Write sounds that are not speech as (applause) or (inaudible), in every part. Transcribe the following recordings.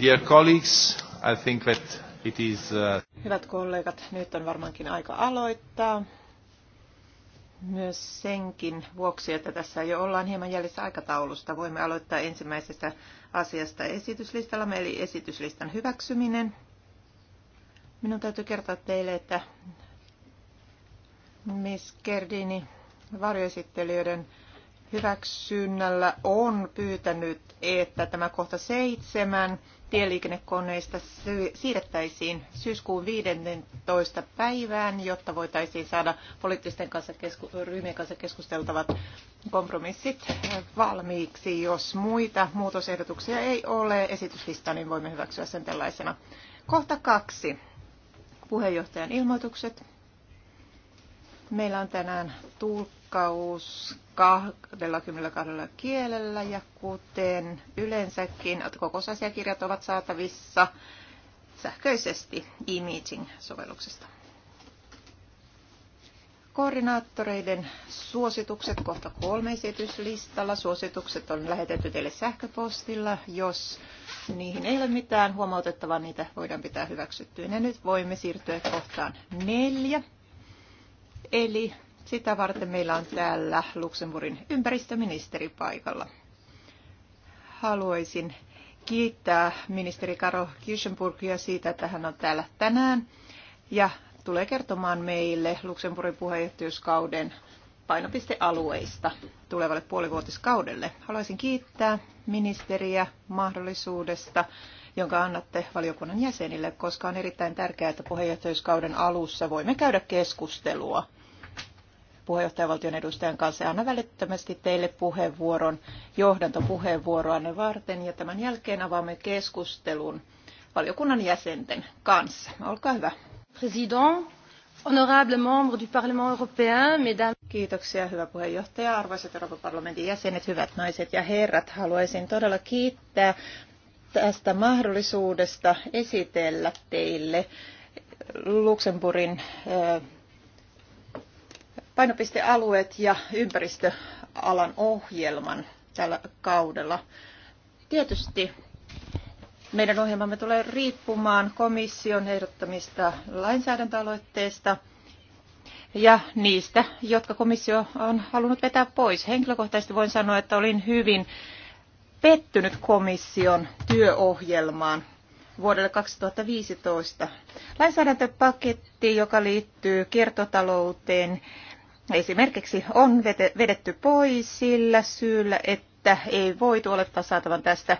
Dear colleagues, I think that it is, uh... Hyvät kollegat, nyt on varmaankin aika aloittaa. Myös senkin vuoksi, että tässä jo ollaan hieman jäljessä aikataulusta, voimme aloittaa ensimmäisestä asiasta esityslistallamme, eli esityslistan hyväksyminen. Minun täytyy kertoa teille, että Miss Gerdini varjoesittelijöiden hyväksynnällä on pyytänyt, että tämä kohta seitsemän tieliikennekoneista siirrettäisiin syyskuun 15. päivään, jotta voitaisiin saada poliittisten kanssa kesku- ryhmien kanssa keskusteltavat kompromissit valmiiksi. Jos muita muutosehdotuksia ei ole esityslista, niin voimme hyväksyä sen tällaisena. Kohta kaksi. Puheenjohtajan ilmoitukset. Meillä on tänään tulkki tulkkaus 22 kielellä ja kuten yleensäkin kokousasiakirjat ovat saatavissa sähköisesti e-meeting-sovelluksesta. Koordinaattoreiden suositukset kohta kolme esityslistalla. Suositukset on lähetetty teille sähköpostilla. Jos niihin ei ole mitään huomautettavaa, niitä voidaan pitää hyväksyttyinä. Nyt voimme siirtyä kohtaan neljä. Eli sitä varten meillä on täällä Luxemburgin ympäristöministeri paikalla. Haluaisin kiittää ministeri Karo Kirchenburgia siitä, että hän on täällä tänään ja tulee kertomaan meille Luxemburgin puheenjohtajuuskauden painopistealueista tulevalle puolivuotiskaudelle. Haluaisin kiittää ministeriä mahdollisuudesta, jonka annatte valiokunnan jäsenille, koska on erittäin tärkeää, että puheenjohtajuuskauden alussa voimme käydä keskustelua puheenjohtajavaltion edustajan kanssa ja annan välittömästi teille puheenvuoron, johdantopuheenvuoroanne varten ja tämän jälkeen avaamme keskustelun valiokunnan jäsenten kanssa. Olkaa hyvä. President, honorable membre du Parlement européen, mesdames... Kiitoksia, hyvä puheenjohtaja, arvoisat Euroopan parlamentin jäsenet, hyvät naiset ja herrat. Haluaisin todella kiittää tästä mahdollisuudesta esitellä teille Luxemburgin painopistealueet ja ympäristöalan ohjelman tällä kaudella. Tietysti meidän ohjelmamme tulee riippumaan komission ehdottamista lainsäädäntöaloitteista ja niistä, jotka komissio on halunnut vetää pois. Henkilökohtaisesti voin sanoa, että olin hyvin pettynyt komission työohjelmaan vuodelle 2015. Lainsäädäntöpaketti, joka liittyy kiertotalouteen esimerkiksi on vedetty pois sillä syyllä, että ei voitu olettaa saatavan tästä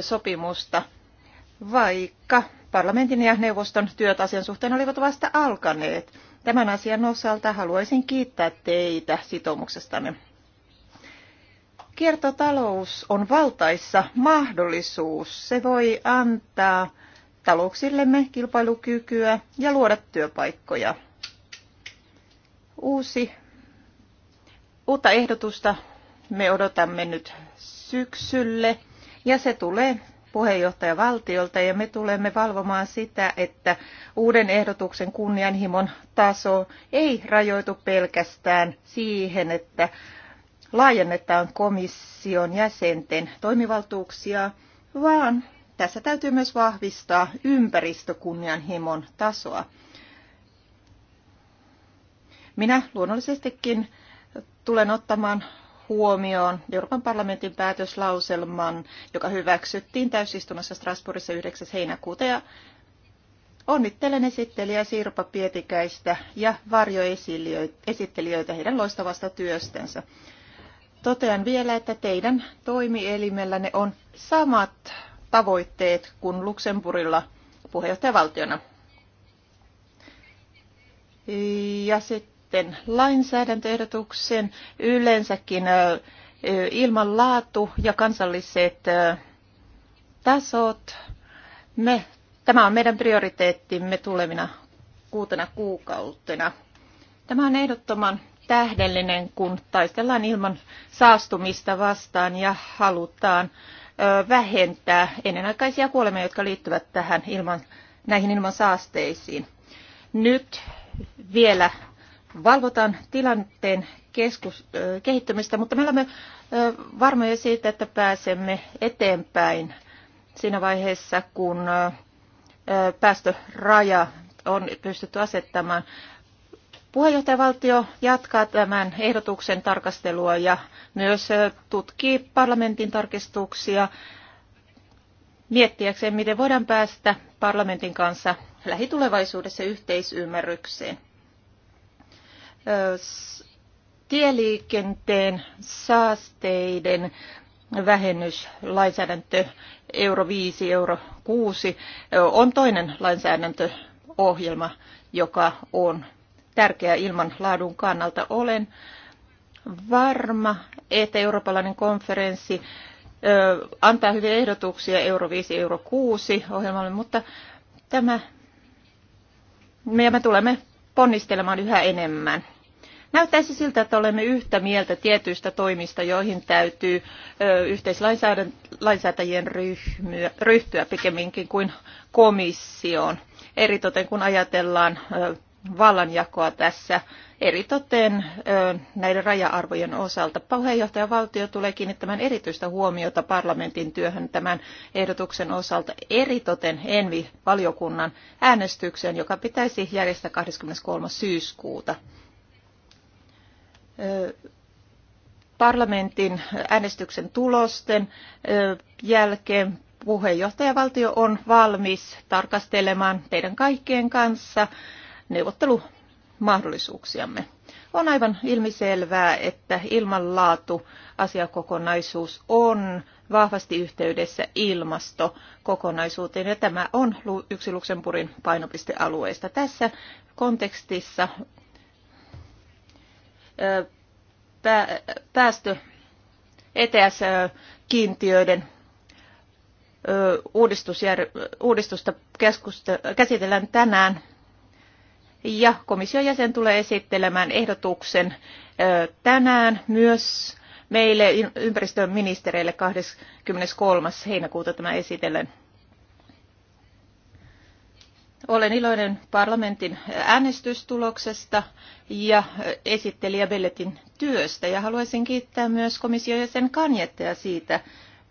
sopimusta, vaikka parlamentin ja neuvoston työt asian suhteen olivat vasta alkaneet. Tämän asian osalta haluaisin kiittää teitä sitoumuksestanne. Kiertotalous on valtaissa mahdollisuus. Se voi antaa talouksillemme kilpailukykyä ja luoda työpaikkoja. Uusi uutta ehdotusta me odotamme nyt syksylle ja se tulee puheenjohtajavaltiolta ja me tulemme valvomaan sitä, että uuden ehdotuksen kunnianhimon taso ei rajoitu pelkästään siihen, että laajennetaan komission jäsenten toimivaltuuksia, vaan tässä täytyy myös vahvistaa ympäristökunnianhimon tasoa. Minä luonnollisestikin tulen ottamaan huomioon Euroopan parlamentin päätöslauselman, joka hyväksyttiin täysistunnossa Strasbourgissa 9. heinäkuuta ja Onnittelen esittelijä Sirpa Pietikäistä ja varjoesittelijöitä heidän loistavasta työstänsä. Totean vielä, että teidän toimielimellänne on samat tavoitteet kuin Luxemburilla puheenjohtajavaltiona. Ja sitten sitten lainsäädäntöehdotuksen, yleensäkin ilmanlaatu ja kansalliset tasot. Me, tämä on meidän prioriteettimme tulevina kuutena kuukautena. Tämä on ehdottoman tähdellinen, kun taistellaan ilman saastumista vastaan ja halutaan vähentää ennenaikaisia kuolemia, jotka liittyvät tähän ilman, näihin ilmansaasteisiin. Nyt vielä valvotaan tilanteen keskus, kehittymistä, mutta me olemme varmoja siitä, että pääsemme eteenpäin siinä vaiheessa, kun päästöraja on pystytty asettamaan. Puheenjohtajavaltio jatkaa tämän ehdotuksen tarkastelua ja myös tutkii parlamentin tarkistuksia miettiäkseen, miten voidaan päästä parlamentin kanssa lähitulevaisuudessa yhteisymmärrykseen tieliikenteen saasteiden vähennyslainsäädäntö euro 5, euro 6 on toinen lainsäädäntöohjelma, joka on tärkeä ilman laadun kannalta. Olen varma, että eurooppalainen konferenssi antaa hyviä ehdotuksia euro 5, euro 6 ohjelmalle, mutta tämä, me, me tulemme ponnistelemaan yhä enemmän. Näyttäisi siltä, että olemme yhtä mieltä tietyistä toimista, joihin täytyy yhteislainsäätäjien ryhtyä pikemminkin kuin komissioon. Eritoten kun ajatellaan vallanjakoa tässä eritoten näiden raja-arvojen osalta. Puheenjohtajavaltio tulee kiinnittämään erityistä huomiota parlamentin työhön tämän ehdotuksen osalta eritoten Envi-valiokunnan äänestykseen, joka pitäisi järjestää 23. syyskuuta parlamentin äänestyksen tulosten jälkeen puheenjohtajavaltio on valmis tarkastelemaan teidän kaikkien kanssa neuvottelumahdollisuuksiamme. On aivan ilmiselvää, että ilmanlaatu asiakokonaisuus on vahvasti yhteydessä ilmastokokonaisuuteen ja tämä on yksi Luxemburgin painopistealueista. Tässä kontekstissa päästö ETS-kiintiöiden uudistusta käsitellään tänään. Ja komission jäsen tulee esittelemään ehdotuksen tänään myös meille ympäristöministereille 23. heinäkuuta tämä esitellään. Olen iloinen parlamentin äänestystuloksesta ja esittelijä Belletin työstä ja haluaisin kiittää myös komission jäsen Kanjettea siitä,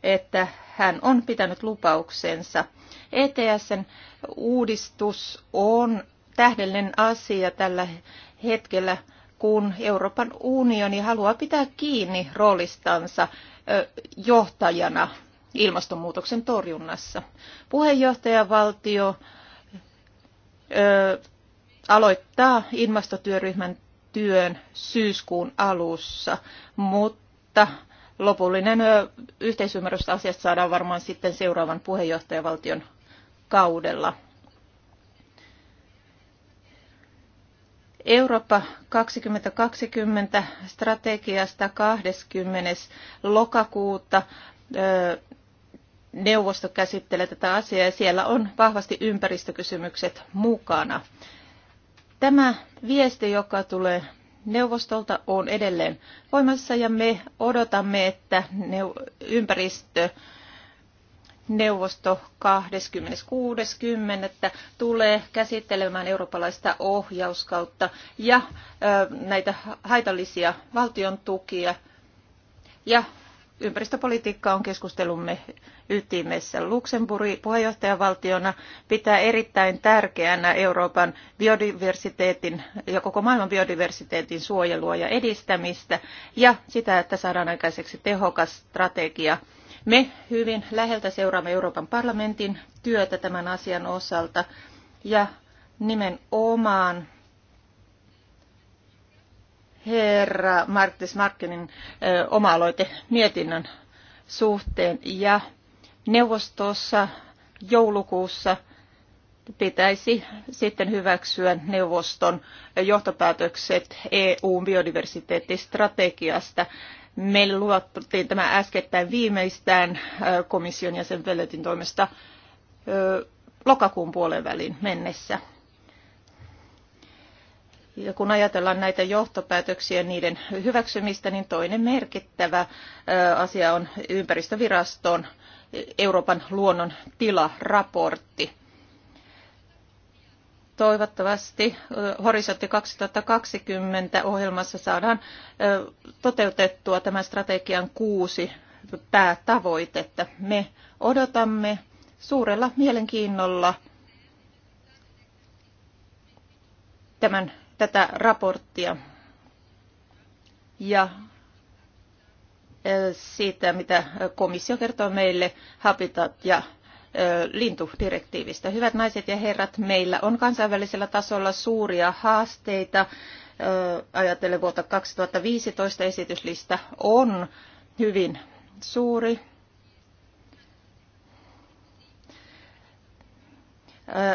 että hän on pitänyt lupauksensa. ETSn uudistus on tähdellinen asia tällä hetkellä, kun Euroopan unioni haluaa pitää kiinni roolistansa johtajana ilmastonmuutoksen torjunnassa. Puheenjohtajavaltio aloittaa ilmastotyöryhmän työn syyskuun alussa, mutta lopullinen yhteisymmärrys asiasta saadaan varmaan sitten seuraavan puheenjohtajavaltion kaudella. Eurooppa 2020 strategiasta 20. lokakuuta neuvosto käsittelee tätä asiaa ja siellä on vahvasti ympäristökysymykset mukana. Tämä viesti, joka tulee neuvostolta, on edelleen voimassa ja me odotamme, että ympäristö neuvosto 26.10. tulee käsittelemään eurooppalaista ohjauskautta ja näitä haitallisia valtion tukia ja ympäristöpolitiikka on keskustelumme ytimessä. Luxemburg puheenjohtajavaltiona pitää erittäin tärkeänä Euroopan biodiversiteetin ja koko maailman biodiversiteetin suojelua ja edistämistä ja sitä, että saadaan aikaiseksi tehokas strategia. Me hyvin läheltä seuraamme Euroopan parlamentin työtä tämän asian osalta ja nimenomaan herra Martis Markkinin oma-aloite mietinnön suhteen. Ja neuvostossa joulukuussa pitäisi sitten hyväksyä neuvoston johtopäätökset EUn biodiversiteettistrategiasta. Meille luottiin tämä äskettäin viimeistään komission sen Velletin toimesta lokakuun puolen väliin mennessä. Ja kun ajatellaan näitä johtopäätöksiä niiden hyväksymistä, niin toinen merkittävä asia on ympäristöviraston Euroopan luonnon tilaraportti. Toivottavasti Horisontti 2020 ohjelmassa saadaan toteutettua tämän strategian kuusi päätavoitetta. Me odotamme suurella mielenkiinnolla tämän tätä raporttia ja siitä, mitä komissio kertoo meille Habitat- ja lintudirektiivistä. Hyvät naiset ja herrat, meillä on kansainvälisellä tasolla suuria haasteita. Ajatellen vuotta 2015 esityslista on hyvin suuri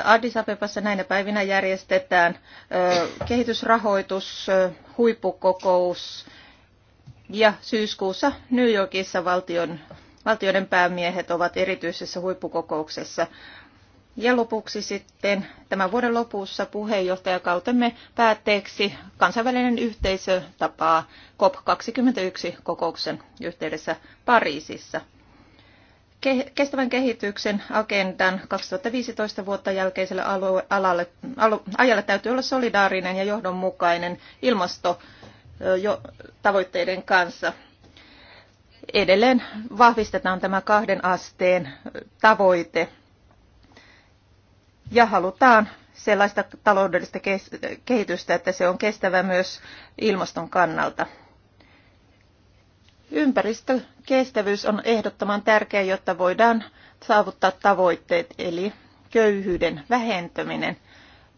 Addis Abebassa näinä päivinä järjestetään kehitysrahoitus, huippukokous ja syyskuussa New Yorkissa valtion, valtioiden päämiehet ovat erityisessä huippukokouksessa. Ja lopuksi sitten tämän vuoden lopussa puheenjohtajakautemme päätteeksi kansainvälinen yhteisö tapaa COP21 kokouksen yhteydessä Pariisissa – kestävän kehityksen agendan 2015 vuotta jälkeiselle alue, alalle, alu, ajalle täytyy olla solidaarinen ja johdonmukainen ilmastotavoitteiden kanssa. Edelleen vahvistetaan tämä kahden asteen tavoite ja halutaan sellaista taloudellista kehitystä, että se on kestävä myös ilmaston kannalta. Ympäristökestävyys on ehdottoman tärkeä, jotta voidaan saavuttaa tavoitteet, eli köyhyyden vähentäminen.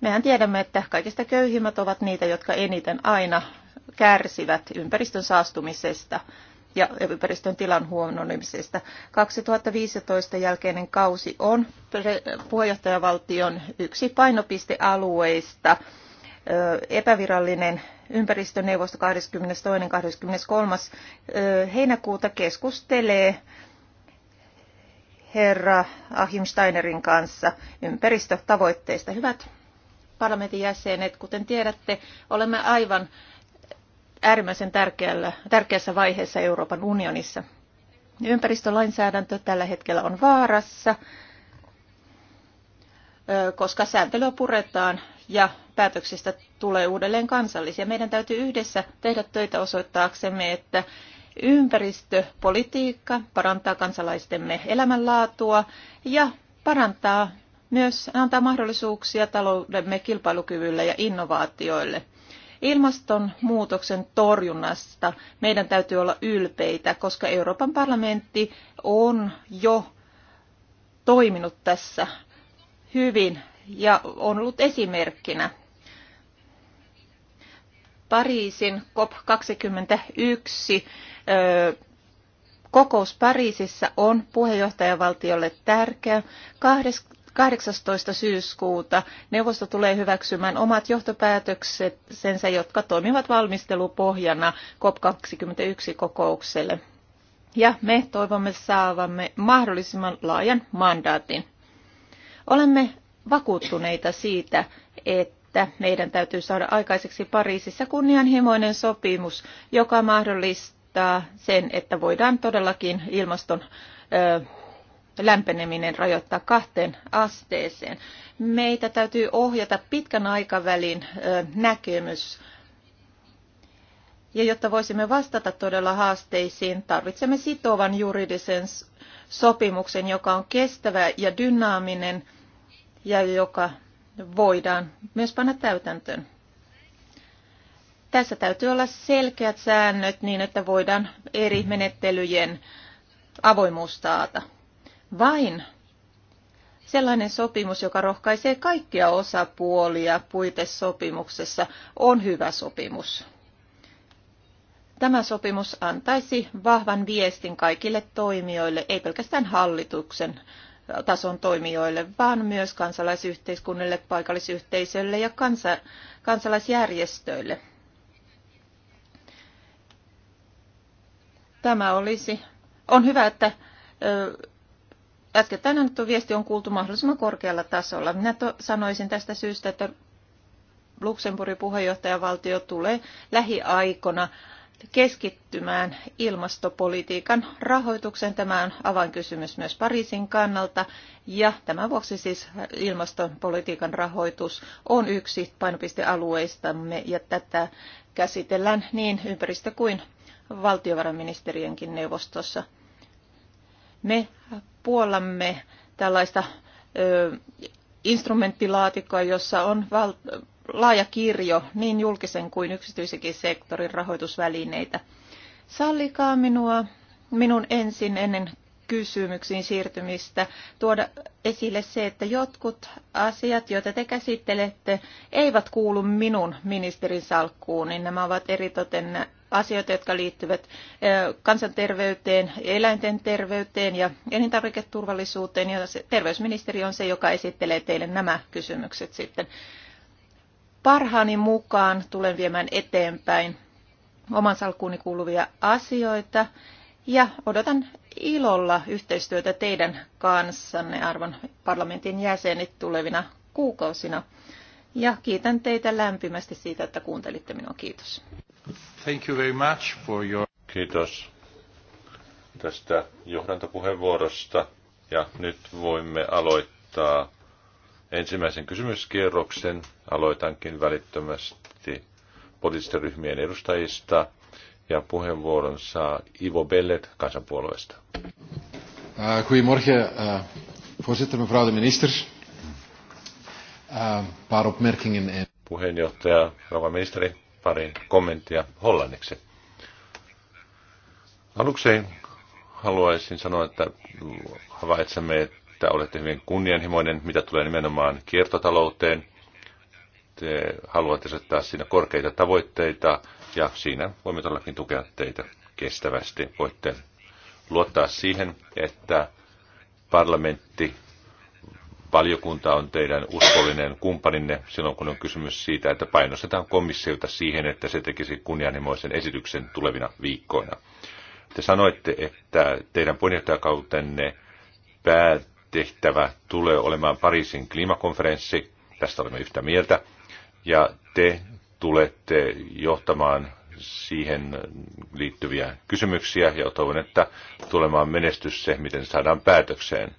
Mehän tiedämme, että kaikista köyhimmät ovat niitä, jotka eniten aina kärsivät ympäristön saastumisesta ja ympäristön tilan huononemisesta. 2015 jälkeinen kausi on puheenjohtajavaltion yksi painopistealueista epävirallinen ympäristöneuvosto 22. 23. heinäkuuta keskustelee herra Ahim Steinerin kanssa ympäristötavoitteista. Hyvät parlamentin jäsenet, kuten tiedätte, olemme aivan äärimmäisen tärkeällä, tärkeässä vaiheessa Euroopan unionissa. Ympäristölainsäädäntö tällä hetkellä on vaarassa, koska sääntelyä puretaan ja päätöksistä tulee uudelleen kansallisia. Meidän täytyy yhdessä tehdä töitä osoittaaksemme, että ympäristöpolitiikka parantaa kansalaistemme elämänlaatua ja parantaa myös antaa mahdollisuuksia taloudemme kilpailukyvylle ja innovaatioille. Ilmastonmuutoksen torjunnasta meidän täytyy olla ylpeitä, koska Euroopan parlamentti on jo toiminut tässä hyvin ja on ollut esimerkkinä. Pariisin COP21 kokous Pariisissa on puheenjohtajavaltiolle tärkeä. 18. syyskuuta neuvosto tulee hyväksymään omat johtopäätöksensä, jotka toimivat valmistelupohjana COP21 kokoukselle. Ja me toivomme saavamme mahdollisimman laajan mandaatin. Olemme vakuuttuneita siitä, että meidän täytyy saada aikaiseksi Pariisissa kunnianhimoinen sopimus, joka mahdollistaa sen, että voidaan todellakin ilmaston lämpeneminen rajoittaa kahteen asteeseen. Meitä täytyy ohjata pitkän aikavälin näkemys ja jotta voisimme vastata todella haasteisiin, tarvitsemme sitovan juridisen sopimuksen, joka on kestävä ja dynaaminen ja joka voidaan myös panna täytäntöön. Tässä täytyy olla selkeät säännöt niin, että voidaan eri menettelyjen avoimuus taata. Vain sellainen sopimus, joka rohkaisee kaikkia osapuolia puitesopimuksessa, on hyvä sopimus. Tämä sopimus antaisi vahvan viestin kaikille toimijoille, ei pelkästään hallituksen, tason toimijoille, vaan myös kansalaisyhteiskunnille, paikallisyhteisöille ja kansa, kansalaisjärjestöille. Tämä olisi. On hyvä, että äskettäin annettu viesti on kuultu mahdollisimman korkealla tasolla. Minä to, sanoisin tästä syystä, että Luxemburgin puheenjohtajavaltio tulee lähiaikoina keskittymään ilmastopolitiikan rahoitukseen. Tämä on avainkysymys myös Pariisin kannalta ja tämän vuoksi siis ilmastopolitiikan rahoitus on yksi painopistealueistamme ja tätä käsitellään niin ympäristö- kuin valtiovarainministeriönkin neuvostossa. Me puolamme tällaista ö, instrumenttilaatikkoa, jossa on val- laaja kirjo niin julkisen kuin yksityisenkin sektorin rahoitusvälineitä. Sallikaa minua minun ensin ennen kysymyksiin siirtymistä tuoda esille se, että jotkut asiat, joita te käsittelette, eivät kuulu minun ministerin salkkuun, niin nämä ovat eritoten asioita, jotka liittyvät kansanterveyteen, eläinten terveyteen ja elintarviketurvallisuuteen. Ja terveysministeri on se, joka esittelee teille nämä kysymykset sitten. Parhaani mukaan tulen viemään eteenpäin oman salkkuuni kuuluvia asioita ja odotan ilolla yhteistyötä teidän kanssanne, arvon parlamentin jäsenet, tulevina kuukausina. Ja kiitän teitä lämpimästi siitä, että kuuntelitte minua. Kiitos. Thank you very much for your... Kiitos tästä johdantopuheenvuorosta. Ja nyt voimme aloittaa Ensimmäisen kysymyskierroksen aloitankin välittömästi poliittisten ryhmien edustajista ja puheenvuoron saa Ivo Bellet kansanpuolueesta. Eh, goedemorgen, eh, voorzitter, mevrouw de minister. Eh, paar opmerkingen. Puheenjohtaja, rouva ministeri, pari kommenttia hollanniksi. Aluksi haluaisin sanoa, että havaitsemme, että että olette hyvin kunnianhimoinen, mitä tulee nimenomaan kiertotalouteen. Te haluatte asettaa siinä korkeita tavoitteita ja siinä voimme todellakin tukea teitä kestävästi. Voitte luottaa siihen, että parlamentti, valiokunta on teidän uskollinen kumppaninne silloin, kun on kysymys siitä, että painostetaan komissiota siihen, että se tekisi kunnianhimoisen esityksen tulevina viikkoina. Te sanoitte, että teidän puheenjohtajakautenne päät tehtävä tulee olemaan Pariisin klimakonferenssi. Tästä olemme yhtä mieltä. Ja te tulette johtamaan siihen liittyviä kysymyksiä ja toivon, että tulemaan menestys se, miten saadaan päätökseen.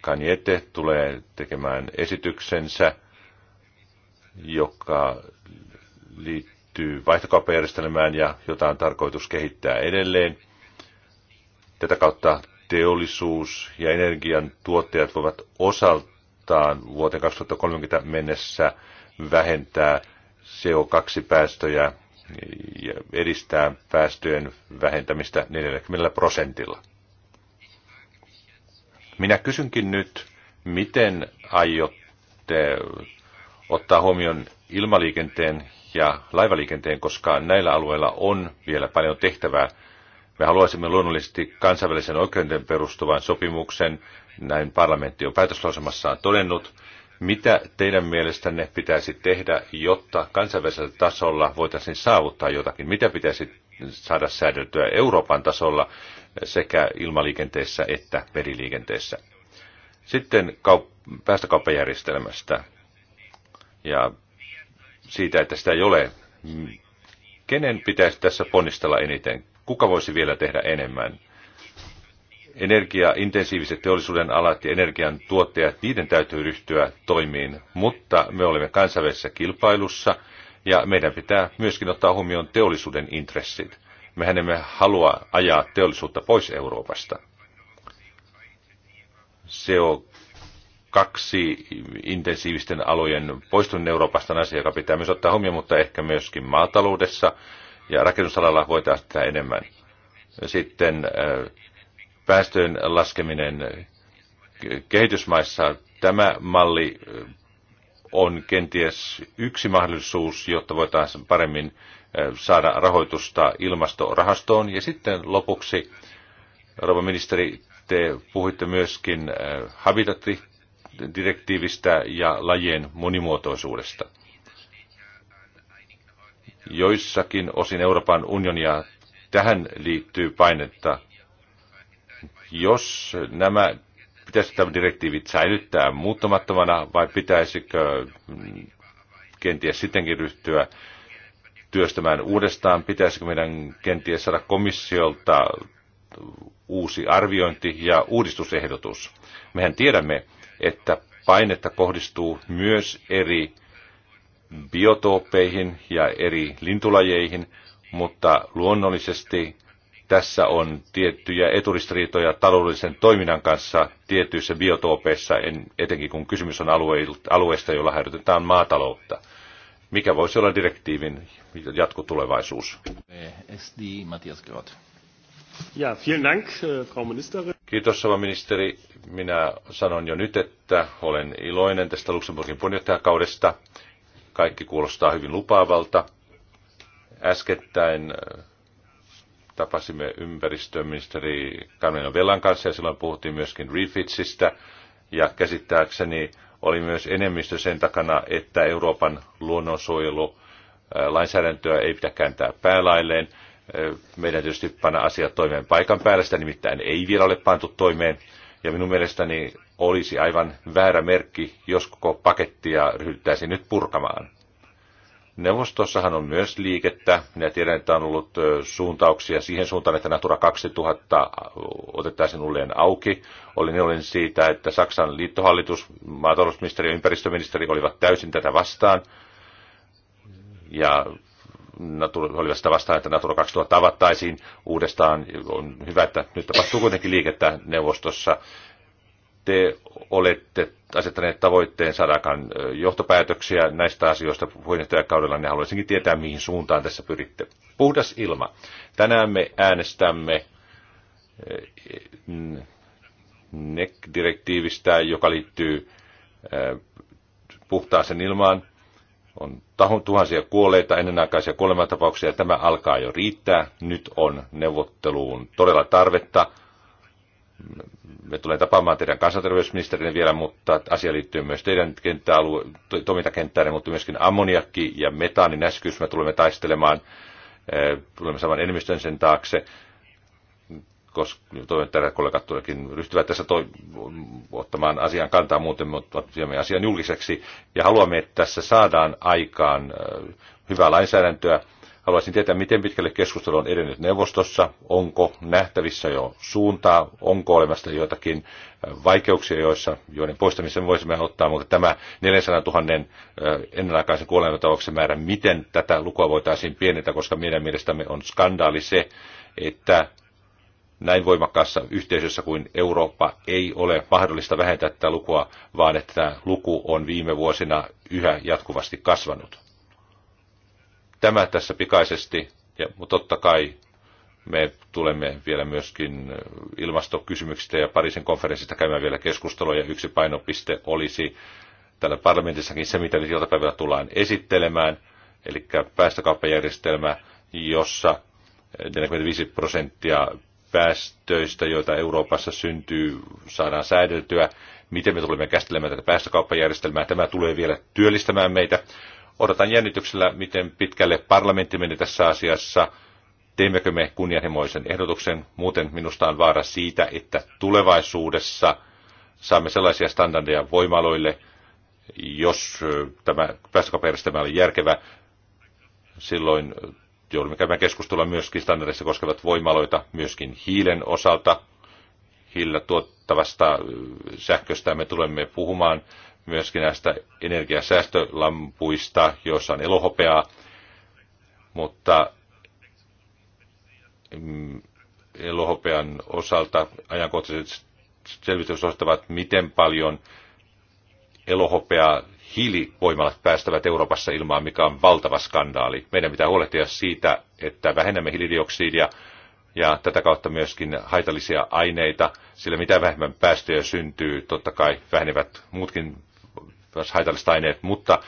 Kaniete tulee tekemään esityksensä, joka liittyy vaihtokauppajärjestelmään ja jota on tarkoitus kehittää edelleen. Tätä kautta teollisuus ja energian tuottajat voivat osaltaan vuoteen 2030 mennessä vähentää CO2-päästöjä ja edistää päästöjen vähentämistä 40 prosentilla. Minä kysynkin nyt, miten aiotte ottaa huomioon ilmaliikenteen ja laivaliikenteen, koska näillä alueilla on vielä paljon tehtävää me haluaisimme luonnollisesti kansainvälisen oikeuden perustuvan sopimuksen, näin parlamentti on päätöslausemassaan todennut. Mitä teidän mielestänne pitäisi tehdä, jotta kansainvälisellä tasolla voitaisiin saavuttaa jotakin? Mitä pitäisi saada säädeltyä Euroopan tasolla sekä ilmaliikenteessä että meriliikenteessä? Sitten kaup- päästökauppajärjestelmästä ja siitä, että sitä ei ole. Kenen pitäisi tässä ponnistella eniten? Kuka voisi vielä tehdä enemmän? energiaintensiiviset teollisuuden alat ja energian tuottajat, niiden täytyy ryhtyä toimiin, mutta me olemme kansainvälisessä kilpailussa ja meidän pitää myöskin ottaa huomioon teollisuuden intressit. Mehän emme halua ajaa teollisuutta pois Euroopasta. CO2-intensiivisten alojen poistuminen Euroopasta on asia, joka pitää myös ottaa huomioon, mutta ehkä myöskin maataloudessa – ja rakennusalalla voitaisiin tehdä enemmän. Sitten päästöjen äh, laskeminen kehitysmaissa. Tämä malli äh, on kenties yksi mahdollisuus, jotta voitaisiin paremmin äh, saada rahoitusta ilmastorahastoon. Ja sitten lopuksi, rouva ministeri, te puhuitte myöskin direktiivistä ja lajien monimuotoisuudesta joissakin osin Euroopan unionia tähän liittyy painetta. Jos nämä, pitäisikö tämä direktiivit säilyttää muuttamattomana vai pitäisikö kenties sittenkin ryhtyä työstämään uudestaan? Pitäisikö meidän kenties saada komissiolta uusi arviointi ja uudistusehdotus? Mehän tiedämme, että painetta kohdistuu myös eri biotooppeihin ja eri lintulajeihin, mutta luonnollisesti tässä on tiettyjä eturistiriitoja taloudellisen toiminnan kanssa tietyissä biotoopeissa, etenkin kun kysymys on alueista, joilla harjoitetaan maataloutta. Mikä voisi olla direktiivin jatkotulevaisuus? E SD Matias Grot. Ja, vielen Dank, äh, Frau Ministerin. Kiitos, sama ministeri. Minä sanon jo nyt, että olen iloinen tästä Luxemburgin puheenjohtajakaudesta. Kaikki kuulostaa hyvin lupaavalta. Äskettäin äh, tapasimme ympäristöministeri Karmelo Vellan kanssa ja silloin puhuttiin myöskin refitsistä. Ja käsittääkseni oli myös enemmistö sen takana, että Euroopan luonnonsuojelu äh, lainsäädäntöä ei pidä kääntää päälailleen. Äh, meidän tietysti panna asiat toimeen paikan päällä, sitä nimittäin ei vielä ole pantu toimeen. Ja minun mielestäni olisi aivan väärä merkki, jos koko pakettia ryhdyttäisiin nyt purkamaan. Neuvostossahan on myös liikettä. Minä tiedän, että on ollut suuntauksia siihen suuntaan, että Natura 2000 otettaisiin uudelleen auki. Olin olin siitä, että Saksan liittohallitus, maatalousministeri ja ympäristöministeri olivat täysin tätä vastaan. Ja olivat sitä vastaan, että Natura 2000 avattaisiin uudestaan. On hyvä, että nyt tapahtuu kuitenkin liikettä neuvostossa te olette asettaneet tavoitteen sadakan johtopäätöksiä näistä asioista puheenjohtajakaudella, niin haluaisinkin tietää, mihin suuntaan tässä pyritte. Puhdas ilma. Tänään me äänestämme NEC-direktiivistä, joka liittyy puhtaaseen ilmaan. On tahon tuhansia kuolleita, ennenaikaisia kuolemantapauksia. Tämä alkaa jo riittää. Nyt on neuvotteluun todella tarvetta me tulee tapaamaan teidän kansanterveysministerinne vielä, mutta asia liittyy myös teidän kenttäalue, toimintakenttäänne, mutta myöskin ammoniakki ja metaani näskyys. Me tulemme taistelemaan, eh, tulemme saman enemmistön sen taakse, koska toivon, että täällä kollegat tulekin ryhtyvät tässä toi, ottamaan asian kantaa muuten, mutta viemme asian julkiseksi. Ja haluamme, että tässä saadaan aikaan eh, hyvää lainsäädäntöä, Haluaisin tietää, miten pitkälle keskustelu on edennyt neuvostossa, onko nähtävissä jo suuntaa, onko olemassa joitakin äh, vaikeuksia, joissa, joiden poistamisen voisimme ottaa, mutta tämä 400 000 äh, ennenaikaisen kuolematauksen määrä, miten tätä lukua voitaisiin pienentää, koska meidän mielestämme on skandaali se, että näin voimakkaassa yhteisössä kuin Eurooppa ei ole mahdollista vähentää tätä lukua, vaan että tämä luku on viime vuosina yhä jatkuvasti kasvanut tämä tässä pikaisesti, ja, mutta totta kai me tulemme vielä myöskin ilmastokysymyksistä ja Pariisin konferenssista käymään vielä keskustelua, ja yksi painopiste olisi täällä parlamentissakin se, mitä nyt iltapäivällä tullaan esittelemään, eli päästökauppajärjestelmä, jossa 45 prosenttia päästöistä, joita Euroopassa syntyy, saadaan säädeltyä. Miten me tulemme käsittelemään tätä päästökauppajärjestelmää? Tämä tulee vielä työllistämään meitä, Odotan jännityksellä, miten pitkälle parlamentti meni tässä asiassa. Teimmekö me kunnianhimoisen ehdotuksen? Muuten minusta on vaara siitä, että tulevaisuudessa saamme sellaisia standardeja voimaloille, jos tämä päästökauppajärjestelmä oli järkevä, silloin joudumme käymään keskustelua myöskin standardeissa koskevat voimaloita, myöskin hiilen osalta. Hiilillä tuottavasta sähköstä me tulemme puhumaan myöskin näistä energiasäästölampuista, joissa on elohopeaa, mutta mm, elohopean osalta ajankohtaiset selvitykset osoittavat, miten paljon elohopeaa hiilivoimalat päästävät Euroopassa ilmaan, mikä on valtava skandaali. Meidän pitää huolehtia siitä, että vähennämme hiilidioksidia ja tätä kautta myöskin haitallisia aineita, sillä mitä vähemmän päästöjä syntyy, totta kai vähenevät muutkin myös äh, haitalliset aineet, mutta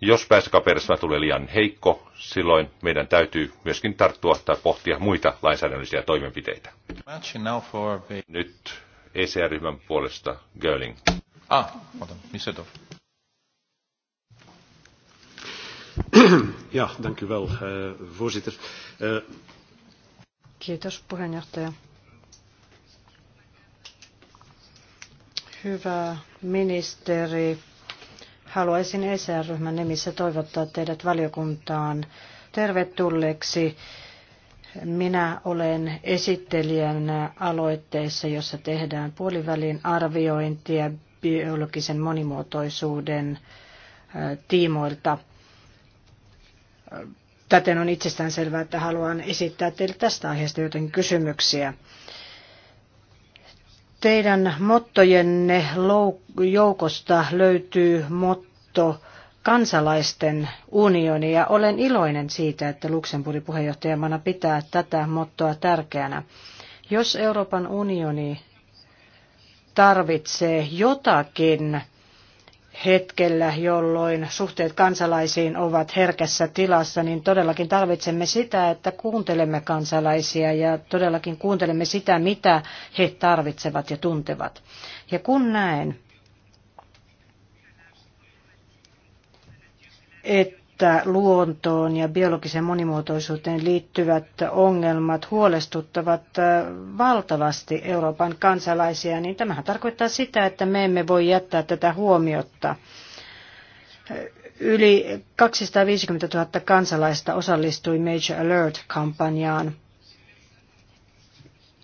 jos päästökaupajärjestelmä tulee liian heikko, silloin meidän täytyy myöskin tarttua tai pohtia muita lainsäädännöllisiä toimenpiteitä. Nyt ECR-ryhmän puolesta Görling. Ah, otan, missä tuo? Ja, dank u wel, äh, voorzitter. Äh, Kiitos, puheenjohtaja. Hyvä ministeri, Haluaisin ECR-ryhmän nimissä toivottaa teidät valiokuntaan tervetulleeksi. Minä olen esittelijänä aloitteessa, jossa tehdään puolivälin arviointia biologisen monimuotoisuuden äh, tiimoilta. Täten on itsestään selvää, että haluan esittää teille tästä aiheesta jotenkin kysymyksiä. Teidän mottojenne joukosta löytyy motto kansalaisten unioni ja olen iloinen siitä, että Luxemburgin puheenjohtajamana pitää tätä mottoa tärkeänä. Jos Euroopan unioni tarvitsee jotakin hetkellä, jolloin suhteet kansalaisiin ovat herkässä tilassa, niin todellakin tarvitsemme sitä, että kuuntelemme kansalaisia ja todellakin kuuntelemme sitä, mitä he tarvitsevat ja tuntevat. Ja kun näen, että että luontoon ja biologiseen monimuotoisuuteen liittyvät ongelmat huolestuttavat äh, valtavasti Euroopan kansalaisia, niin tämähän tarkoittaa sitä, että me emme voi jättää tätä huomiota. Yli 250 000 kansalaista osallistui Major Alert-kampanjaan.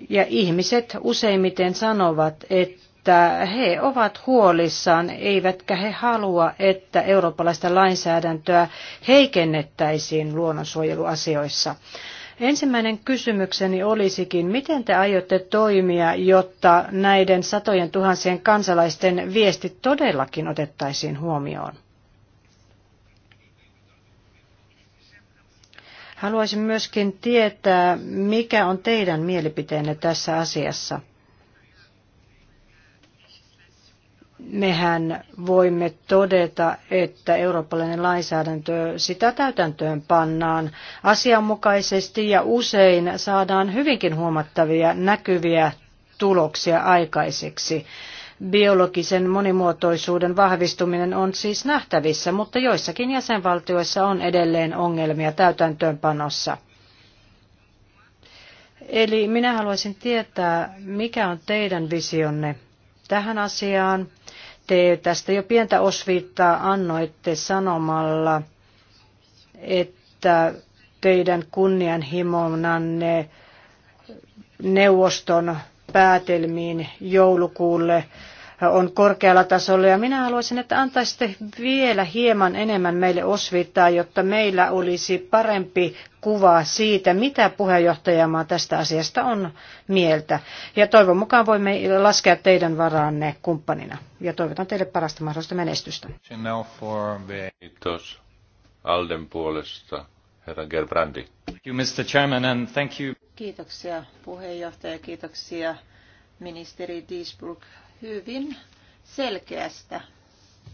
Ja ihmiset useimmiten sanovat, että että he ovat huolissaan, eivätkä he halua, että eurooppalaista lainsäädäntöä heikennettäisiin luonnonsuojeluasioissa. Ensimmäinen kysymykseni olisikin, miten te aiotte toimia, jotta näiden satojen tuhansien kansalaisten viesti todellakin otettaisiin huomioon? Haluaisin myöskin tietää, mikä on teidän mielipiteenne tässä asiassa. mehän voimme todeta, että eurooppalainen lainsäädäntö sitä täytäntöön pannaan asianmukaisesti ja usein saadaan hyvinkin huomattavia näkyviä tuloksia aikaiseksi. Biologisen monimuotoisuuden vahvistuminen on siis nähtävissä, mutta joissakin jäsenvaltioissa on edelleen ongelmia täytäntöönpanossa. Eli minä haluaisin tietää, mikä on teidän visionne tähän asiaan te tästä jo pientä osviittaa annoitte sanomalla, että teidän kunnianhimonanne neuvoston päätelmiin joulukuulle on korkealla tasolla. Ja minä haluaisin, että antaisitte vielä hieman enemmän meille osviittaa, jotta meillä olisi parempi kuva siitä, mitä puheenjohtajamaa tästä asiasta on mieltä. Ja toivon mukaan voimme laskea teidän varaanne kumppanina. Ja toivotan teille parasta mahdollista menestystä. Kiitos Alden puolesta herra Gerbrandi. Mr. Chairman, and thank you. Kiitoksia puheenjohtaja, kiitoksia ministeri Diesbrook hyvin selkeästä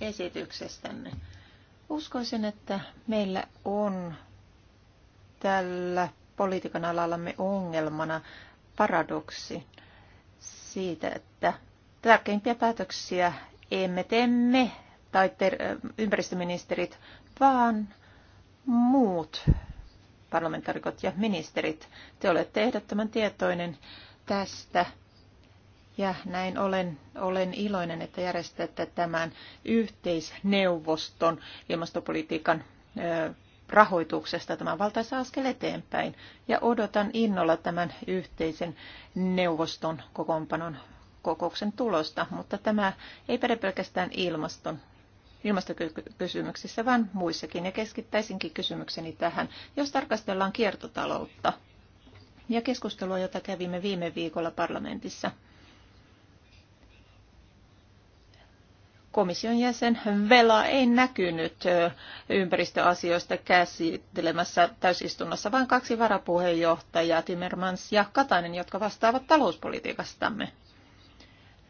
esityksestänne. Uskoisin, että meillä on tällä politiikan alallamme ongelmana paradoksi siitä, että tärkeimpiä päätöksiä emme me tai ter- ympäristöministerit, vaan muut parlamentaarikot ja ministerit. Te olette ehdottoman tietoinen tästä ja näin olen, olen iloinen, että järjestätte tämän yhteisneuvoston ilmastopolitiikan rahoituksesta tämän valtaisa askel eteenpäin ja odotan innolla tämän yhteisen neuvoston kokoonpanon kokouksen tulosta, mutta tämä ei päde pelkästään ilmaston ilmastokysymyksissä, vaan muissakin, ja keskittäisinkin kysymykseni tähän, jos tarkastellaan kiertotaloutta ja keskustelua, jota kävimme viime viikolla parlamentissa – komission jäsen Vela ei näkynyt ympäristöasioista käsittelemässä täysistunnossa, vaan kaksi varapuheenjohtajaa, Timmermans ja Katainen, jotka vastaavat talouspolitiikastamme.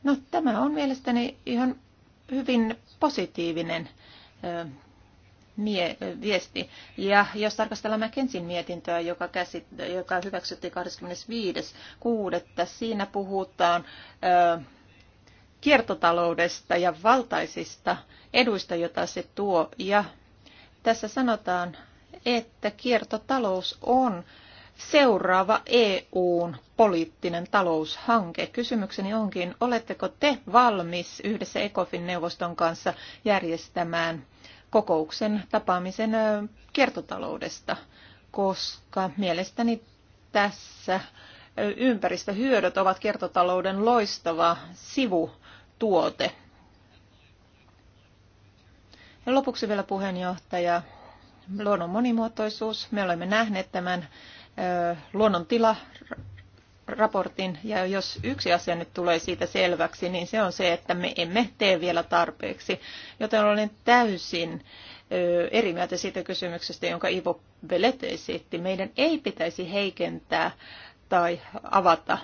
No, tämä on mielestäni ihan hyvin positiivinen mie- viesti. Ja jos tarkastellaan McKensin mietintöä, joka, käsit- joka hyväksyttiin 25.6., siinä puhutaan kiertotaloudesta ja valtaisista eduista, joita se tuo. Ja tässä sanotaan, että kiertotalous on seuraava EUn poliittinen taloushanke. Kysymykseni onkin, oletteko te valmis yhdessä ECOFIN-neuvoston kanssa järjestämään kokouksen tapaamisen kiertotaloudesta, koska mielestäni tässä ympäristöhyödyt ovat kiertotalouden loistava sivu tuote. Ja lopuksi vielä puheenjohtaja. Luonnon monimuotoisuus. Me olemme nähneet tämän luonnon tila raportin, ja jos yksi asia nyt tulee siitä selväksi, niin se on se, että me emme tee vielä tarpeeksi. Joten olen täysin eri mieltä siitä kysymyksestä, jonka Ivo Velet esitti. Meidän ei pitäisi heikentää tai avata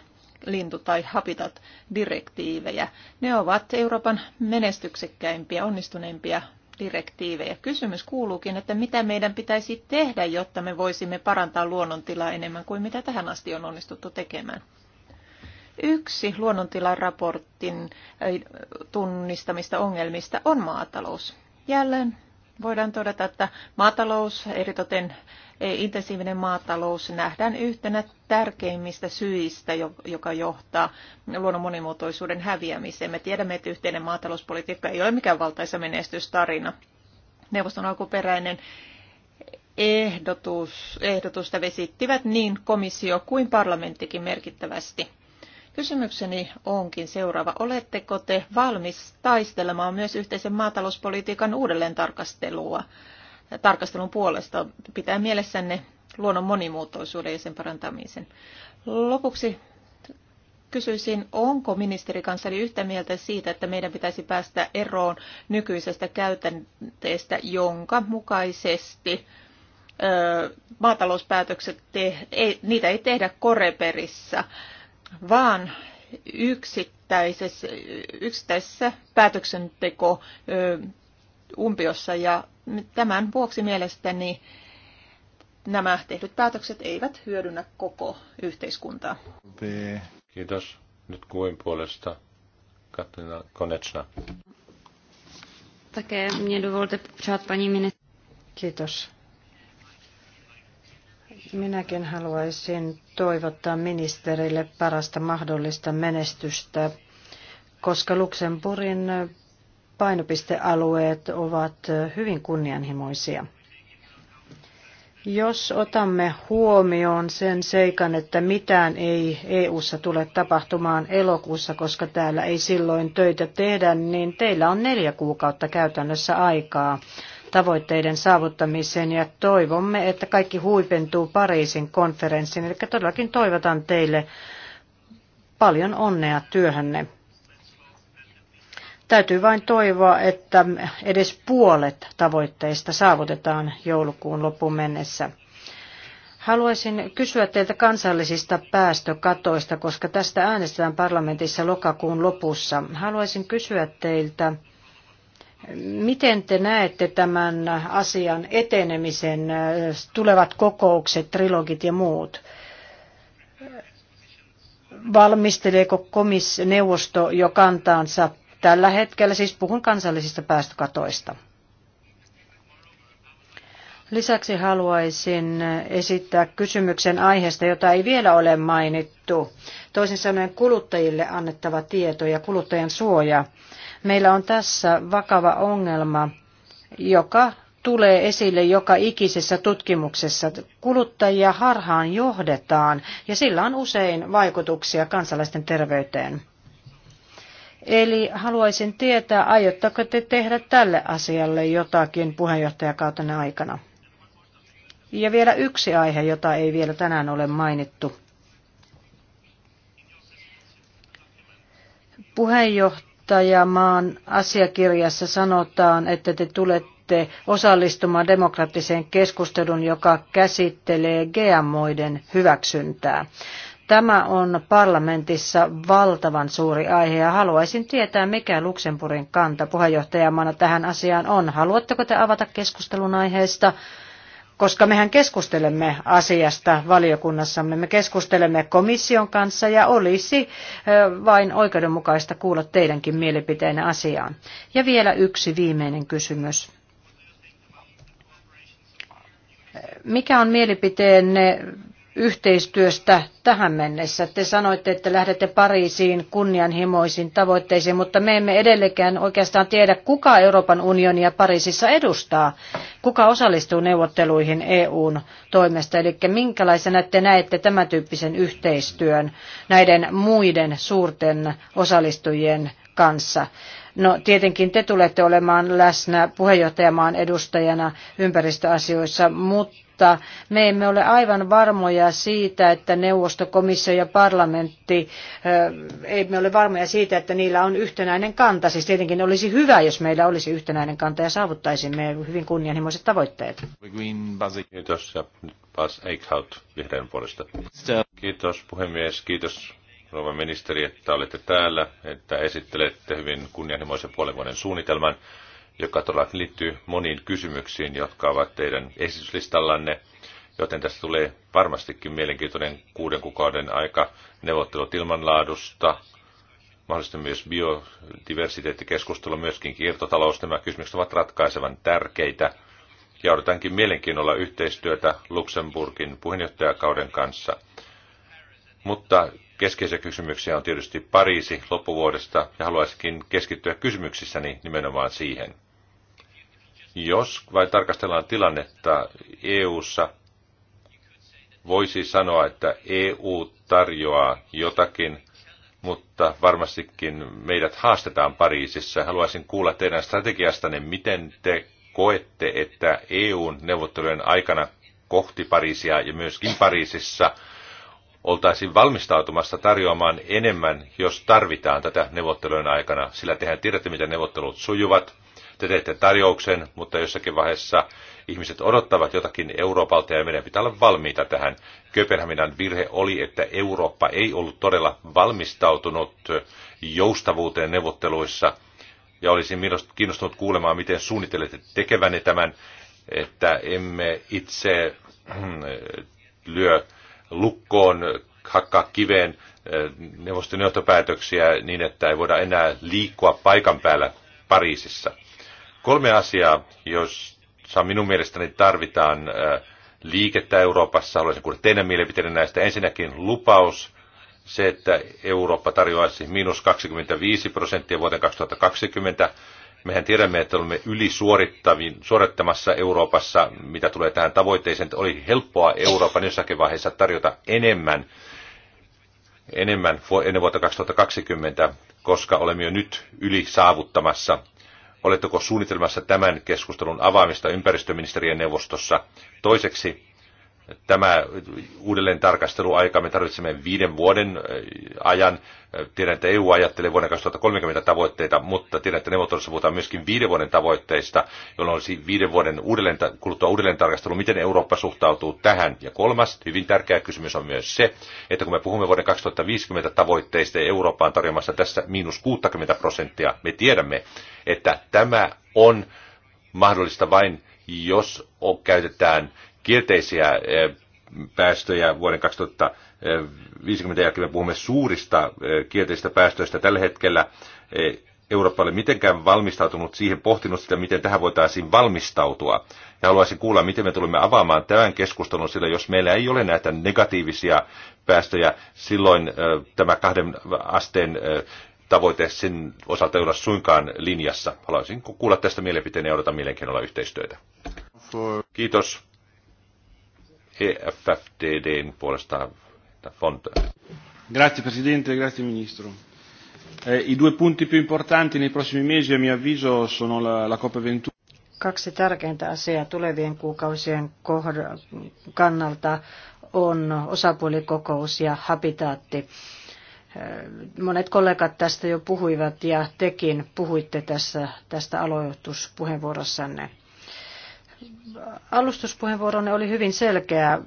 lintu- tai habitat-direktiivejä. Ne ovat Euroopan menestyksekkäimpiä, onnistuneimpia direktiivejä. Kysymys kuuluukin, että mitä meidän pitäisi tehdä, jotta me voisimme parantaa luonnontilaa enemmän kuin mitä tähän asti on onnistuttu tekemään. Yksi luonnontilaraportin äh, tunnistamista ongelmista on maatalous. Jälleen voidaan todeta, että maatalous, eritoten e, intensiivinen maatalous, nähdään yhtenä tärkeimmistä syistä, joka johtaa luonnon monimuotoisuuden häviämiseen. Me tiedämme, että yhteinen maatalouspolitiikka ei ole mikään valtaisa menestystarina. Neuvoston alkuperäinen ehdotus, ehdotusta vesittivät niin komissio kuin parlamenttikin merkittävästi. Kysymykseni onkin seuraava. Oletteko te valmis taistelemaan myös yhteisen maatalouspolitiikan uudelleen tarkastelua, tarkastelun puolesta, pitää mielessänne luonnon monimuotoisuuden ja sen parantamisen? Lopuksi kysyisin, onko ministeri kanssani yhtä mieltä siitä, että meidän pitäisi päästä eroon nykyisestä käytänteestä, jonka mukaisesti maatalouspäätökset, te, ei, niitä ei tehdä koreperissä vaan yksittäisessä, yksittäisessä päätöksenteko umpiossa ja tämän vuoksi mielestäni nämä tehdyt päätökset eivät hyödynnä koko yhteiskuntaa. Kiitos. Nyt kuin puolesta Katrina Konecna. Kiitos Minäkin haluaisin toivottaa ministerille parasta mahdollista menestystä, koska Luxemburgin painopistealueet ovat hyvin kunnianhimoisia. Jos otamme huomioon sen seikan, että mitään ei EU:ssa tule tapahtumaan elokuussa, koska täällä ei silloin töitä tehdä, niin teillä on neljä kuukautta käytännössä aikaa tavoitteiden saavuttamiseen ja toivomme, että kaikki huipentuu Pariisin konferenssiin. Eli todellakin toivotan teille paljon onnea työhönne. Täytyy vain toivoa, että edes puolet tavoitteista saavutetaan joulukuun loppuun mennessä. Haluaisin kysyä teiltä kansallisista päästökatoista, koska tästä äänestetään parlamentissa lokakuun lopussa. Haluaisin kysyä teiltä, Miten te näette tämän asian etenemisen, tulevat kokoukset, trilogit ja muut? Valmisteleeko komissio neuvosto jo kantaansa tällä hetkellä, siis puhun kansallisista päästökatoista? Lisäksi haluaisin esittää kysymyksen aiheesta, jota ei vielä ole mainittu. Toisin sanoen kuluttajille annettava tieto ja kuluttajan suoja. Meillä on tässä vakava ongelma, joka tulee esille joka ikisessä tutkimuksessa. Kuluttajia harhaan johdetaan ja sillä on usein vaikutuksia kansalaisten terveyteen. Eli haluaisin tietää, aiotteko te tehdä tälle asialle jotakin puheenjohtajakautena aikana? Ja vielä yksi aihe, jota ei vielä tänään ole mainittu. Puheenjohtajamaan asiakirjassa sanotaan, että te tulette osallistumaan demokraattiseen keskusteluun, joka käsittelee GMOiden hyväksyntää. Tämä on parlamentissa valtavan suuri aihe ja haluaisin tietää, mikä Luxemburgin kanta puheenjohtajamana tähän asiaan on. Haluatteko te avata keskustelun aiheesta? koska mehän keskustelemme asiasta valiokunnassamme. Me keskustelemme komission kanssa ja olisi vain oikeudenmukaista kuulla teidänkin mielipiteenne asiaan. Ja vielä yksi viimeinen kysymys. Mikä on mielipiteenne yhteistyöstä tähän mennessä? Te sanoitte, että lähdette Pariisiin kunnianhimoisiin tavoitteisiin, mutta me emme edelleenkään oikeastaan tiedä, kuka Euroopan unionia Pariisissa edustaa, kuka osallistuu neuvotteluihin EUn toimesta, eli minkälaisena te näette tämän tyyppisen yhteistyön näiden muiden suurten osallistujien kanssa. No tietenkin te tulette olemaan läsnä puheenjohtajamaan edustajana ympäristöasioissa, mutta mutta me emme ole aivan varmoja siitä, että neuvosto, komissio ja parlamentti, emme ole varmoja siitä, että niillä on yhtenäinen kanta. Siis tietenkin olisi hyvä, jos meillä olisi yhtenäinen kanta ja saavuttaisimme hyvin kunnianhimoiset tavoitteet. Kiitos ja nyt Bas Eichhout vihreän puolesta. Kiitos puhemies, kiitos rouva ministeri, että olette täällä, että esittelette hyvin kunnianhimoisen puolen vuoden suunnitelman joka todella liittyy moniin kysymyksiin, jotka ovat teidän esityslistallanne, joten tässä tulee varmastikin mielenkiintoinen kuuden kuukauden aika neuvottelut ilmanlaadusta, mahdollisesti myös biodiversiteettikeskustelu, myöskin kiertotalous. Nämä kysymykset ovat ratkaisevan tärkeitä ja odotankin mielenkiinnolla yhteistyötä Luxemburgin puheenjohtajakauden kanssa – mutta keskeisiä kysymyksiä on tietysti Pariisi loppuvuodesta ja haluaisinkin keskittyä kysymyksissäni nimenomaan siihen. Jos vain tarkastellaan tilannetta EU:ssa, voisi sanoa, että EU tarjoaa jotakin, mutta varmastikin meidät haastetaan Pariisissa. Haluaisin kuulla teidän strategiastanne, miten te koette, että EUn neuvottelujen aikana kohti Pariisia ja myöskin Pariisissa – oltaisiin valmistautumassa tarjoamaan enemmän, jos tarvitaan tätä neuvottelujen aikana, sillä tehän tiedätte, miten neuvottelut sujuvat. Te teette tarjouksen, mutta jossakin vaiheessa ihmiset odottavat jotakin Euroopalta ja meidän pitää olla valmiita tähän. Kööpenhaminan virhe oli, että Eurooppa ei ollut todella valmistautunut joustavuuteen neuvotteluissa ja olisin kiinnostunut kuulemaan, miten suunnittelette tekevänne tämän, että emme itse (clears throat) lyö lukkoon, hakkaa kiveen eh, neuvoston johtopäätöksiä niin, että ei voida enää liikkua paikan päällä Pariisissa. Kolme asiaa, joissa minun mielestäni tarvitaan eh, liikettä Euroopassa. Haluaisin kuulla teidän mielipiteenne näistä. Ensinnäkin lupaus, se, että Eurooppa tarjoaisi miinus 25 prosenttia vuoteen 2020 Mehän tiedämme, että olemme yli suorittamassa Euroopassa, mitä tulee tähän tavoitteeseen. Oli helppoa Euroopan jossakin vaiheessa tarjota enemmän, enemmän ennen vuotta 2020, koska olemme jo nyt yli saavuttamassa. Oletteko suunnitelmassa tämän keskustelun avaamista ympäristöministerien neuvostossa? Toiseksi, tämä uudelleen tarkasteluaika, me tarvitsemme viiden vuoden äh, ajan. Äh, tiedän, että EU ajattelee vuoden 2030 tavoitteita, mutta tiedän, että neuvottelussa puhutaan myöskin viiden vuoden tavoitteista, jolloin olisi viiden vuoden uudelleen, kuluttua uudelleen tarkastelu, miten Eurooppa suhtautuu tähän. Ja kolmas hyvin tärkeä kysymys on myös se, että kun me puhumme vuoden 2050 tavoitteista ja Eurooppa on tarjoamassa tässä miinus 60 prosenttia, me tiedämme, että tämä on mahdollista vain jos käytetään kielteisiä eh, päästöjä vuoden 2050 jälkeen. Me puhumme suurista eh, kielteisistä päästöistä tällä hetkellä. Eh, Eurooppa ei ole mitenkään valmistautunut siihen, pohtinut sitä, miten tähän voitaisiin valmistautua. Ja haluaisin kuulla, miten me tulemme avaamaan tämän keskustelun, sillä jos meillä ei ole näitä negatiivisia päästöjä, silloin tämä kahden asteen tavoite sen osalta ei ole suinkaan linjassa. Haluaisin kuulla tästä mielipiteen ja odotan mielenkiinnolla yhteistyötä. Kiitos. EFFDDn puolesta Fonte. Grazie Presidente, grazie Ministro. Eh, I due punti più importanti nei prossimi mesi, a mio avviso, sono la, la COP21. Kaksi tärkeintä asiaa tulevien kuukausien kohd- kannalta on osapuolikokous ja habitaatti. Eh, monet kollegat tästä jo puhuivat ja tekin puhuitte tässä, tästä aloituspuheenvuorossanne alustuspuheenvuoronne oli hyvin selkeä,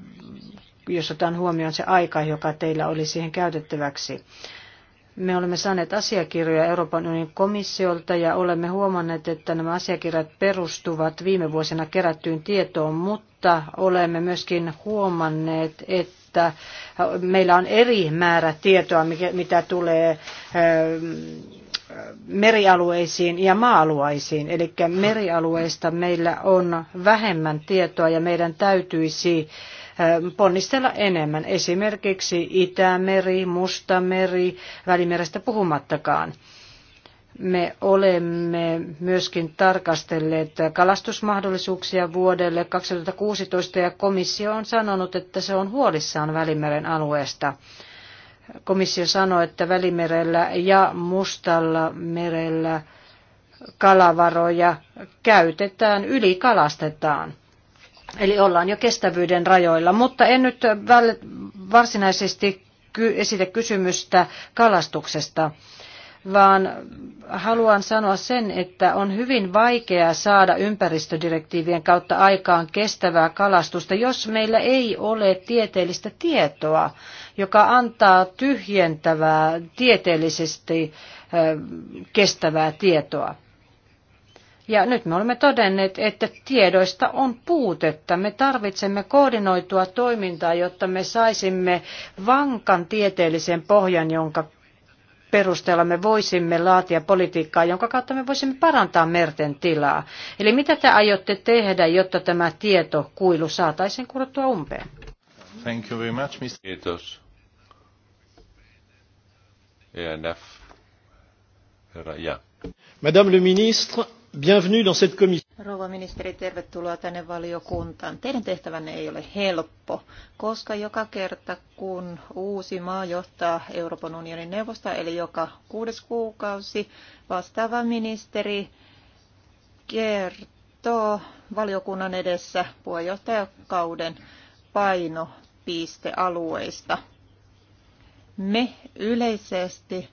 jos otan huomioon se aika, joka teillä oli siihen käytettäväksi. Me olemme saaneet asiakirjoja Euroopan unionin komissiolta ja olemme huomanneet, että nämä asiakirjat perustuvat viime vuosina kerättyyn tietoon, mutta olemme myöskin huomanneet, että meillä on eri määrä tietoa, mitä tulee ähm, merialueisiin ja maa-alueisiin. Eli merialueista meillä on vähemmän tietoa ja meidän täytyisi ponnistella enemmän. Esimerkiksi Itämeri, Mustameri, Välimerestä puhumattakaan. Me olemme myöskin tarkastelleet kalastusmahdollisuuksia vuodelle 2016 ja komissio on sanonut, että se on huolissaan Välimeren alueesta komissio sanoi, että Välimerellä ja Mustalla merellä kalavaroja käytetään, ylikalastetaan. Eli ollaan jo kestävyyden rajoilla, mutta en nyt varsinaisesti esitä kysymystä kalastuksesta vaan haluan sanoa sen, että on hyvin vaikeaa saada ympäristödirektiivien kautta aikaan kestävää kalastusta, jos meillä ei ole tieteellistä tietoa, joka antaa tyhjentävää, tieteellisesti kestävää tietoa. Ja nyt me olemme todenneet, että tiedoista on puutetta. Me tarvitsemme koordinoitua toimintaa, jotta me saisimme vankan tieteellisen pohjan, jonka perusteella me voisimme laatia politiikkaa, jonka kautta me voisimme parantaa merten tilaa. Eli mitä te aiotte tehdä, jotta tämä tietokuilu saataisiin kurottua umpeen? Thank you very much, Mr. Kiitos. ENF. Herra, ja. Madame le ministre, bienvenue dans cette commission. Rouva ministeri, tervetuloa tänne valiokuntaan. Teidän tehtävänne ei ole helppo, koska joka kerta kun uusi maa johtaa Euroopan unionin neuvosta, eli joka kuudes kuukausi, vastaava ministeri kertoo valiokunnan edessä puheenjohtajakauden painopistealueista. Me yleisesti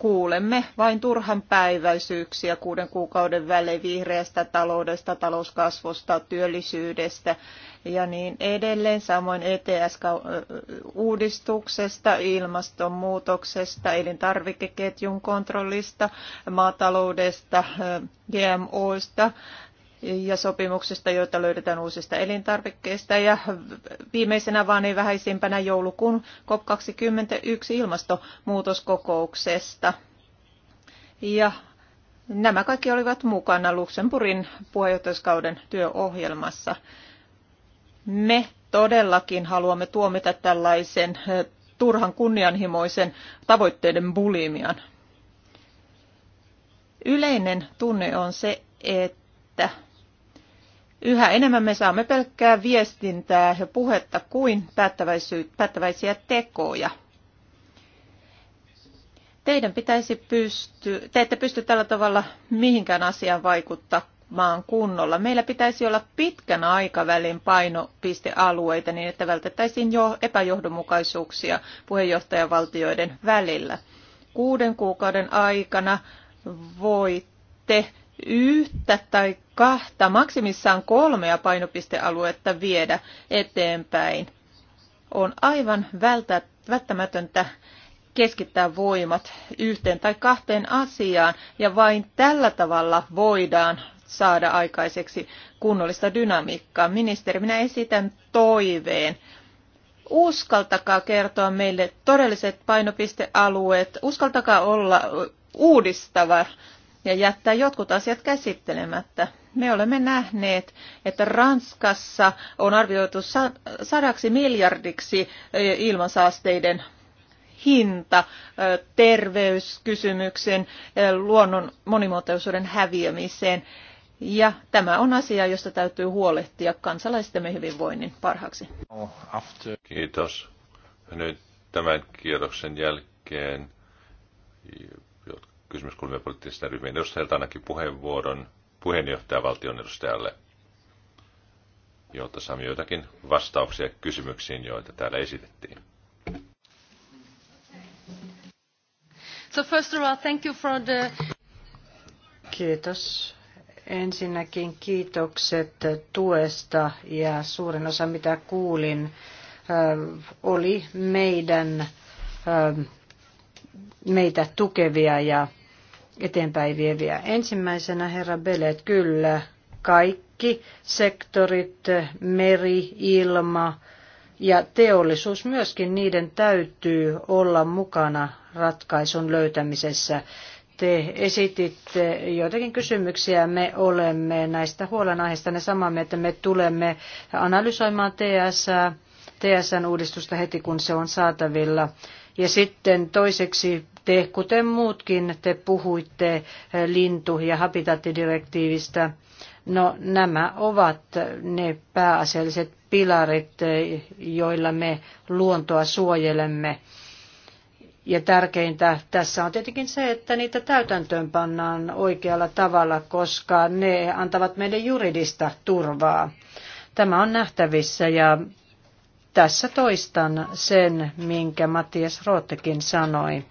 kuulemme vain turhan päiväisyyksiä kuuden kuukauden välein vihreästä taloudesta, talouskasvusta, työllisyydestä ja niin edelleen. Samoin ETS-uudistuksesta, ilmastonmuutoksesta, elintarvikeketjun kontrollista, maataloudesta, GMOista, ja sopimuksista, joita löydetään uusista elintarvikkeista. Ja viimeisenä vaan ei vähäisimpänä joulukuun COP21 ilmastonmuutoskokouksesta. Ja nämä kaikki olivat mukana Luxemburgin puheenjohtajuuskauden työohjelmassa. Me todellakin haluamme tuomita tällaisen turhan kunnianhimoisen tavoitteiden bulimian. Yleinen tunne on se, että että Yhä enemmän me saamme pelkkää viestintää ja puhetta kuin päättäväisiä tekoja. Teidän pitäisi pystyä, te ette pysty tällä tavalla mihinkään asiaan vaikuttamaan kunnolla. Meillä pitäisi olla pitkän aikavälin painopistealueita niin, että vältettäisiin jo epäjohdonmukaisuuksia puheenjohtajavaltioiden välillä. Kuuden kuukauden aikana voitte yhtä tai kahta, maksimissaan kolmea painopistealuetta viedä eteenpäin. On aivan välttämätöntä keskittää voimat yhteen tai kahteen asiaan ja vain tällä tavalla voidaan saada aikaiseksi kunnollista dynamiikkaa. Ministeri, minä esitän toiveen. Uskaltakaa kertoa meille todelliset painopistealueet, uskaltakaa olla uudistava ja jättää jotkut asiat käsittelemättä. Me olemme nähneet, että Ranskassa on arvioitu sadaksi miljardiksi e, ilmansaasteiden hinta, e, terveyskysymyksen, e, luonnon monimuotoisuuden häviämiseen. Ja tämä on asia, josta täytyy huolehtia kansalaistemme hyvinvoinnin parhaaksi. Kiitos. Nyt tämän kierroksen jälkeen kysymys kuulumia poliittisista ryhmien edustajilta ainakin puheenvuoron puheenjohtaja valtion edustajalle, jotta saamme joitakin vastauksia kysymyksiin, joita täällä esitettiin. So first of all, thank you for the... Kiitos. Ensinnäkin kiitokset tuesta ja suurin osa mitä kuulin oli meidän meitä tukevia ja eteenpäin vieviä. Ensimmäisenä herra Belet, kyllä, kaikki sektorit, meri, ilma ja teollisuus myöskin, niiden täytyy olla mukana ratkaisun löytämisessä. Te esititte joitakin kysymyksiä. Me olemme näistä huolenaiheista ne samaa että me tulemme analysoimaan TS, TSN-uudistusta heti, kun se on saatavilla. Ja sitten toiseksi te, kuten muutkin, te puhuitte eh, lintu- ja habitatidirektiivistä. No nämä ovat ne pääasialliset pilarit, eh, joilla me luontoa suojelemme. Ja tärkeintä tässä on tietenkin se, että niitä täytäntöön pannaan oikealla tavalla, koska ne antavat meille juridista turvaa. Tämä on nähtävissä ja tässä toistan sen, minkä Mattias Roottekin sanoi.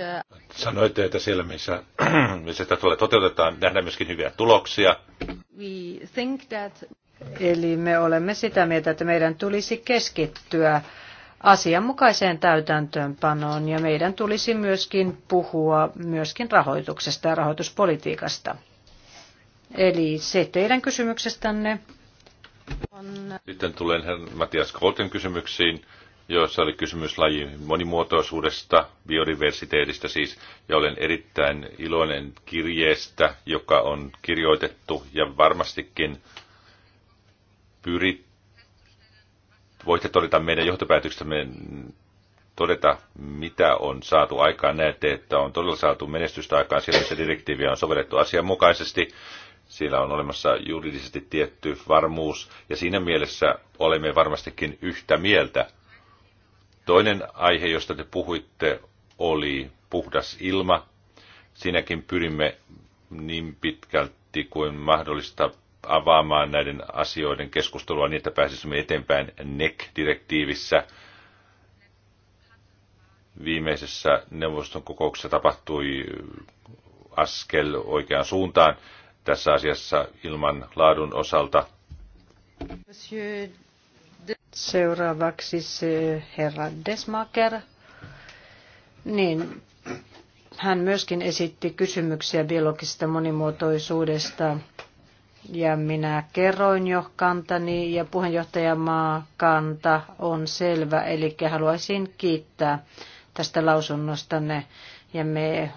Äh, Sanoitte, että siellä, missä, (clears throat) missä tulee toteutetaan, nähdään myöskin hyviä tuloksia. We think that... Eli me olemme sitä mieltä, että meidän tulisi keskittyä asianmukaiseen täytäntöönpanoon ja meidän tulisi myöskin puhua myöskin rahoituksesta ja rahoituspolitiikasta. Eli se teidän kysymyksestänne. Sitten tulen Matias Kolten kysymyksiin joissa oli kysymys lajin monimuotoisuudesta, biodiversiteetistä siis, ja olen erittäin iloinen kirjeestä, joka on kirjoitettu ja varmastikin pyrit, voitte todeta meidän johtopäätöksestämme todeta, mitä on saatu aikaan. Näette, että on todella saatu menestystä aikaan sillä, se direktiivi on sovellettu asianmukaisesti. Siellä on olemassa juridisesti tietty varmuus, ja siinä mielessä olemme varmastikin yhtä mieltä Toinen aihe, josta te puhuitte, oli puhdas ilma. Siinäkin pyrimme niin pitkälti kuin mahdollista avaamaan näiden asioiden keskustelua niin, että pääsisimme eteenpäin NEC-direktiivissä. Viimeisessä neuvoston kokouksessa tapahtui askel oikeaan suuntaan tässä asiassa ilman laadun osalta. Monsieur Seuraavaksi se herra Desmaker. Niin, hän myöskin esitti kysymyksiä biologisesta monimuotoisuudesta. Ja minä kerroin jo kantani ja puheenjohtajamaa kanta on selvä, eli haluaisin kiittää tästä lausunnostanne ja me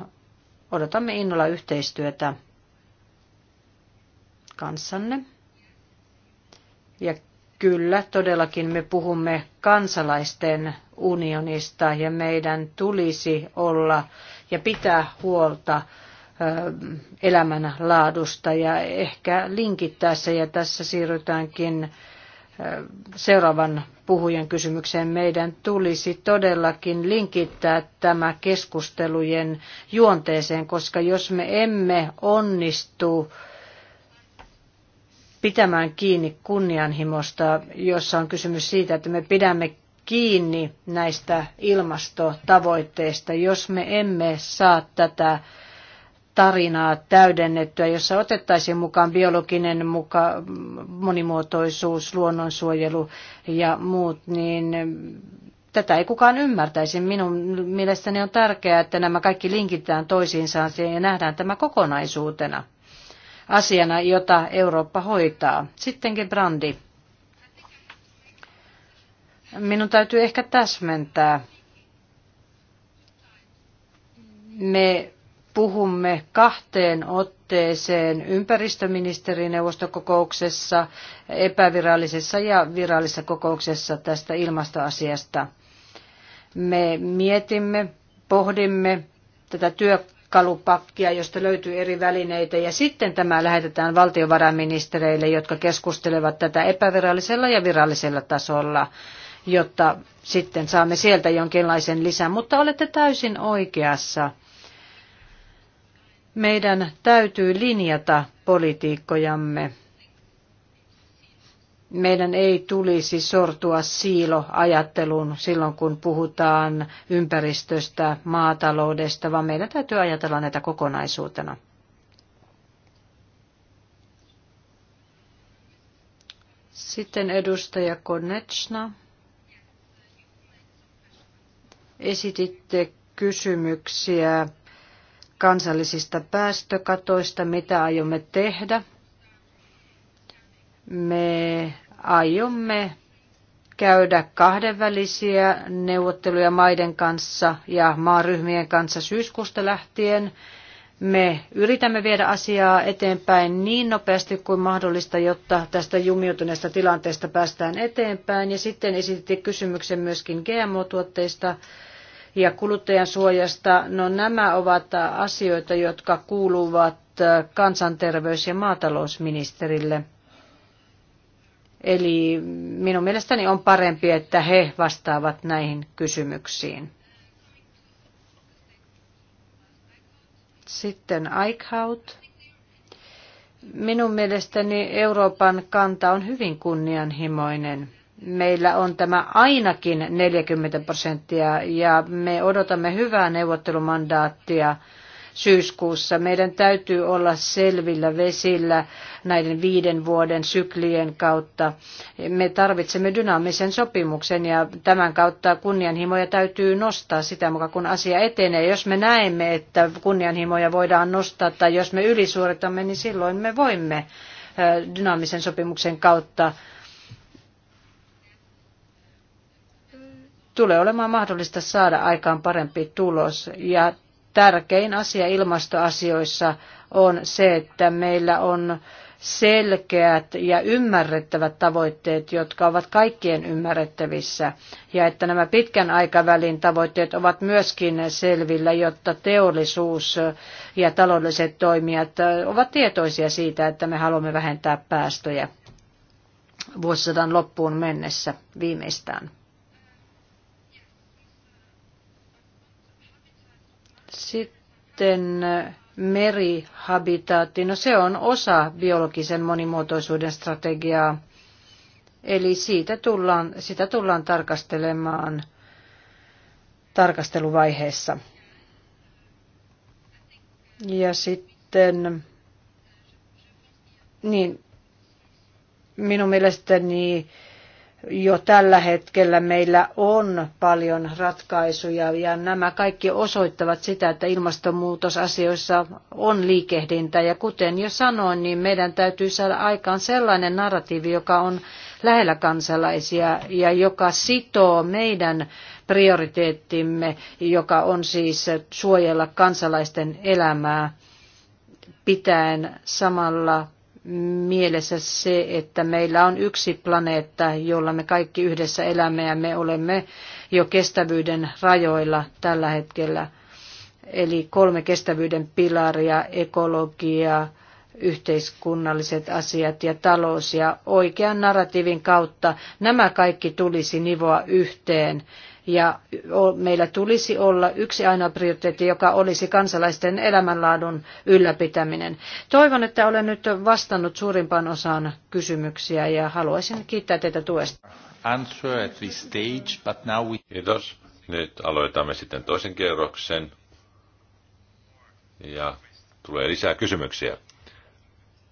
odotamme innolla yhteistyötä kanssanne. Ja Kyllä, todellakin me puhumme kansalaisten unionista ja meidän tulisi olla ja pitää huolta elämän laadusta ja ehkä linkittää se ja tässä siirrytäänkin seuraavan puhujan kysymykseen. Meidän tulisi todellakin linkittää tämä keskustelujen juonteeseen, koska jos me emme onnistu pitämään kiinni kunnianhimosta, jossa on kysymys siitä, että me pidämme kiinni näistä ilmastotavoitteista, jos me emme saa tätä tarinaa täydennettyä, jossa otettaisiin mukaan biologinen muka, monimuotoisuus, luonnonsuojelu ja muut, niin tätä ei kukaan ymmärtäisi. Minun mielestäni on tärkeää, että nämä kaikki linkitään toisiinsa ja nähdään tämä kokonaisuutena asiana, jota Eurooppa hoitaa. Sittenkin brandi. Minun täytyy ehkä täsmentää. Me puhumme kahteen otteeseen ympäristöministerineuvostokokouksessa, epävirallisessa ja virallisessa kokouksessa tästä ilmastoasiasta. Me mietimme, pohdimme tätä työ, kalupakkia, josta löytyy eri välineitä, ja sitten tämä lähetetään valtiovarainministereille, jotka keskustelevat tätä epävirallisella ja virallisella tasolla, jotta sitten saamme sieltä jonkinlaisen lisän. Mutta olette täysin oikeassa. Meidän täytyy linjata politiikkojamme meidän ei tulisi sortua siiloajatteluun silloin, kun puhutaan ympäristöstä, maataloudesta, vaan meidän täytyy ajatella näitä kokonaisuutena. Sitten edustaja Konechna. Esititte kysymyksiä kansallisista päästökatoista, mitä aiomme tehdä – me aiomme käydä kahdenvälisiä neuvotteluja maiden kanssa ja maaryhmien kanssa syyskuusta lähtien. Me yritämme viedä asiaa eteenpäin niin nopeasti kuin mahdollista, jotta tästä jumiutuneesta tilanteesta päästään eteenpäin. Ja sitten esitettiin kysymyksen myöskin GMO-tuotteista ja kuluttajan suojasta. No nämä ovat asioita, jotka kuuluvat kansanterveys- ja maatalousministerille. Eli minun mielestäni on parempi, että he vastaavat näihin kysymyksiin. Sitten Eichhout. Minun mielestäni Euroopan kanta on hyvin kunnianhimoinen. Meillä on tämä ainakin 40 prosenttia ja me odotamme hyvää neuvottelumandaattia syyskuussa. Meidän täytyy olla selvillä vesillä näiden viiden vuoden syklien kautta. Me tarvitsemme dynaamisen sopimuksen ja tämän kautta kunnianhimoja täytyy nostaa sitä mukaan, kun asia etenee. Jos me näemme, että kunnianhimoja voidaan nostaa tai jos me ylisuoritamme, niin silloin me voimme dynaamisen sopimuksen kautta tulee olemaan mahdollista saada aikaan parempi tulos. Ja tärkein asia ilmastoasioissa on se, että meillä on selkeät ja ymmärrettävät tavoitteet, jotka ovat kaikkien ymmärrettävissä, ja että nämä pitkän aikavälin tavoitteet ovat myöskin selvillä, jotta teollisuus ja taloudelliset toimijat ovat tietoisia siitä, että me haluamme vähentää päästöjä vuosisadan loppuun mennessä viimeistään. Sitten eh, merihabitaatti, no se on osa biologisen monimuotoisuuden strategiaa. Eli siitä tullaan, sitä tullaan tarkastelemaan tarkasteluvaiheessa. Ja sitten, niin minun mielestäni jo tällä hetkellä meillä on paljon ratkaisuja ja nämä kaikki osoittavat sitä, että ilmastonmuutosasioissa on liikehdintä. Ja kuten jo sanoin, niin meidän täytyy saada aikaan sellainen narratiivi, joka on lähellä kansalaisia ja joka sitoo meidän prioriteettimme, joka on siis suojella kansalaisten elämää pitäen samalla mielessä se, että meillä on yksi planeetta, jolla me kaikki yhdessä elämme ja me olemme jo kestävyyden rajoilla tällä hetkellä. Eli kolme kestävyyden pilaria, ekologia, yhteiskunnalliset asiat ja talous ja oikean narratiivin kautta nämä kaikki tulisi nivoa yhteen ja meillä tulisi olla yksi ainoa prioriteetti, joka olisi kansalaisten elämänlaadun ylläpitäminen. Toivon, että olen nyt vastannut suurimpaan osaan kysymyksiä ja haluaisin kiittää teitä tuesta. at this stage, but now we... Kiitos. Nyt aloitamme sitten toisen kierroksen ja tulee lisää kysymyksiä.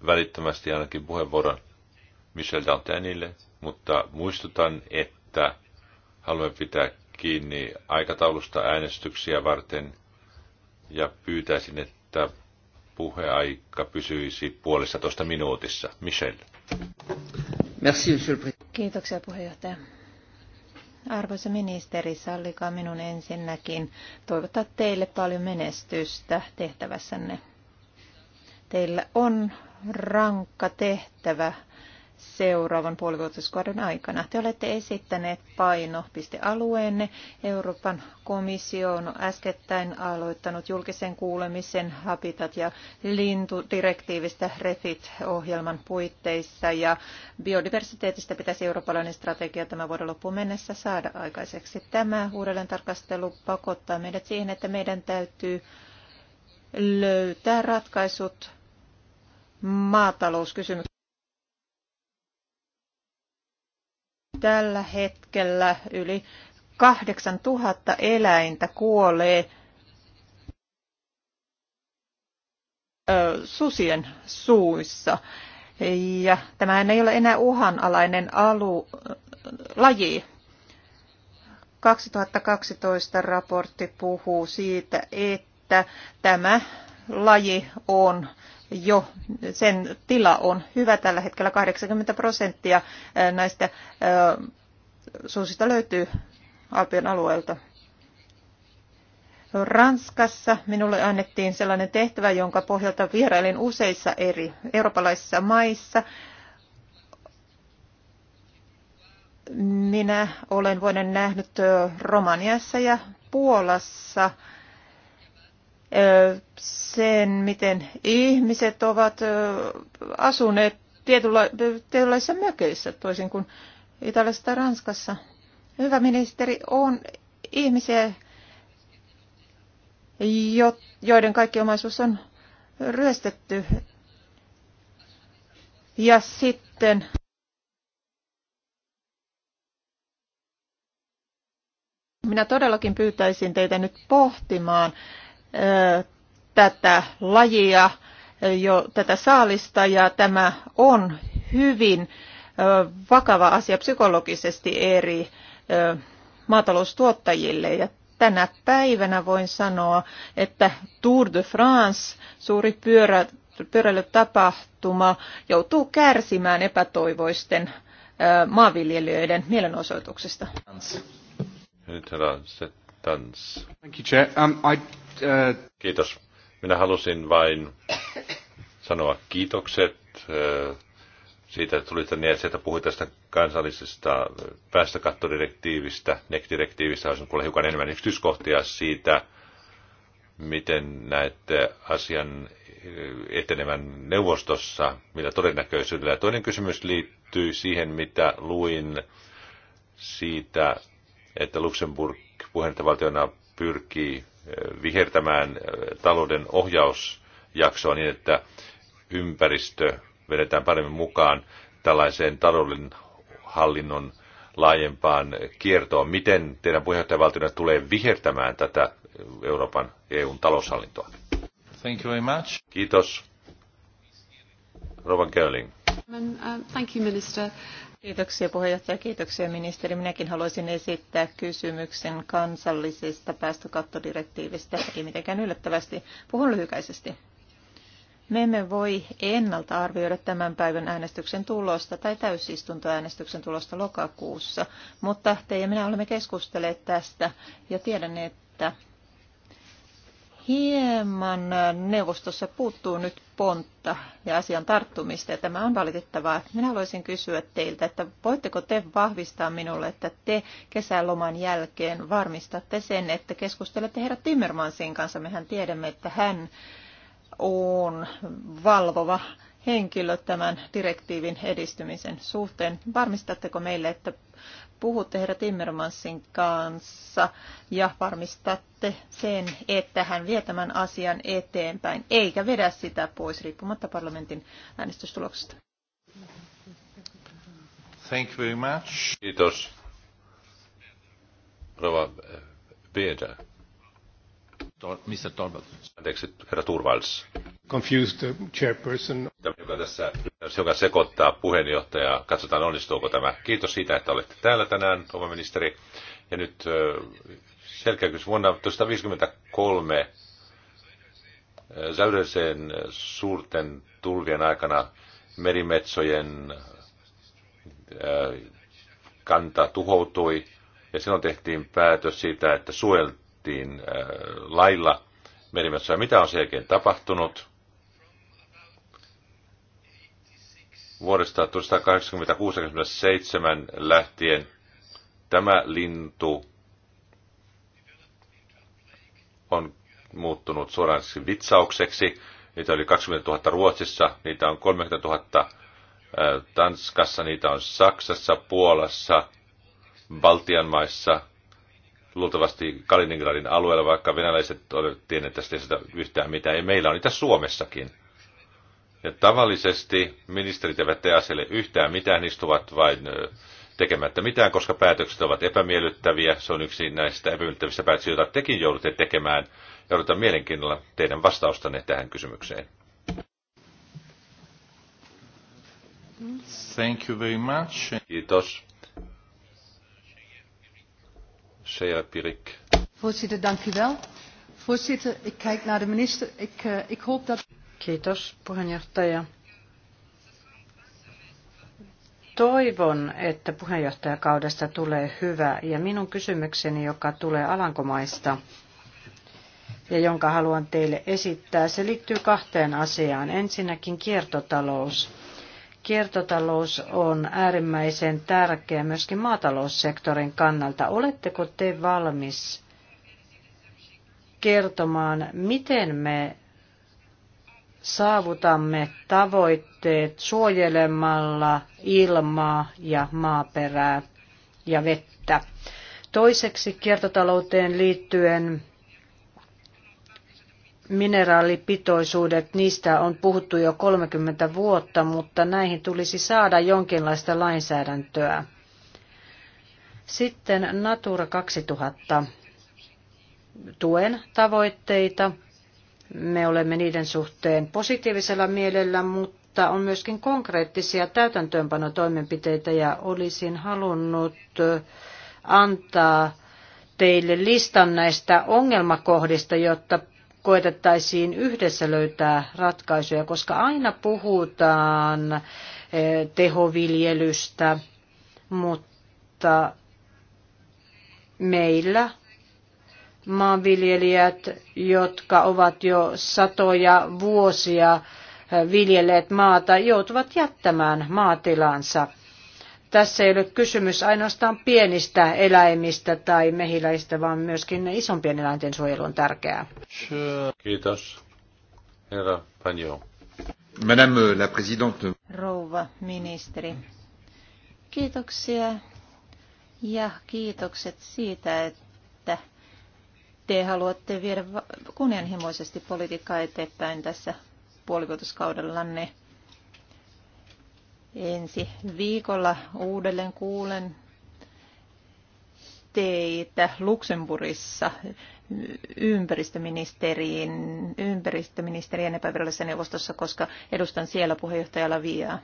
Välittömästi ainakin puheenvuoron Michel Dantanille, mutta muistutan, että haluamme pitää kiinni aikataulusta äänestyksiä varten ja pyytäisin, että puheaika pysyisi puolestatoista minuutissa. Michel. Merci, Kiitoksia puheenjohtaja. Arvoisa ministeri, sallikaa minun ensinnäkin toivottaa teille paljon menestystä tehtävässänne. Teillä on rankka tehtävä seuraavan puolivuotiskauden aikana. Te olette esittäneet painopistealueenne. Euroopan komissio on äskettäin aloittanut julkisen kuulemisen Habitat- ja lintudirektiivistä REFIT-ohjelman puitteissa ja biodiversiteetistä pitäisi eurooppalainen strategia tämän vuoden loppuun mennessä saada aikaiseksi. Tämä uudelleen tarkastelu pakottaa meidät siihen, että meidän täytyy löytää ratkaisut maatalouskysymyksiin Tällä hetkellä yli 8000 eläintä kuolee susien suissa. Ja tämä ei ole enää uhanalainen alu, laji. 2012 raportti puhuu siitä, että tämä laji on jo, sen tila on hyvä tällä hetkellä. 80 prosenttia näistä susista löytyy Alpion alueelta. Ranskassa minulle annettiin sellainen tehtävä, jonka pohjalta vierailin useissa eri eurooppalaisissa maissa. Minä olen vuoden nähnyt Romaniassa ja Puolassa sen, miten ihmiset ovat asuneet tietynlaisissa mökeissä, toisin kuin Italiassa tai Ranskassa. Hyvä ministeri, on ihmisiä, joiden kaikki omaisuus on ryöstetty. Ja sitten minä todellakin pyytäisin teitä nyt pohtimaan, tätä lajia, jo tätä saalista ja tämä on hyvin vakava asia psykologisesti eri maataloustuottajille ja tänä päivänä voin sanoa, että Tour de France, suuri pyörä, pyöräilytapahtuma, joutuu kärsimään epätoivoisten maanviljelijöiden mielenosoituksista. Nyt Um, uh, Kiitos. Minä halusin vain sanoa kiitokset uh, siitä, että tulitte niin, että puhuit tästä kansallisesta uh, päästökattodirektiivistä, NEC-direktiivistä, olisin kuulla hiukan enemmän yksityiskohtia siitä, miten näette asian etenevän neuvostossa, millä todennäköisyydellä. Ja toinen kysymys liittyy siihen, mitä luin siitä, että Luxemburg puheenjohtajavaltiona pyrkii eh, vihertämään eh, talouden ohjausjaksoa niin, että ympäristö vedetään paremmin mukaan tällaiseen talouden hallinnon laajempaan kiertoon. Miten teidän puheenjohtajavaltiona tulee vihertämään tätä Euroopan EUn taloushallintoa? Thank you very much. Kiitos. Rovan Köling. Um, thank you, minister. Kiitoksia puheenjohtaja, kiitoksia ministeri. Minäkin haluaisin esittää kysymyksen kansallisesta päästökattodirektiivistä, ei mitenkään yllättävästi. Puhun lyhykäisesti. Me emme voi ennalta arvioida tämän päivän äänestyksen tulosta tai täysistuntoäänestyksen tulosta lokakuussa, mutta te ja minä olemme keskustelleet tästä ja tiedän, että hieman neuvostossa puuttuu nyt pontta ja asian tarttumista, ja tämä on valitettavaa. Minä haluaisin kysyä teiltä, että voitteko te vahvistaa minulle, että te kesäloman jälkeen varmistatte sen, että keskustelette herra Timmermansin kanssa. Mehän tiedämme, että hän on valvova henkilö tämän direktiivin edistymisen suhteen. Varmistatteko meille, että puhutte herra Timmermansin kanssa ja varmistatte sen, että hän vie tämän asian eteenpäin, eikä vedä sitä pois riippumatta parlamentin äänestystuloksesta. Thank you very much. Kiitos. Rova Beda. Mr. Tolbert. Anteeksi, herra Turvals confused chairperson. Joka tässä, joka sekoittaa puheenjohtajaa. Katsotaan onnistuuko tämä. Kiitos siitä, että olette täällä tänään, oma ministeri. Ja nyt selkeä kysymys. Vuonna 1953 säydelliseen suurten tulvien aikana merimetsojen kanta tuhoutui ja silloin tehtiin päätös siitä, että suojeltiin lailla merimetsoja. Mitä on sen jälkeen tapahtunut? vuodesta 1986-1987 lähtien tämä lintu on muuttunut suoraan vitsaukseksi. Niitä oli 20 000 Ruotsissa, niitä on 30 000 äh, Tanskassa, niitä on Saksassa, Puolassa, Baltian maissa, luultavasti Kaliningradin alueella, vaikka venäläiset olivat tienneet tästä sitä yhtään mitään. Ja meillä on niitä Suomessakin. Ja tavallisesti ministerit eivät tee asialle yhtään mitään, istuvat vain tekemättä mitään, koska päätökset ovat epämiellyttäviä. Se on yksi näistä epämiellyttävistä päätöksistä, joita tekin joudutte tekemään. Ja odotan mielenkiinnolla teidän vastaustanne tähän kysymykseen. Thank you very much. Kiitos. Sheila Pirik. Voorzitter, dank u wel. Voorzitter, ik kijk naar de minister. Ik, uh, ik hoop dat... Kiitos puheenjohtaja. Toivon, että puheenjohtajakaudesta tulee hyvä ja minun kysymykseni, joka tulee Alankomaista ja jonka haluan teille esittää, se liittyy kahteen asiaan. Ensinnäkin kiertotalous. Kiertotalous on äärimmäisen tärkeä myöskin maataloussektorin kannalta. Oletteko te valmis kertomaan, miten me saavutamme tavoitteet suojelemalla ilmaa ja maaperää ja vettä. Toiseksi kiertotalouteen liittyen mineraalipitoisuudet, niistä on puhuttu jo 30 vuotta, mutta näihin tulisi saada jonkinlaista lainsäädäntöä. Sitten Natura 2000 tuen tavoitteita me olemme niiden suhteen positiivisella mielellä, mutta on myöskin konkreettisia täytäntöönpanotoimenpiteitä ja olisin halunnut antaa teille listan näistä ongelmakohdista, jotta koetettaisiin yhdessä löytää ratkaisuja, koska aina puhutaan tehoviljelystä, mutta meillä maanviljelijät, jotka ovat jo satoja vuosia eh, viljelleet maata, joutuvat jättämään maatilansa. Tässä ei ole kysymys ainoastaan pienistä eläimistä tai mehiläistä, vaan myöskin isompien eläinten suojelu on tärkeää. Kiitos. Herra Panjo. Madame la présidente. Rouva ministeri. Kiitoksia ja kiitokset siitä, että te haluatte viedä kunnianhimoisesti politiikkaa eteenpäin tässä puolivuotoskaudellanne. Ensi viikolla uudelleen kuulen teitä Luxemburissa ympäristöministeriin, ympäristöministerien epävirallisessa neuvostossa, koska edustan siellä puheenjohtaja Laviaa.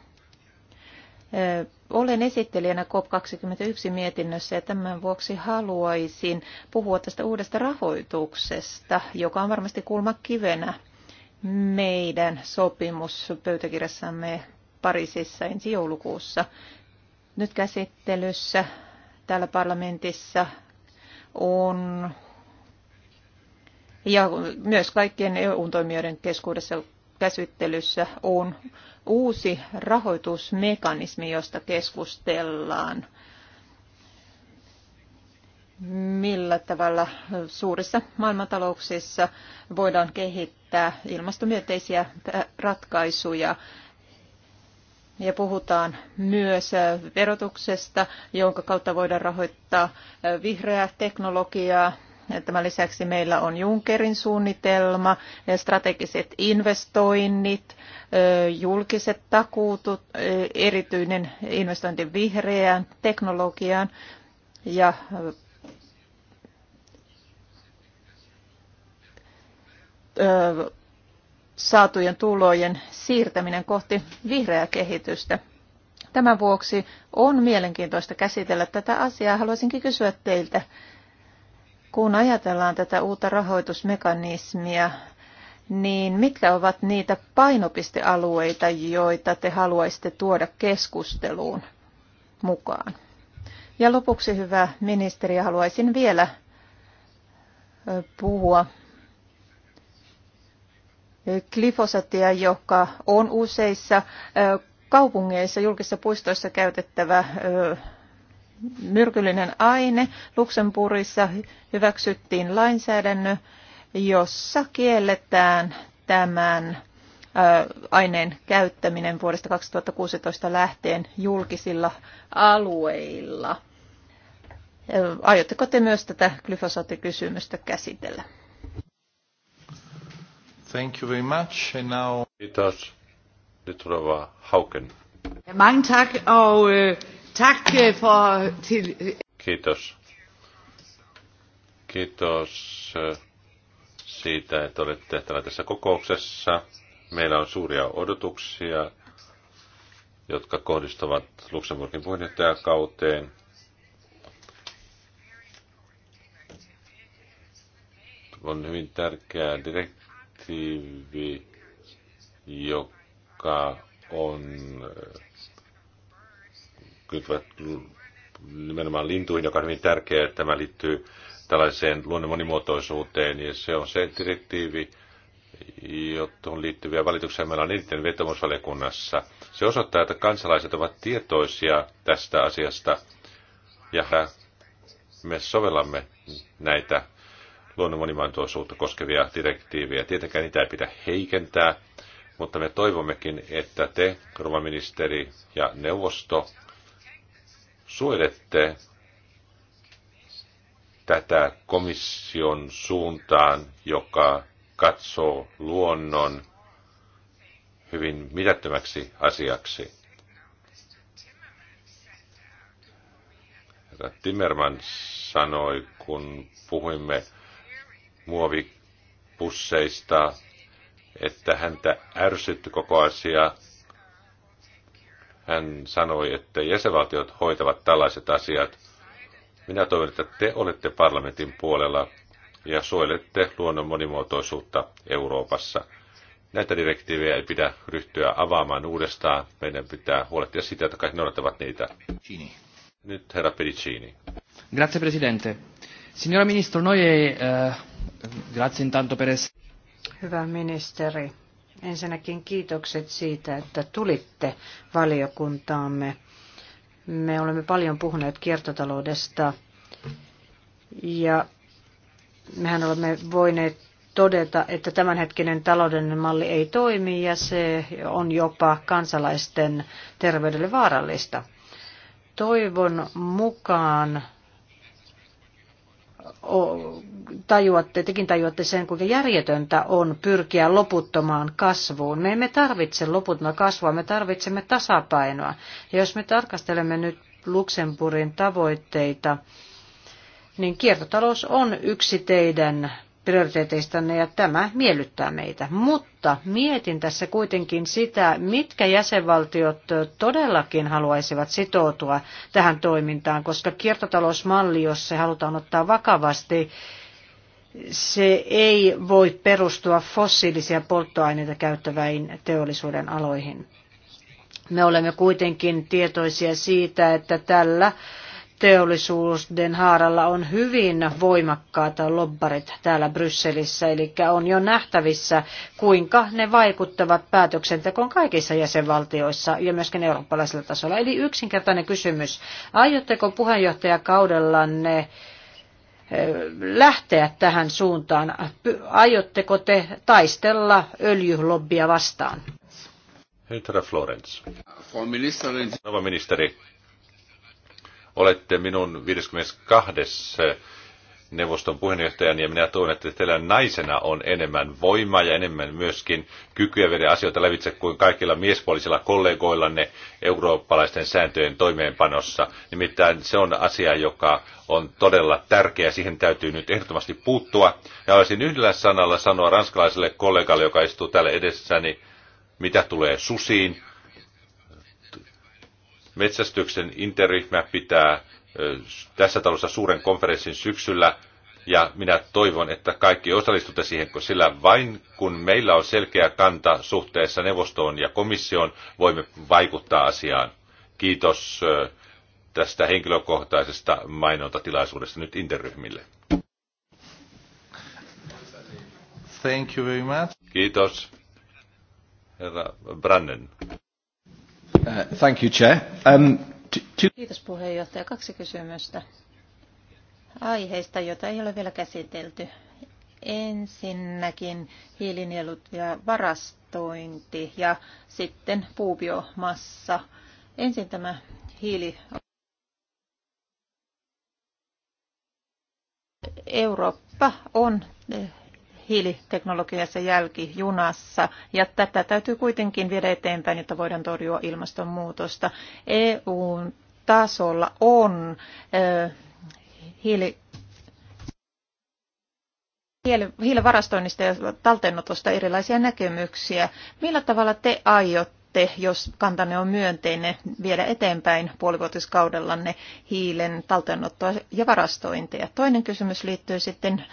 Olen esittelijänä COP21 mietinnössä ja tämän vuoksi haluaisin puhua tästä uudesta rahoituksesta, joka on varmasti kulmakivenä meidän sopimuspöytäkirjassamme Pariisissa ensi joulukuussa. Nyt käsittelyssä täällä parlamentissa on ja myös kaikkien EU-toimijoiden keskuudessa käsittelyssä on uusi rahoitusmekanismi, josta keskustellaan. Millä tavalla suurissa maailmantalouksissa voidaan kehittää ilmastomyönteisiä ratkaisuja ja puhutaan myös verotuksesta, jonka kautta voidaan rahoittaa vihreää teknologiaa Tämän lisäksi meillä on Junckerin suunnitelma, strategiset investoinnit, julkiset takuutut, erityinen investointi vihreään teknologiaan ja saatujen tulojen siirtäminen kohti vihreää kehitystä. Tämän vuoksi on mielenkiintoista käsitellä tätä asiaa. Haluaisinkin kysyä teiltä, kun ajatellaan tätä uutta rahoitusmekanismia, niin mitkä ovat niitä painopistealueita, joita te haluaisitte tuoda keskusteluun mukaan? Ja lopuksi, hyvä ministeri, haluaisin vielä puhua glyfosatia, joka on useissa kaupungeissa, julkisissa puistoissa käytettävä myrkyllinen aine. Luxemburgissa hyväksyttiin lainsäädännö, jossa kielletään tämän aineen käyttäminen vuodesta 2016 lähtien julkisilla alueilla. Aiotteko te myös tätä glyfosaattikysymystä käsitellä? Thank you very much. And now... it Kiitos. Nyt Hauken. Mange tak, og øh, Tack øh, för till... Øh, Kiitos. Kiitos äh, siitä, että olette tehtävä tässä kokouksessa. Meillä on suuria odotuksia, jotka kohdistuvat Luxemburgin puheenjohtajakauteen. On hyvin tärkeä direktiivi, joka on äh, liittyvät nimenomaan lintuihin, joka on hyvin tärkeää. Tämä liittyy tällaiseen luonnon monimuotoisuuteen ja se on se direktiivi, johon liittyviä valituksia meillä on eniten vetomusvaliokunnassa. Se osoittaa, että kansalaiset ovat tietoisia tästä asiasta ja me sovellamme näitä luonnon monimuotoisuutta koskevia direktiivejä. Tietenkään niitä ei pidä heikentää, mutta me toivommekin, että te, ministeri ja neuvosto, suojelette tätä komission suuntaan, joka katsoo luonnon hyvin mitättömäksi asiaksi. Herra Timmerman sanoi, kun puhuimme muovipusseista, että häntä ärsytti koko asia hän sanoi, että jäsenvaltiot hoitavat tällaiset asiat. Minä toivon, että te olette parlamentin puolella ja suojelette luonnon monimuotoisuutta Euroopassa. Näitä direktiivejä ei pidä ryhtyä avaamaan uudestaan. Meidän pitää huolehtia sitä, että kaikki noudattavat niitä. Cini. Nyt herra Pedicini. Grazie Presidente. Signora Ministro, noi è... Äh, eh, grazie intanto per essere... Hyvä ministeri, Ensinnäkin kiitokset siitä, että tulitte valiokuntaamme. Me olemme paljon puhuneet kiertotaloudesta ja mehän olemme voineet todeta, että tämänhetkinen taloudellinen malli ei toimi ja se on jopa kansalaisten terveydelle vaarallista. Toivon mukaan tajuatte, tekin tajuatte sen, kuinka järjetöntä on pyrkiä loputtomaan kasvuun. Me emme tarvitse loputonta kasvua, me tarvitsemme tasapainoa. Ja jos me tarkastelemme nyt Luxemburgin tavoitteita, niin kiertotalous on yksi teidän prioriteeteistanne ja tämä miellyttää meitä. Mutta mietin tässä kuitenkin sitä, mitkä jäsenvaltiot todellakin haluaisivat sitoutua tähän toimintaan, koska kiertotalousmalli, jos se halutaan ottaa vakavasti, se ei voi perustua fossiilisia polttoaineita käyttäväin teollisuuden aloihin. Me olemme kuitenkin tietoisia siitä, että tällä teollisuuden haaralla on hyvin voimakkaat lobbarit täällä Brysselissä, eli on jo nähtävissä, kuinka ne vaikuttavat päätöksentekoon kaikissa jäsenvaltioissa ja myöskin eurooppalaisella tasolla. Eli yksinkertainen kysymys. Aiotteko puheenjohtajakaudellanne lähteä tähän suuntaan? Aiotteko te taistella öljylobbia vastaan? Herra Florence. Nova ministeri, olette minun 52 neuvoston puheenjohtajan, ja minä toivon, että teillä naisena on enemmän voimaa ja enemmän myöskin kykyä viedä asioita lävitse kuin kaikilla miespuolisilla kollegoillanne eurooppalaisten sääntöjen toimeenpanossa. Nimittäin se on asia, joka on todella tärkeä, siihen täytyy nyt ehdottomasti puuttua. Ja olisin yhdellä sanalla sanoa ranskalaiselle kollegalle, joka istuu täällä edessäni, mitä tulee susiin. Metsästyksen interryhmä pitää tässä talossa suuren konferenssin syksyllä, ja minä toivon, että kaikki osallistutte siihen, sillä vain kun meillä on selkeä kanta suhteessa neuvostoon ja komissioon, voimme vaikuttaa asiaan. Kiitos tästä henkilökohtaisesta mainontatilaisuudesta nyt interryhmille. Thank you very much. Kiitos. Herra Brannen. Uh, thank you, Chair. Um, Kiitos puheenjohtaja. Kaksi kysymystä aiheista, joita ei ole vielä käsitelty. Ensinnäkin hiilinielut ja varastointi ja sitten puubiomassa. Ensin tämä hiili Eurooppa on eh, hiiliteknologiassa jälkijunassa ja tätä täytyy kuitenkin viedä eteenpäin, jotta voidaan torjua ilmastonmuutosta. EUn tasolla on hiili, hiilivarastoinnista ja talteenotosta erilaisia näkemyksiä. Millä tavalla te aiotte, jos kantanne on myönteinen, viedä eteenpäin puolivuotiskaudellanne hiilen talteenottoa ja varastointia? Toinen kysymys liittyy sitten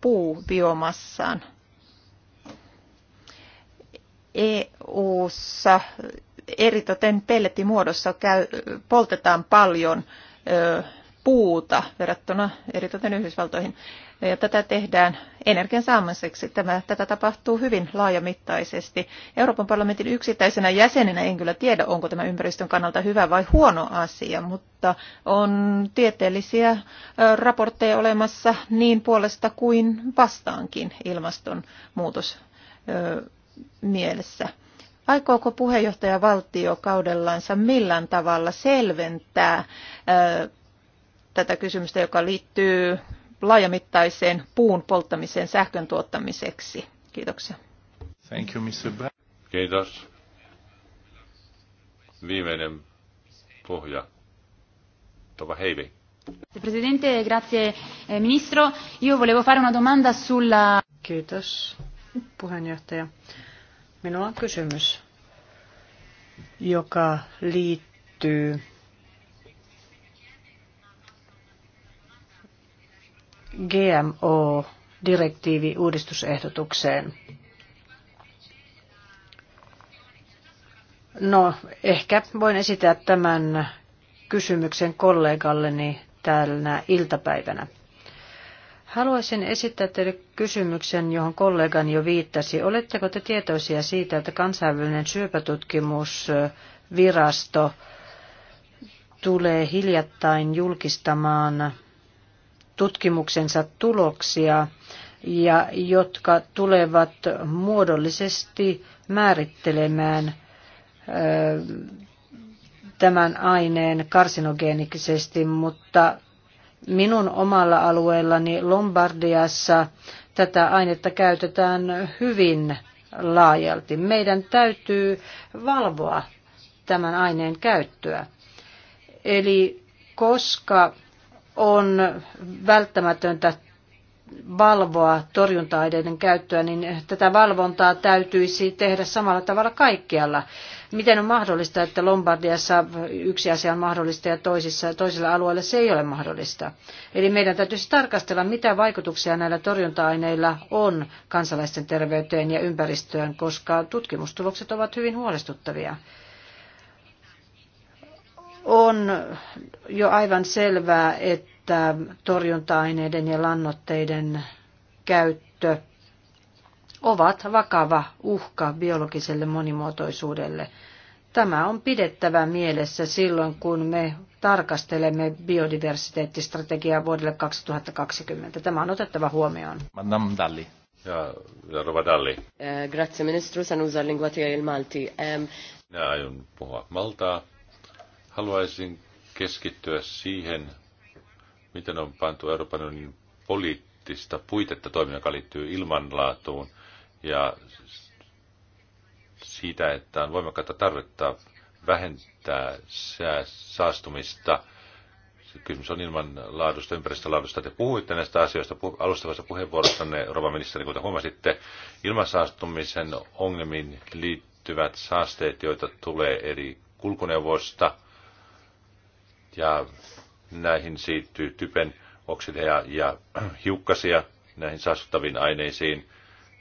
puubiomassaan. EU-ssa eritoten pellettimuodossa käy, poltetaan paljon puuta verrattuna eritoten Yhdysvaltoihin. Ja tätä tehdään energian saamiseksi. Tämä, tätä tapahtuu hyvin laajamittaisesti. Euroopan parlamentin yksittäisenä jäsenenä en kyllä tiedä, onko tämä ympäristön kannalta hyvä vai huono asia, mutta on tieteellisiä raportteja olemassa niin puolesta kuin vastaankin ilmastonmuutos mielessä. Aikooko valtio kaudellansa millään tavalla selventää ö, tätä kysymystä, joka liittyy laajamittaiseen puun polttamiseen sähkön tuottamiseksi? Kiitoksia. Thank you, Mr. Ba- Kiitos. Viimeinen pohja. Tova Heivi. Presidente, grazie eh, ministro. Io volevo fare una domanda sulla... Kiitos, puheenjohtaja. Minulla on kysymys, joka liittyy GMO-direktiivi uudistusehdotukseen. No, ehkä voin esittää tämän kysymyksen kollegalleni tänä iltapäivänä. Haluaisin esittää teille kysymyksen, johon kollegani jo viittasi. Oletteko te tietoisia siitä, että kansainvälinen syöpätutkimusvirasto tulee hiljattain julkistamaan tutkimuksensa tuloksia, ja jotka tulevat muodollisesti määrittelemään tämän aineen karsinogeenisesti, mutta Minun omalla alueellani Lombardiassa tätä ainetta käytetään hyvin laajalti. Meidän täytyy valvoa tämän aineen käyttöä. Eli koska on välttämätöntä valvoa torjunta-aineiden käyttöä, niin tätä valvontaa täytyisi tehdä samalla tavalla kaikkialla. Miten on mahdollista, että Lombardiassa yksi asia on mahdollista ja toisissa, toisilla alueilla se ei ole mahdollista? Eli meidän täytyisi tarkastella, mitä vaikutuksia näillä torjunta-aineilla on kansalaisten terveyteen ja ympäristöön, koska tutkimustulokset ovat hyvin huolestuttavia on jo aivan selvää, että että torjunta-aineiden ja lannoitteiden käyttö ovat vakava uhka biologiselle monimuotoisuudelle. Tämä on pidettävä mielessä silloin, kun me tarkastelemme biodiversiteettistrategiaa vuodelle 2020. Tämä on otettava huomioon. Madame Dalli. Ja, ja Dalli. Eh, grazie ministro, sanusa linguatia il malti. Eh... Minä aion puhua maltaa. Haluaisin keskittyä siihen, miten on pantu Euroopan unionin poliittista puitetta toimia, joka liittyy ilmanlaatuun ja siitä, että on voimakkaita tarvetta vähentää saastumista. Kysymys on ilman laadusta, ympäristölaadusta. Te puhuitte näistä asioista alustavassa puheenvuorossanne, rouva ministeri, kuten huomasitte, ilmansaastumisen ongelmiin liittyvät saasteet, joita tulee eri kulkuneuvoista ja Näihin siirtyy typen oksideja ja (clears throat) hiukkasia näihin saastuttaviin aineisiin.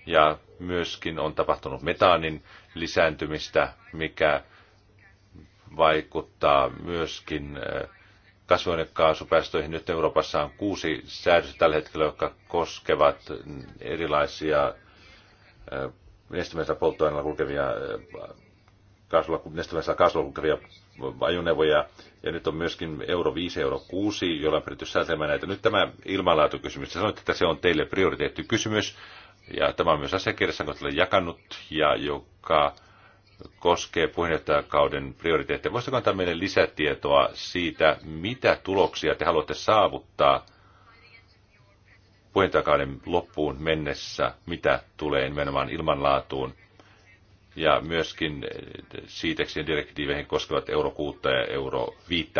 Ja myöskin on tapahtunut metaanin lisääntymistä, mikä vaikuttaa myöskin äh, kasvihuonekaasupäästöihin. Nyt Euroopassa on kuusi säädöstä tällä hetkellä, jotka koskevat erilaisia äh, nestemäisellä polttoaineella kulkevia äh, kasvulla, kasvulla kulkevia ajoneuvoja, ja nyt on myöskin euro 5, euro 6, jolla on pyritty säätelemään näitä. Nyt tämä ilmanlaatukysymys, sanoit, että se on teille prioriteetti kysymys ja tämä on myös asiakirjassa, jonka olen jakanut, ja joka koskee puheenjohtajakauden prioriteetteja. Voisitko antaa meille lisätietoa siitä, mitä tuloksia te haluatte saavuttaa puheenjohtajakauden loppuun mennessä, mitä tulee nimenomaan ilmanlaatuun ja myöskin siiteksien eh, direktiiveihin koskevat euro 6 ja euro 5.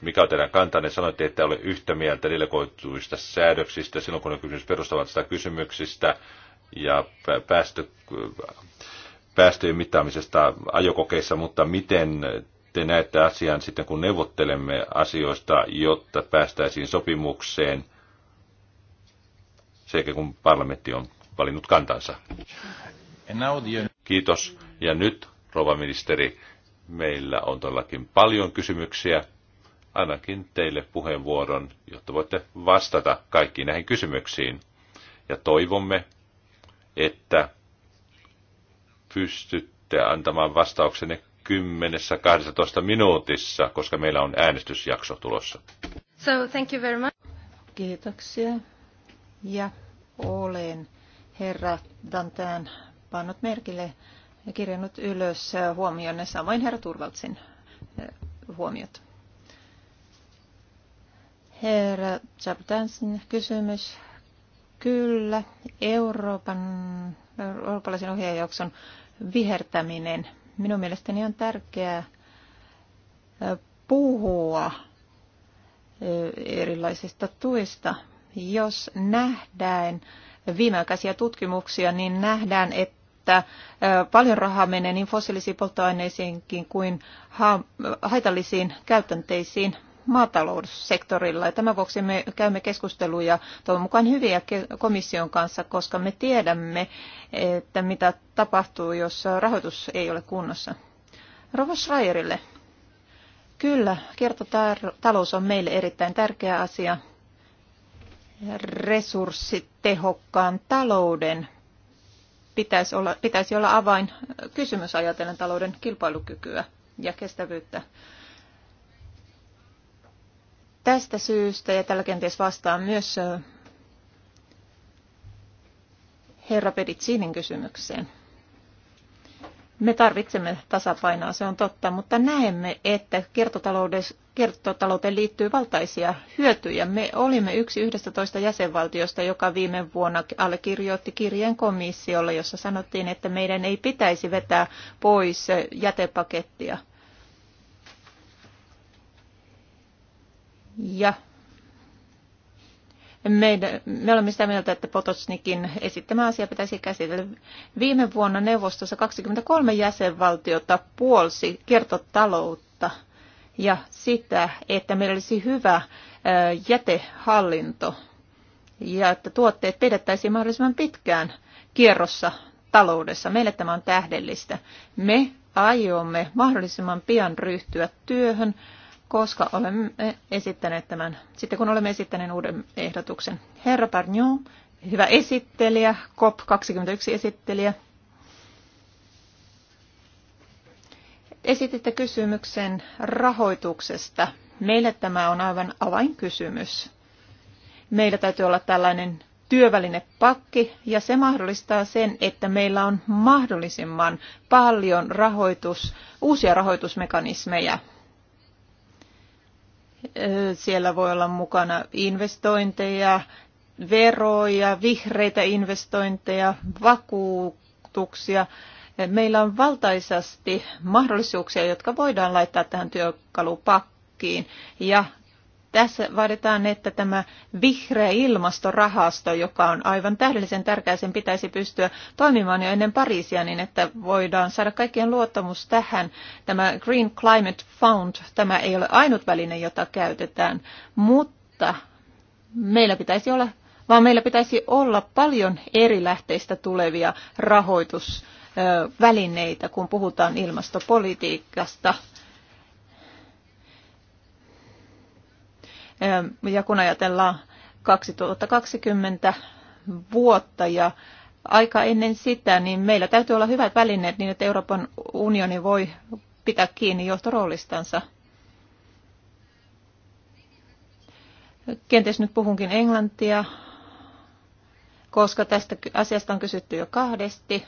Mikä on teidän kantanne? Sanoitte, että ole yhtä mieltä delegoituista säädöksistä silloin, kun on kysymys perustavallisista kysymyksistä ja päästö, päästöjen mittaamisesta ajokokeissa, mutta miten te näette asian sitten, kun neuvottelemme asioista, jotta päästäisiin sopimukseen sekä kun parlamentti on valinnut kantansa? Kiitos. Ja nyt, rouva ministeri, meillä on todellakin paljon kysymyksiä. Ainakin teille puheenvuoron, jotta voitte vastata kaikkiin näihin kysymyksiin. Ja toivomme, että pystytte antamaan vastauksenne 10-12 minuutissa, koska meillä on äänestysjakso tulossa. So, thank you very much. Kiitoksia. Ja olen herra Dantään pannut merkille ja kirjannut ylös huomionne, samoin herra Turvaltsin huomiot. Herra Zabdansin kysymys. Kyllä, Euroopan, eurooppalaisen ohjaajakson vihertäminen. Minun mielestäni on tärkeää puhua erilaisista tuista. Jos nähdään viimeaikaisia tutkimuksia, niin nähdään, että että paljon rahaa menee niin fossiilisiin polttoaineisiinkin kuin haitallisiin käytänteisiin maataloussektorilla. Ja tämän vuoksi me käymme keskusteluja toivon mukaan hyviä komission kanssa, koska me tiedämme, että mitä tapahtuu, jos rahoitus ei ole kunnossa. Rovo Schreierille. Kyllä, kiertotalous on meille erittäin tärkeä asia. Resurssitehokkaan talouden pitäisi olla, pitäisi olla avain kysymys ajatellen talouden kilpailukykyä ja kestävyyttä. Tästä syystä, ja tällä kenties vastaan myös äh, herra Peditsinin kysymykseen. Me tarvitsemme tasapainoa, se on totta, mutta näemme, että kiertotalouteen liittyy valtaisia hyötyjä. Me olimme yksi 11 jäsenvaltiosta, joka viime vuonna allekirjoitti kirjeen komissiolle, jossa sanottiin, että meidän ei pitäisi vetää pois jätepakettia. Ja meidän, me olemme sitä mieltä, että Potosnikin esittämä asia pitäisi käsitellä. Viime vuonna neuvostossa 23 jäsenvaltiota puolsi kiertotaloutta ja sitä, että meillä olisi hyvä jätehallinto ja että tuotteet pidettäisiin mahdollisimman pitkään kierrossa taloudessa. Meille tämä on tähdellistä. Me aiomme mahdollisimman pian ryhtyä työhön koska olemme esittäneet tämän, sitten kun olemme esittäneet uuden ehdotuksen. Herra Parnio, hyvä esittelijä, COP21 esittelijä. Esititte kysymyksen rahoituksesta. Meille tämä on aivan avainkysymys. Meillä täytyy olla tällainen työvälinepakki ja se mahdollistaa sen, että meillä on mahdollisimman paljon rahoitus, uusia rahoitusmekanismeja siellä voi olla mukana investointeja, veroja, vihreitä investointeja, vakuutuksia. Meillä on valtaisasti mahdollisuuksia, jotka voidaan laittaa tähän työkalupakkiin. Ja tässä vaaditaan, että tämä vihreä ilmastorahasto, joka on aivan tähdellisen tärkeä, sen pitäisi pystyä toimimaan jo ennen Pariisia niin, että voidaan saada kaikkien luottamus tähän. Tämä Green Climate Fund, tämä ei ole ainut väline, jota käytetään, mutta meillä pitäisi olla vaan meillä pitäisi olla paljon eri lähteistä tulevia rahoitusvälineitä, kun puhutaan ilmastopolitiikasta. Ja kun ajatellaan 2020 vuotta ja aika ennen sitä, niin meillä täytyy olla hyvät välineet niin, että Euroopan unioni voi pitää kiinni johtoroolistansa. Kenties nyt puhunkin englantia, koska tästä asiasta on kysytty jo kahdesti.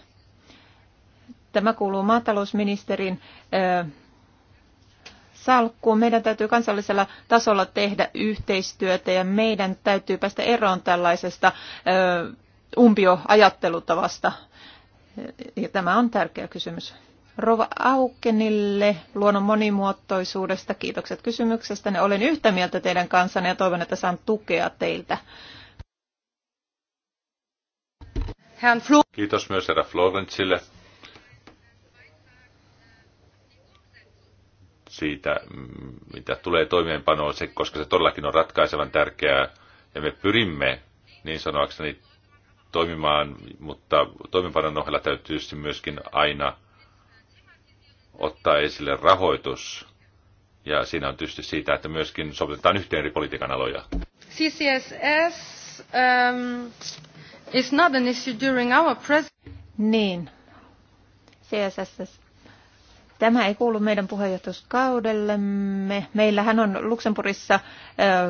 Tämä kuuluu maatalousministerin salkkuun. Meidän täytyy kansallisella tasolla tehdä yhteistyötä ja meidän täytyy päästä eroon tällaisesta umpioajattelutavasta. Ja tämä on tärkeä kysymys. Rova Aukenille luonnon monimuotoisuudesta. Kiitokset kysymyksestä. Ne olen yhtä mieltä teidän kanssanne ja toivon, että saan tukea teiltä. Kiitos myös herra Florentsille siitä, mitä tulee toimeenpanoon, se, koska se todellakin on ratkaisevan tärkeää, ja me pyrimme niin sanoakseni toimimaan, mutta toimeenpanon ohella täytyy tietysti myöskin aina ottaa esille rahoitus. Ja siinä on tietysti siitä, että myöskin sovitetaan yhteen eri politiikan aloja. CCSS um, is not an issue during our present... Niin. CSSS Tämä ei kuulu meidän puheenjohtajuuskaudellemme. Meillähän on Luxemburgissa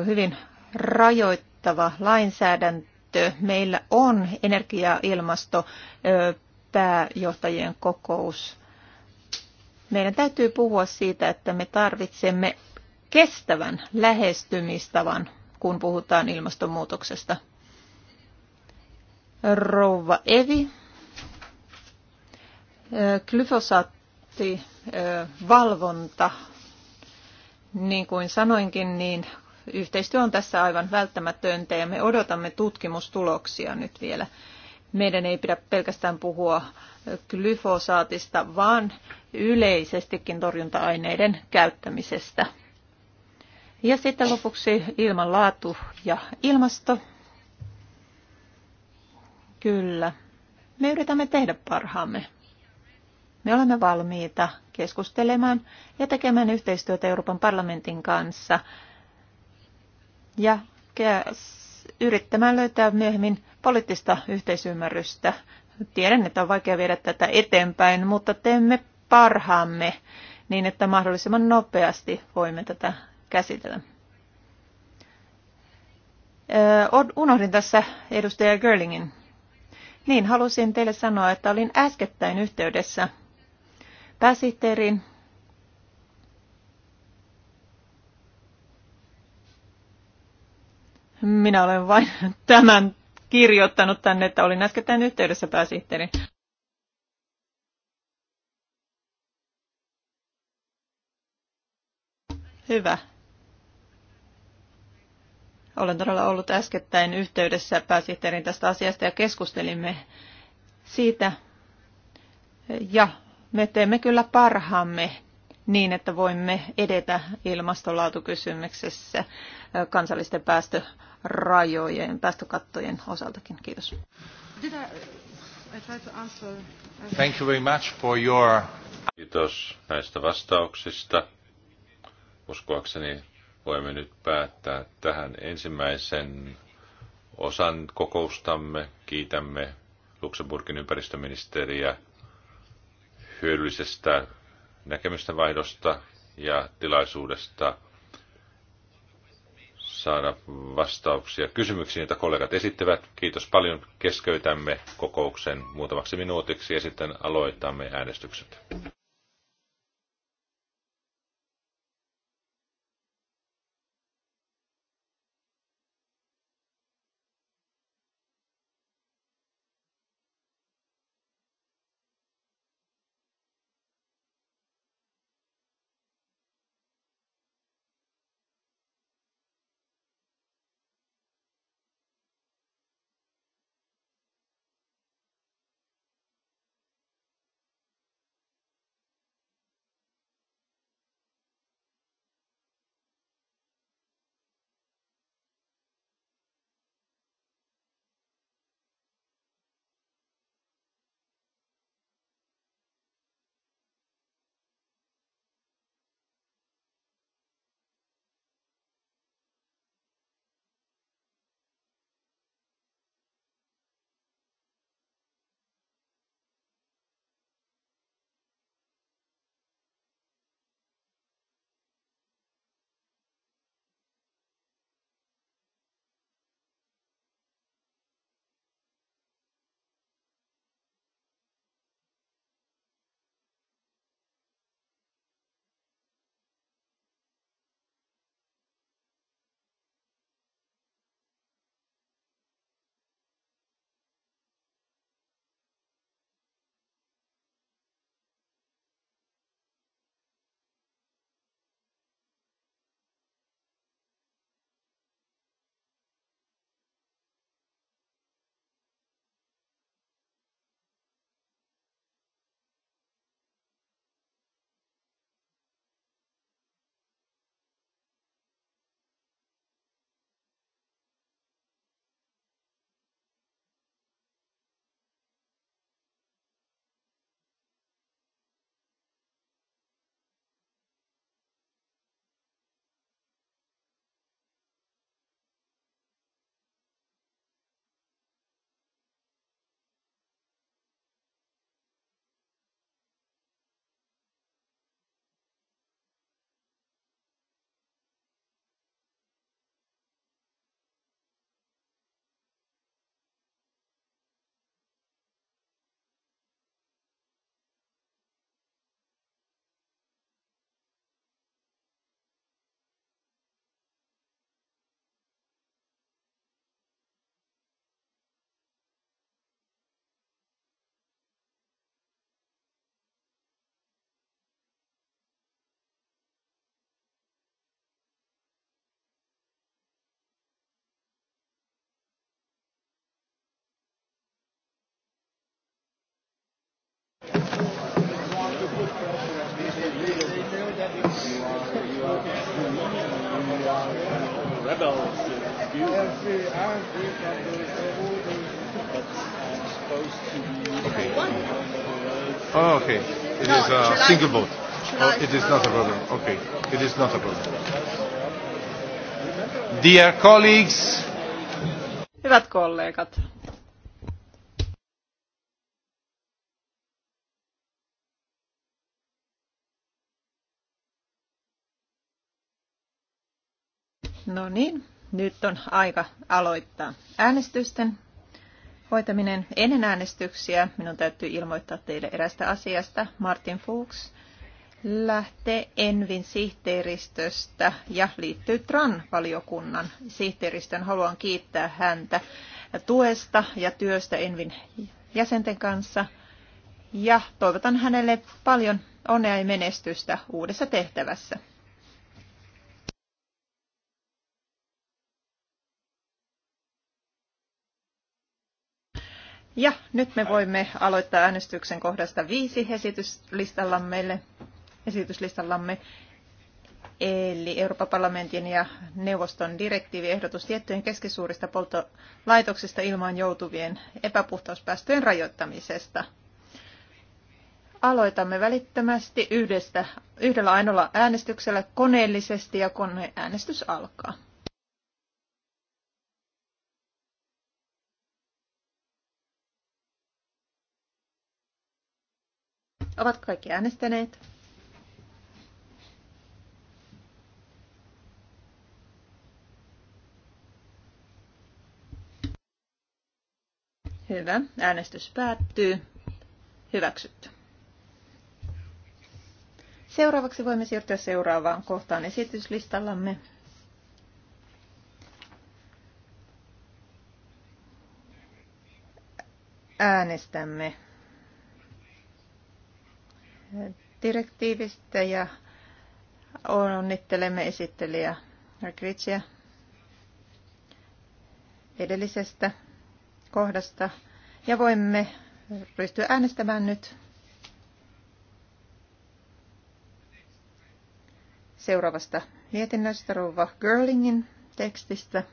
hyvin rajoittava lainsäädäntö. Meillä on energia- ja ilmasto pääjohtajien kokous. Meidän täytyy puhua siitä, että me tarvitsemme kestävän lähestymistavan, kun puhutaan ilmastonmuutoksesta. Rouva Evi. Glyfosaat tietysti valvonta, niin kuin sanoinkin, niin yhteistyö on tässä aivan välttämätöntä ja me odotamme tutkimustuloksia nyt vielä. Meidän ei pidä pelkästään puhua glyfosaatista, vaan yleisestikin torjunta-aineiden käyttämisestä. Ja sitten lopuksi ilmanlaatu ja ilmasto. Kyllä. Me yritämme tehdä parhaamme. Me olemme valmiita keskustelemaan ja tekemään yhteistyötä Euroopan parlamentin kanssa ja yrittämään löytää myöhemmin poliittista yhteisymmärrystä. Tiedän, että on vaikea viedä tätä eteenpäin, mutta teemme parhaamme niin, että mahdollisimman nopeasti voimme tätä käsitellä. Unohdin tässä edustaja Görlingin. Niin, halusin teille sanoa, että olin äskettäin yhteydessä pääsihteerin. Minä olen vain (laughs) tämän kirjoittanut tänne, että olin äsken yhteydessä pääsihteerin. Hyvä. Olen todella ollut äskettäin yhteydessä pääsihteerin tästä asiasta ja keskustelimme siitä. Ja me teemme kyllä parhaamme niin, että voimme edetä ilmastolaatukysymyksessä kansallisten päästörajojen, päästökattojen osaltakin. Kiitos. Uh, Thank you very much for your... Kiitos näistä vastauksista. Uskoakseni voimme nyt päättää tähän ensimmäisen osan kokoustamme. Kiitämme Luxemburgin ympäristöministeriä hyödyllisestä näkemysten vaihdosta ja tilaisuudesta saada vastauksia kysymyksiin, joita kollegat esittävät. Kiitos paljon. Keskeytämme kokouksen muutamaksi minuutiksi ja sitten aloitamme äänestykset. rebels, excuse me. But I'm supposed to be okay. Oh, okay. It no, is a July. single vote. Oh, it is not a problem. Okay. It is not a problem. Dear colleagues. Hyvät kollegat. No niin, nyt on aika aloittaa äänestysten hoitaminen. Ennen äänestyksiä minun täytyy ilmoittaa teille erästä asiasta. Martin Fuchs lähtee Envin sihteeristöstä ja liittyy TRAN-valiokunnan sihteeristön. Haluan kiittää häntä tuesta ja työstä Envin jäsenten kanssa ja toivotan hänelle paljon onnea ja menestystä uudessa tehtävässä. Ja nyt me voimme aloittaa äänestyksen kohdasta viisi esityslistallamme, esityslistallamme eli Euroopan parlamentin ja neuvoston direktiiviehdotus tiettyjen keskisuurista polttolaitoksista ilmaan joutuvien epäpuhtauspäästöjen rajoittamisesta. Aloitamme välittömästi yhdestä, yhdellä ainoalla äänestyksellä koneellisesti ja koneäänestys alkaa. Ovat kaikki äänestäneet? Hyvä. Äänestys päättyy. Hyväksytty. Seuraavaksi voimme siirtyä seuraavaan kohtaan esityslistallamme. Äänestämme direktiivistä ja onnittelemme esittelijä Gritsiä edellisestä kohdasta ja voimme ryhtyä äänestämään nyt. Seuraavasta mietinnöstä rouva Girlingin tekstistä.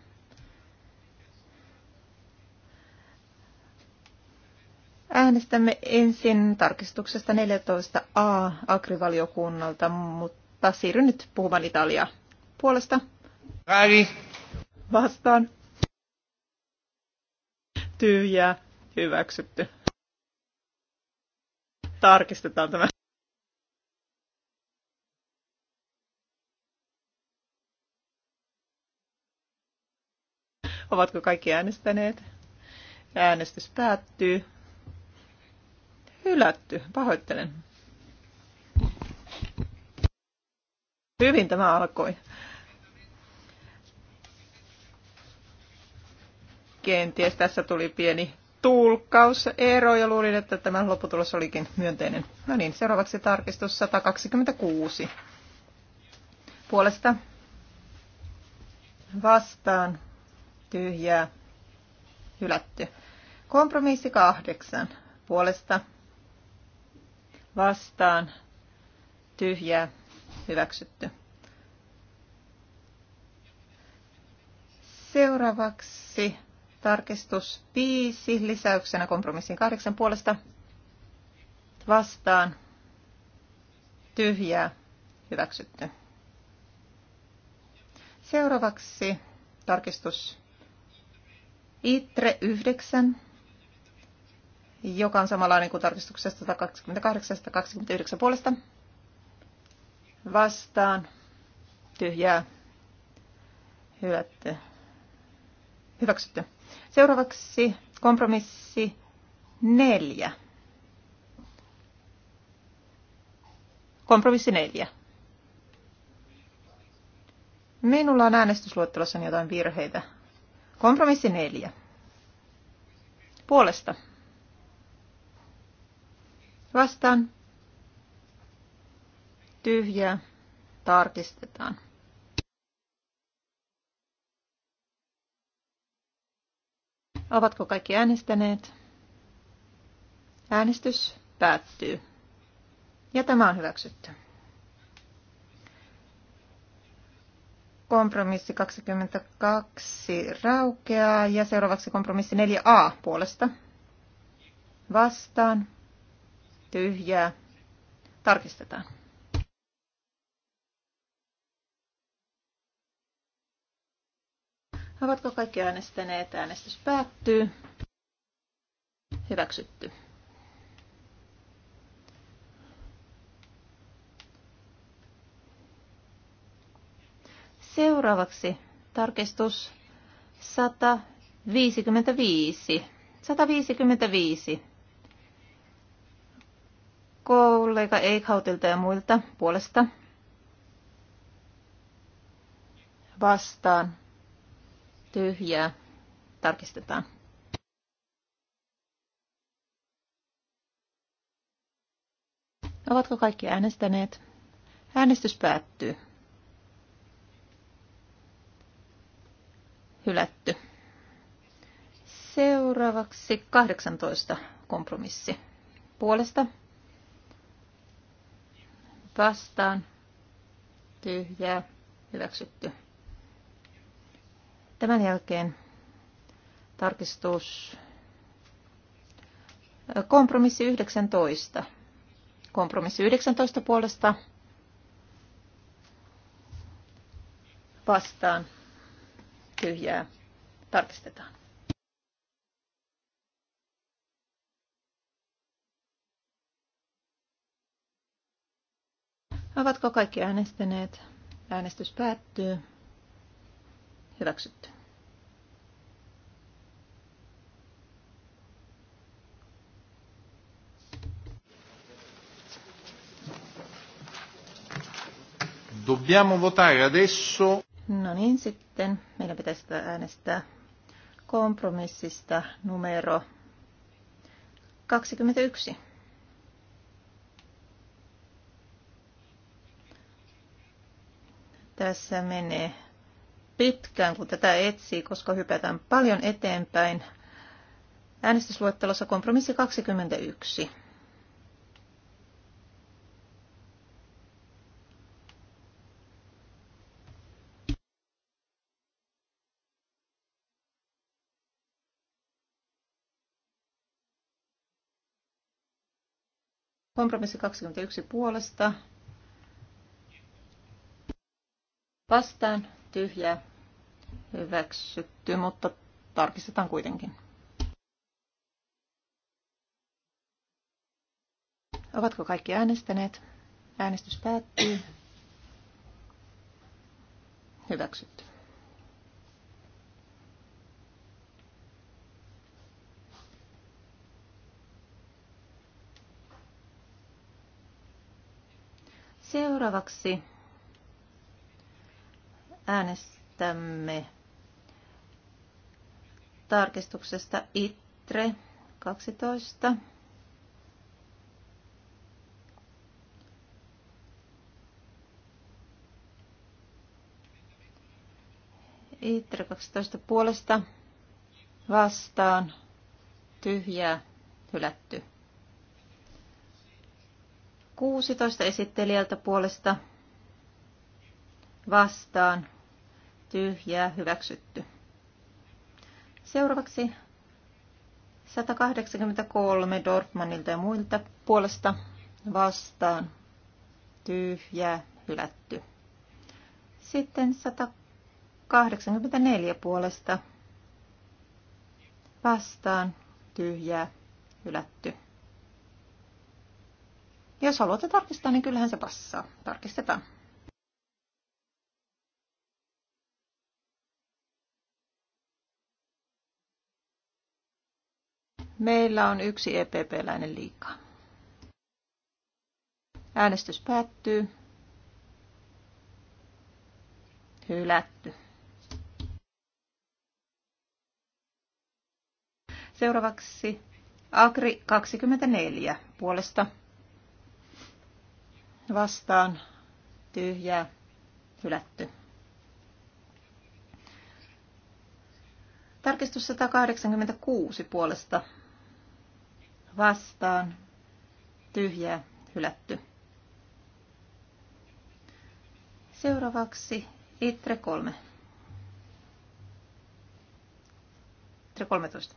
Äänestämme ensin tarkistuksesta 14a agrivaliokunnalta, mutta siirryn nyt puhumaan Italiaa. Puolesta. Ääni. Vastaan. Tyhjää. Hyväksytty. Tarkistetaan tämä. Ovatko kaikki äänestäneet? Äänestys päättyy. Hylätty. Pahoittelen. Hyvin tämä alkoi. Kenties tässä tuli pieni tulkkausero ja luulin, että tämän lopputulos olikin myönteinen. No niin, seuraavaksi tarkistus 126. Puolesta vastaan tyhjää hylätty. Kompromissi kahdeksan puolesta vastaan tyhjää hyväksytty. Seuraavaksi tarkistus 5 lisäyksenä kompromissin 8 puolesta vastaan tyhjää hyväksytty. Seuraavaksi tarkistus ITRE 9 joka on samanlainen kuin tarkistuksessa 128 129 puolesta. Vastaan. Tyhjää. Hylätty. Hyväksytty. Seuraavaksi kompromissi neljä. Kompromissi neljä. Minulla on äänestysluettelossani jotain virheitä. Kompromissi neljä. Puolesta. Vastaan. Tyhjää. Tarkistetaan. Ovatko kaikki äänestäneet? Äänestys päättyy. Ja tämä on hyväksytty. Kompromissi 22 raukeaa ja seuraavaksi kompromissi 4a puolesta. Vastaan tyhjää, tarkistetaan. Ovatko kaikki äänestäneet? Äänestys päättyy. Hyväksytty. Seuraavaksi tarkistus 155. 155 kollega Eikhautilta ja muilta puolesta vastaan tyhjää tarkistetaan. Ovatko kaikki äänestäneet? Äänestys päättyy. Hylätty. Seuraavaksi 18 kompromissi. Puolesta vastaan, tyhjää, hyväksytty. Tämän jälkeen tarkistus kompromissi 19. Kompromissi 19 puolesta vastaan tyhjää tarkistetaan. Ovatko kaikki äänestäneet? Äänestys päättyy. Hyväksytty. Dobbiamo votare adesso. No niin, sitten meidän pitäisi äänestää kompromissista numero 21. Tässä menee pitkään, kun tätä etsii, koska hypätään paljon eteenpäin. Äänestysluettelossa kompromissi 21. Kompromissi 21 puolesta Vastaan. tyhjä Hyväksytty, mutta tarkistetaan kuitenkin. Ovatko kaikki äänestäneet? Äänestys päättyy. Hyväksytty. Seuraavaksi Äänestämme tarkistuksesta ITRE 12. Itre 12 puolesta vastaan tyhjää hylätty. 16 esittelijältä puolesta vastaan tyhjää, hyväksytty. Seuraavaksi 183 Dorfmanilta ja muilta puolesta vastaan, tyhjää, hylätty. Sitten 184 puolesta vastaan, tyhjää, hylätty. Jos haluatte tarkistaa, niin kyllähän se passaa. Tarkistetaan. Meillä on yksi EPP-läinen liikaa. Äänestys päättyy. Hylätty. Seuraavaksi Agri 24 puolesta vastaan tyhjää hylätty. Tarkistus 186 puolesta vastaan, tyhjä, hylätty. Seuraavaksi ITRE 3. ITRE 13.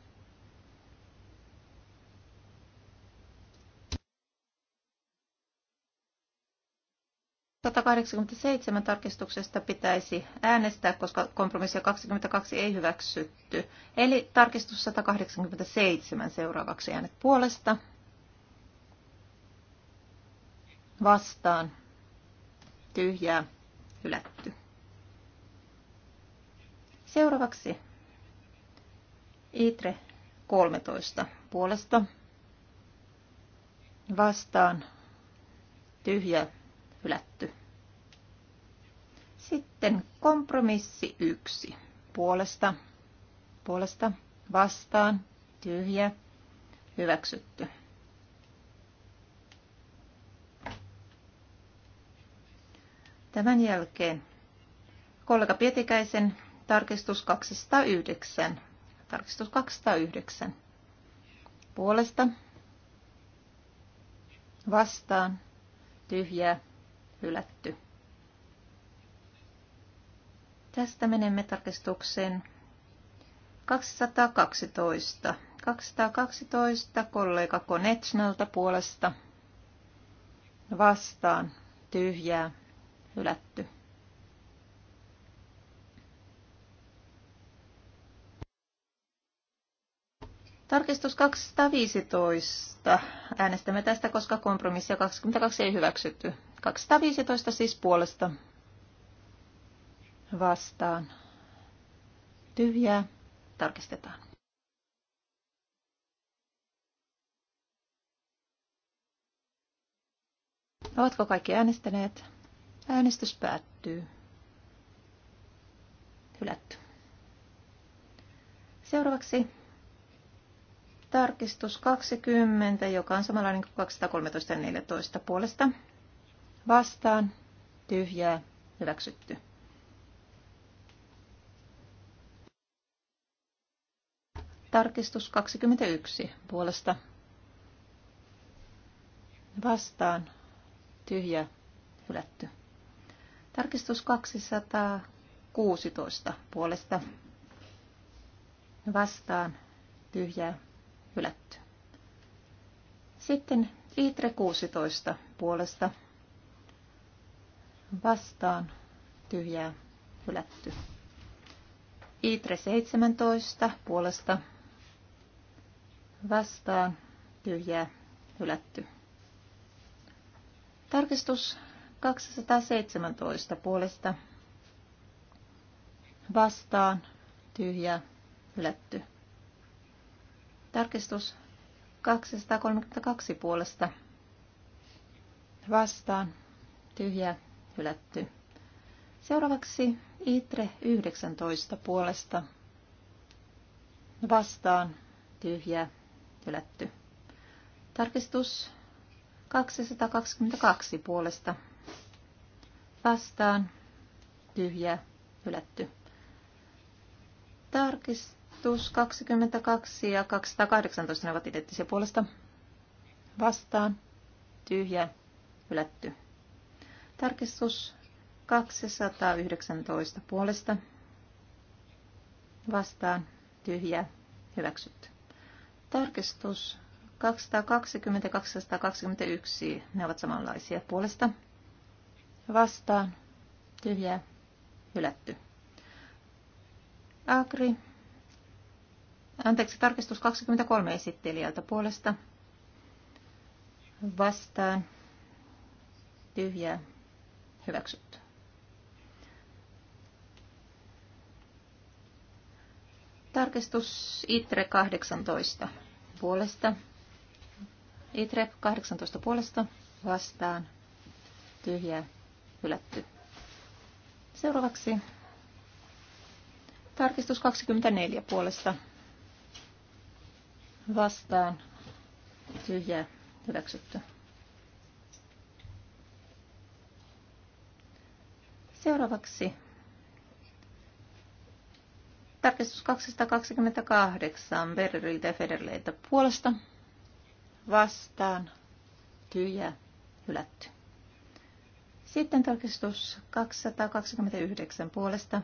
187 tarkistuksesta pitäisi äänestää, koska kompromissia 22 ei hyväksytty. Eli tarkistus 187 seuraavaksi äänet puolesta. Vastaan. Tyhjää. Hylätty. Seuraavaksi Itre 13 puolesta. Vastaan. Tyhjää hylätty. Sitten kompromissi yksi. Puolesta, puolesta, vastaan, tyhjä, hyväksytty. Tämän jälkeen kollega Pietikäisen tarkistus 209. Tarkistus 209. Puolesta, vastaan, tyhjää, hylätty. Tästä menemme tarkistukseen 212. 212 kollega Konechnalta puolesta vastaan tyhjää hylätty. Tarkistus 215. Äänestämme tästä, koska kompromissia 22 ei hyväksytty. 215 siis puolesta vastaan. Tyhjää. Tarkistetaan. Ovatko kaikki äänestäneet? Äänestys päättyy. Hylätty. Seuraavaksi tarkistus 20, joka on samanlainen kuin 213 ja 14 puolesta vastaan, tyhjää, hyväksytty. Tarkistus 21 puolesta vastaan, tyhjä, hylätty. Tarkistus 216 puolesta vastaan, tyhjä, hylätty. Sitten Itre 16 puolesta vastaan tyhjää hylätty. Itre 17 puolesta vastaan tyhjää hylätty. Tarkistus 217 puolesta vastaan tyhjää hylätty. Tarkistus 232 puolesta vastaan tyhjää hylätty. Seuraavaksi Itre 19 puolesta vastaan tyhjä hylätty. Tarkistus 222 puolesta vastaan tyhjä hylätty. Tarkistus 22 ja 218 ne ovat identtisiä puolesta vastaan tyhjä hylätty. Tarkistus 219 puolesta vastaan tyhjä hyväksytty. Tarkistus 220-221, ne ovat samanlaisia puolesta. Vastaan tyhjä hylätty. Agri. Anteeksi, tarkistus 23 esittelijältä puolesta. Vastaan tyhjää Hyväksytty. Tarkistus ITRE 18 puolesta. ITRE 18 puolesta vastaan. tyhjä Hylätty. Seuraavaksi tarkistus 24 puolesta vastaan tyhjä hyväksytty. Seuraavaksi tarkistus 228 Berryltä ja Federleiltä puolesta vastaan tyhjä hylätty. Sitten tarkistus 229 puolesta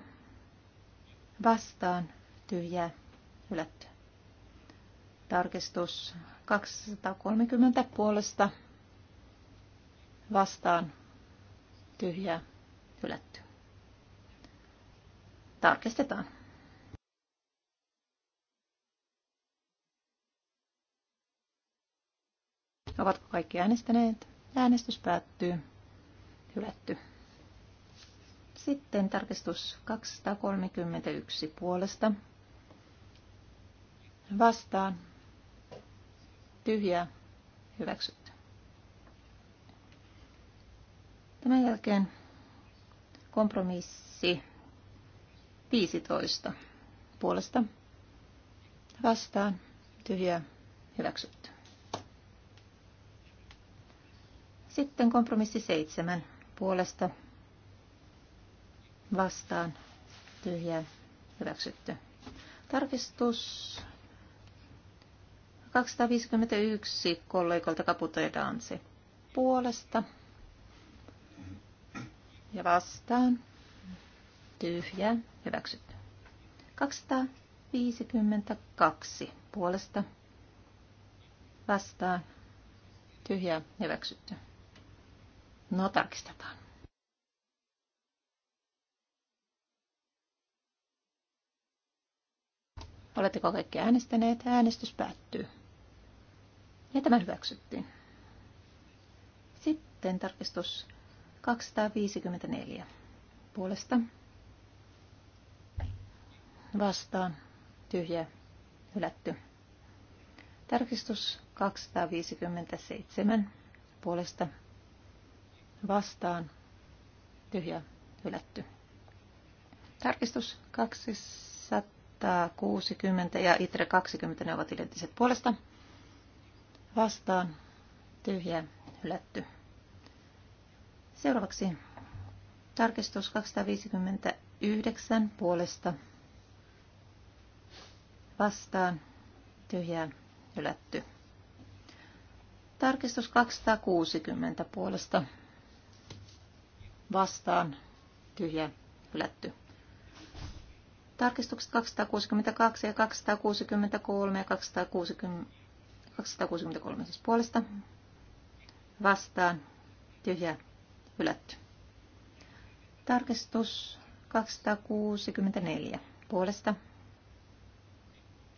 vastaan tyhjä hylätty. Tarkistus 230 puolesta vastaan tyhjä hylätty. Tarkistetaan. Ovatko kaikki äänestäneet? Äänestys päättyy. Hylätty. Sitten tarkistus 231 puolesta. Vastaan. Tyhjää. Hyväksytty. Tämän jälkeen Kompromissi 15 puolesta vastaan tyhjä hyväksytty. Sitten kompromissi 7 puolesta vastaan tyhjä hyväksytty. Tarkistus 251 kollegoilta Kaputo ja puolesta ja vastaan. tyhjä Hyväksytty. 252 puolesta vastaan. tyhjä Hyväksytty. No tarkistetaan. Oletteko kaikki äänestäneet? Äänestys päättyy. Ja tämä hyväksyttiin. Sitten tarkistus 254 puolesta. Vastaan. Tyhjä. Hylätty. Tarkistus 257 puolesta. Vastaan. Tyhjä. Hylätty. Tarkistus 260 ja ITRE 20 ne ovat identtiset puolesta. Vastaan. Tyhjä. Hylätty. Seuraavaksi tarkistus 259 puolesta vastaan tyhjää hylätty. Tarkistus 260 puolesta vastaan tyhjä hylätty. Tarkistukset 262 ja 263 ja 260, 263 siis puolesta vastaan tyhjä Hylätty. Tarkistus 264. Puolesta.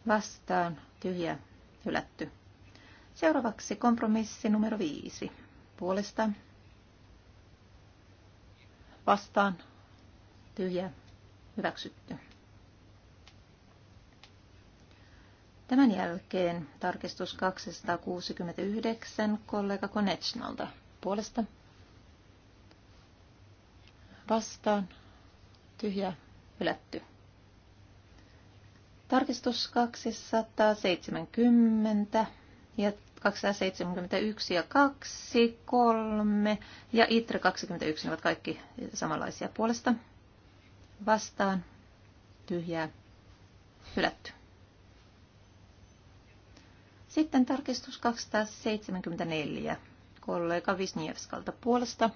Vastaan. Tyhjä. Hylätty. Seuraavaksi kompromissi numero 5. Puolesta. Vastaan. Tyhjä. Hyväksytty. Tämän jälkeen tarkistus 269 kollega Konechnalta puolesta vastaan, tyhjä hylätty. Tarkistus 270 ja 271 ja 2, 3 ja ITRE 21 ovat kaikki samanlaisia puolesta. Vastaan, tyhjää, hylätty. Sitten tarkistus 274 kollega Visnievskalta puolesta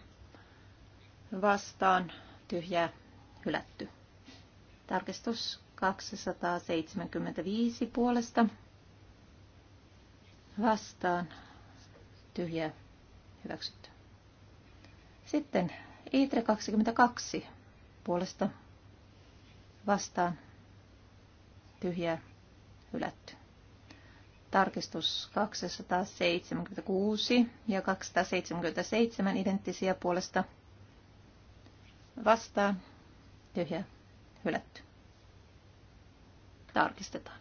vastaan tyhjää hylätty. Tarkistus 275 puolesta vastaan tyhjää hyväksytty. Sitten Itre 22 puolesta vastaan tyhjää hylätty. Tarkistus 276 ja 277 identtisiä puolesta vastaan, tyhjä, hylätty. Tarkistetaan.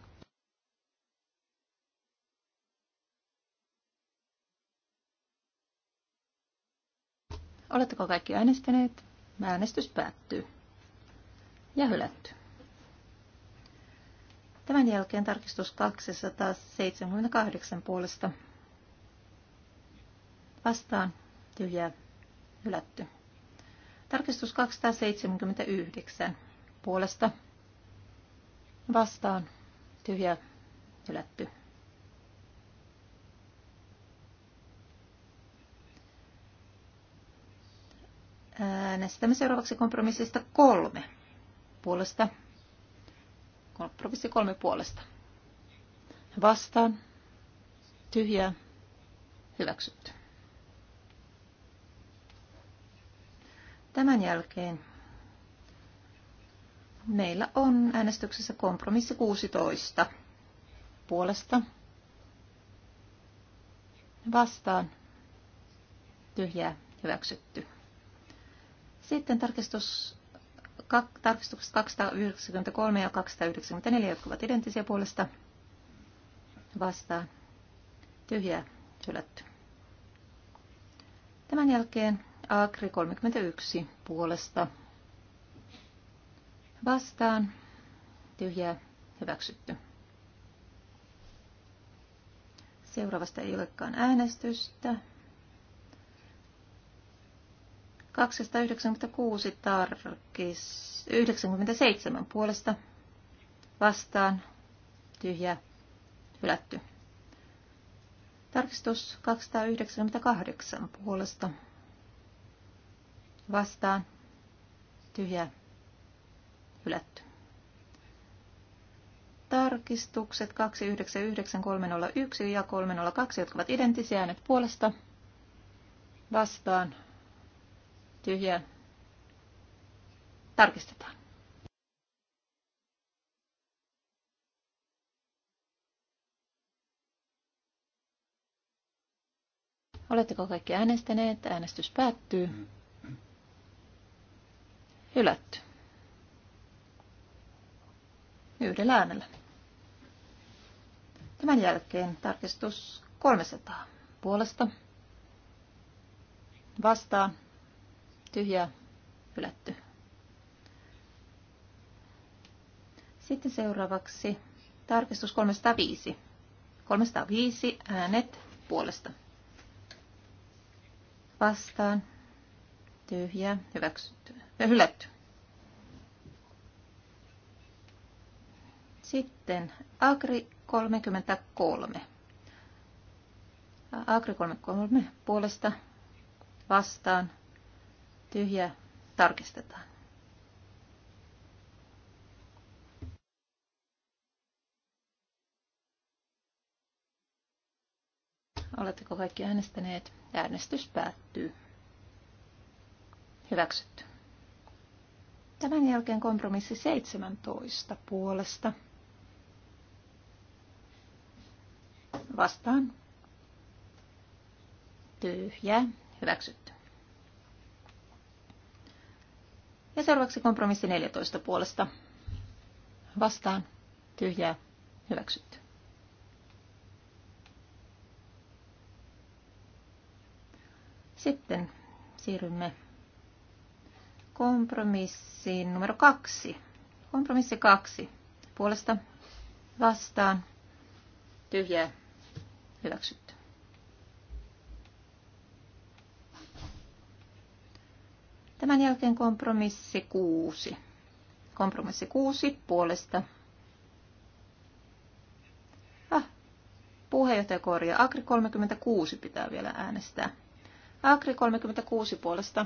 Oletteko kaikki äänestäneet? Äänestys päättyy. Ja hylätty. Tämän jälkeen tarkistus 278 puolesta. Vastaan tyhjää hylätty. Tarkistus 279 puolesta vastaan tyhjä ylätty. Äänestämme seuraavaksi kompromissista kolme puolesta. Kompromissi kolme puolesta. Vastaan. Tyhjää. Hyväksytty. Tämän jälkeen meillä on äänestyksessä kompromissi 16 puolesta vastaan tyhjää hyväksytty. Sitten tarkistus, tarkistukset 293 ja 294, jotka ovat identtisiä puolesta vastaan tyhjää hylätty. Tämän jälkeen Agri 31 puolesta vastaan. tyhjä hyväksytty. Seuraavasta ei olekaan äänestystä. 296 tarkis 97 puolesta vastaan tyhjä hylätty. Tarkistus 298 puolesta vastaan, tyhjä hylätty. Tarkistukset 299301 ja 302, jotka ovat identtisiä äänet puolesta, vastaan, Tyhjä. tarkistetaan. Oletteko kaikki äänestäneet? Äänestys päättyy. Hylätty. Yhdellä äänellä. Tämän jälkeen tarkistus 300 puolesta. Vastaan. tyhjä, Hylätty. Sitten seuraavaksi tarkistus 305. 305 äänet puolesta. Vastaan. Tyhjä. Hyväksytty ja hylätty. Sitten Agri 33. Agri 33 puolesta vastaan tyhjä tarkistetaan. Oletteko kaikki äänestäneet? Äänestys päättyy. Hyväksytty. Tämän jälkeen kompromissi 17 puolesta. Vastaan. Tyhjä. Hyväksytty. Ja seuraavaksi kompromissi 14 puolesta. Vastaan. tyhjä Hyväksytty. Sitten siirrymme kompromissiin numero kaksi. Kompromissi kaksi. Puolesta vastaan. Tyhjää. Hyväksytty. Tämän jälkeen kompromissi kuusi. Kompromissi kuusi puolesta. Ah, puheenjohtajakorja. Agri 36 pitää vielä äänestää. Agri 36 puolesta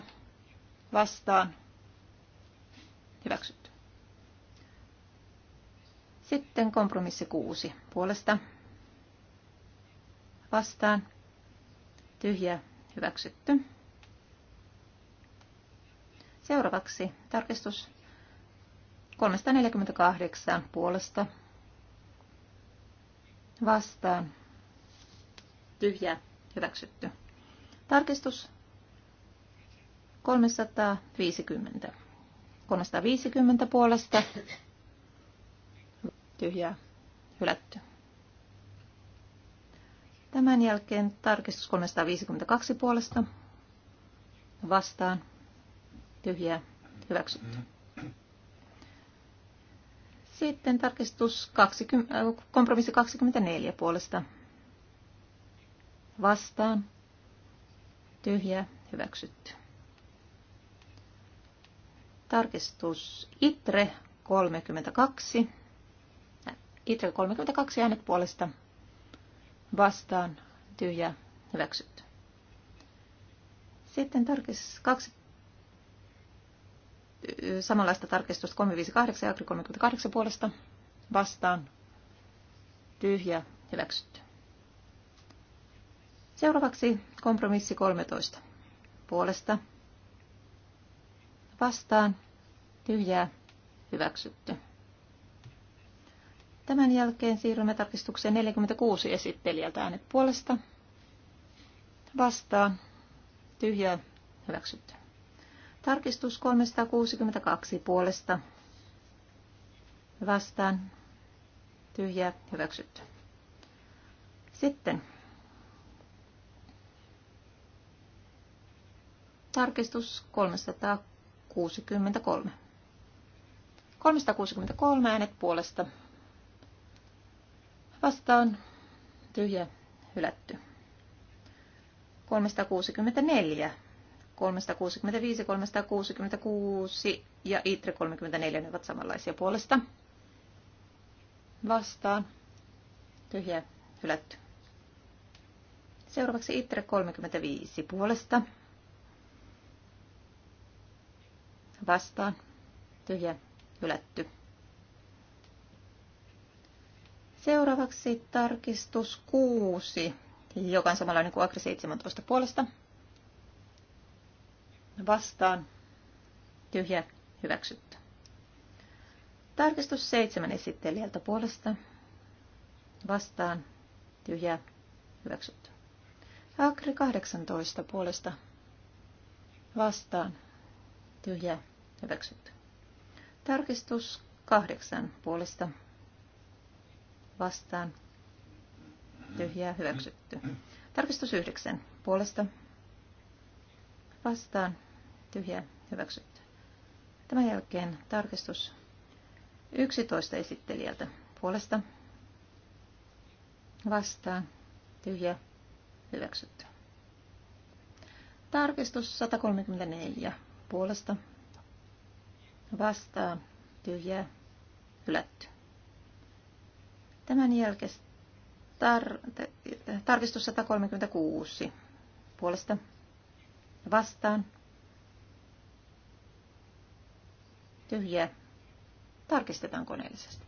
vastaan hyväksytty. Sitten kompromissi kuusi puolesta vastaan tyhjä hyväksytty. Seuraavaksi tarkistus 348 puolesta vastaan tyhjä hyväksytty. Tarkistus 350. 350 puolesta. Tyhjää. Hylätty. Tämän jälkeen tarkistus 352 puolesta. Vastaan. Tyhjää. Hyväksytty. Sitten tarkistus 20, äh, kompromissi 24 puolesta. Vastaan. Tyhjää. Hyväksytty. Tarkistus ITRE 32. ITRE 32 äänet puolesta vastaan tyhjä hyväksytty. Sitten tarkistus kaksi samanlaista tarkistusta 358 ja 38 puolesta vastaan tyhjä hyväksytty. Seuraavaksi kompromissi 13 puolesta vastaan tyhjää hyväksytty. Tämän jälkeen siirrymme tarkistukseen 46 esittelijältä äänet puolesta. Vastaan. Tyhjää. Hyväksytty. Tarkistus 362 puolesta. Vastaan. Tyhjää. Hyväksytty. Sitten. Tarkistus 300 363. 363 äänet puolesta. Vastaan tyhjä hylätty. 364, 365, 366 ja ITRE 34 ne ovat samanlaisia puolesta. Vastaan tyhjä hylätty. Seuraavaksi ITRE 35 puolesta vastaan, tyhjä, hylätty. Seuraavaksi tarkistus 6, joka on samanlainen kuin Agri 17 puolesta. Vastaan, tyhjä, hyväksytty. Tarkistus 7 esittelijältä puolesta. Vastaan, tyhjä, hyväksytty. Agri 18 puolesta. Vastaan, tyhjä, Hyväksytty. Tarkistus kahdeksan puolesta vastaan. Tyhjää hyväksytty. Tarkistus yhdeksän puolesta vastaan. Tyhjää hyväksytty. Tämän jälkeen tarkistus 11 esittelijältä puolesta vastaan. Tyhjä hyväksytty. Tarkistus 134 puolesta vastaan, tyhjää, hylätty. Tämän jälkeen tar- tarkistus 136 puolesta vastaan, tyhjää, tarkistetaan koneellisesti.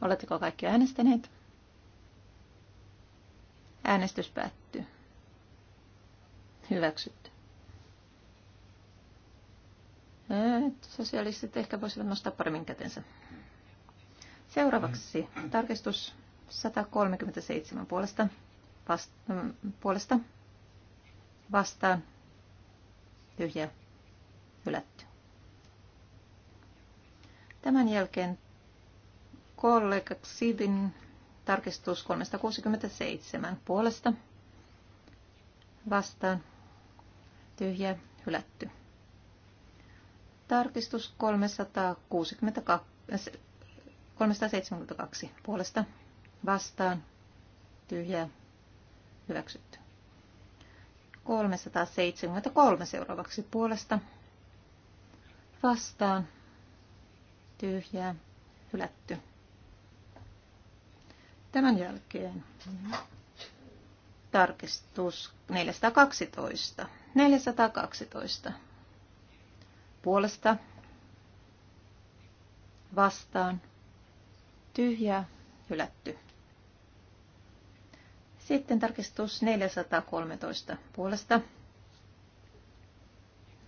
Oletteko kaikki äänestäneet? Äänestys päättyy. Hyväksytty. Sosialistit ehkä voisivat nostaa paremmin kätensä. Seuraavaksi tarkistus 137 puolesta, vasta, mm, puolesta vastaan tyhjä hylätty. Tämän jälkeen kollega Xidin tarkistus 367 puolesta vastaan tyhjä, hylätty. Tarkistus 362, 372 äh, puolesta vastaan, tyhjä, hyväksytty. 373 seuraavaksi puolesta vastaan, tyhjä, hylätty. Tämän jälkeen mhm. tarkistus 412 412. Puolesta vastaan tyhjä hylätty. Sitten tarkistus 413 puolesta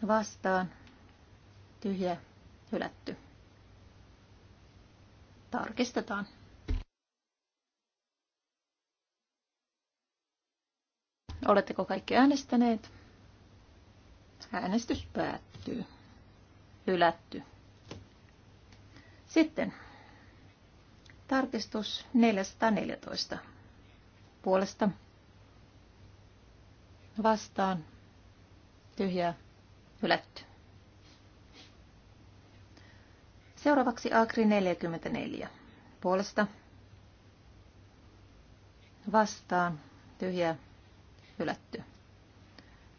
vastaan tyhjä hylätty. Tarkistetaan. Oletteko kaikki äänestäneet? Äänestys päättyy. Hylätty. Sitten tarkistus 414 puolesta vastaan tyhjää hylätty. Seuraavaksi Agri 44 puolesta vastaan tyhjää hylätty.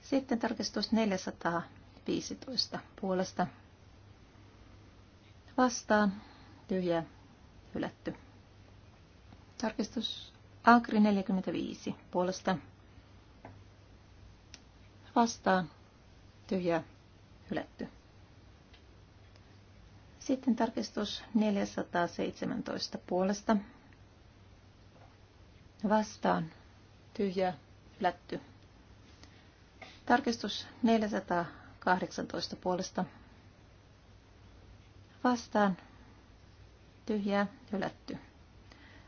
Sitten tarkistus 415 puolesta vastaan tyhjä hylätty. Tarkistus Agri 45 puolesta vastaan tyhjä hylätty. Sitten tarkistus 417 puolesta vastaan tyhjä hylätty. Tarkistus 418 puolesta. Vastaan. Tyhjää, hylätty.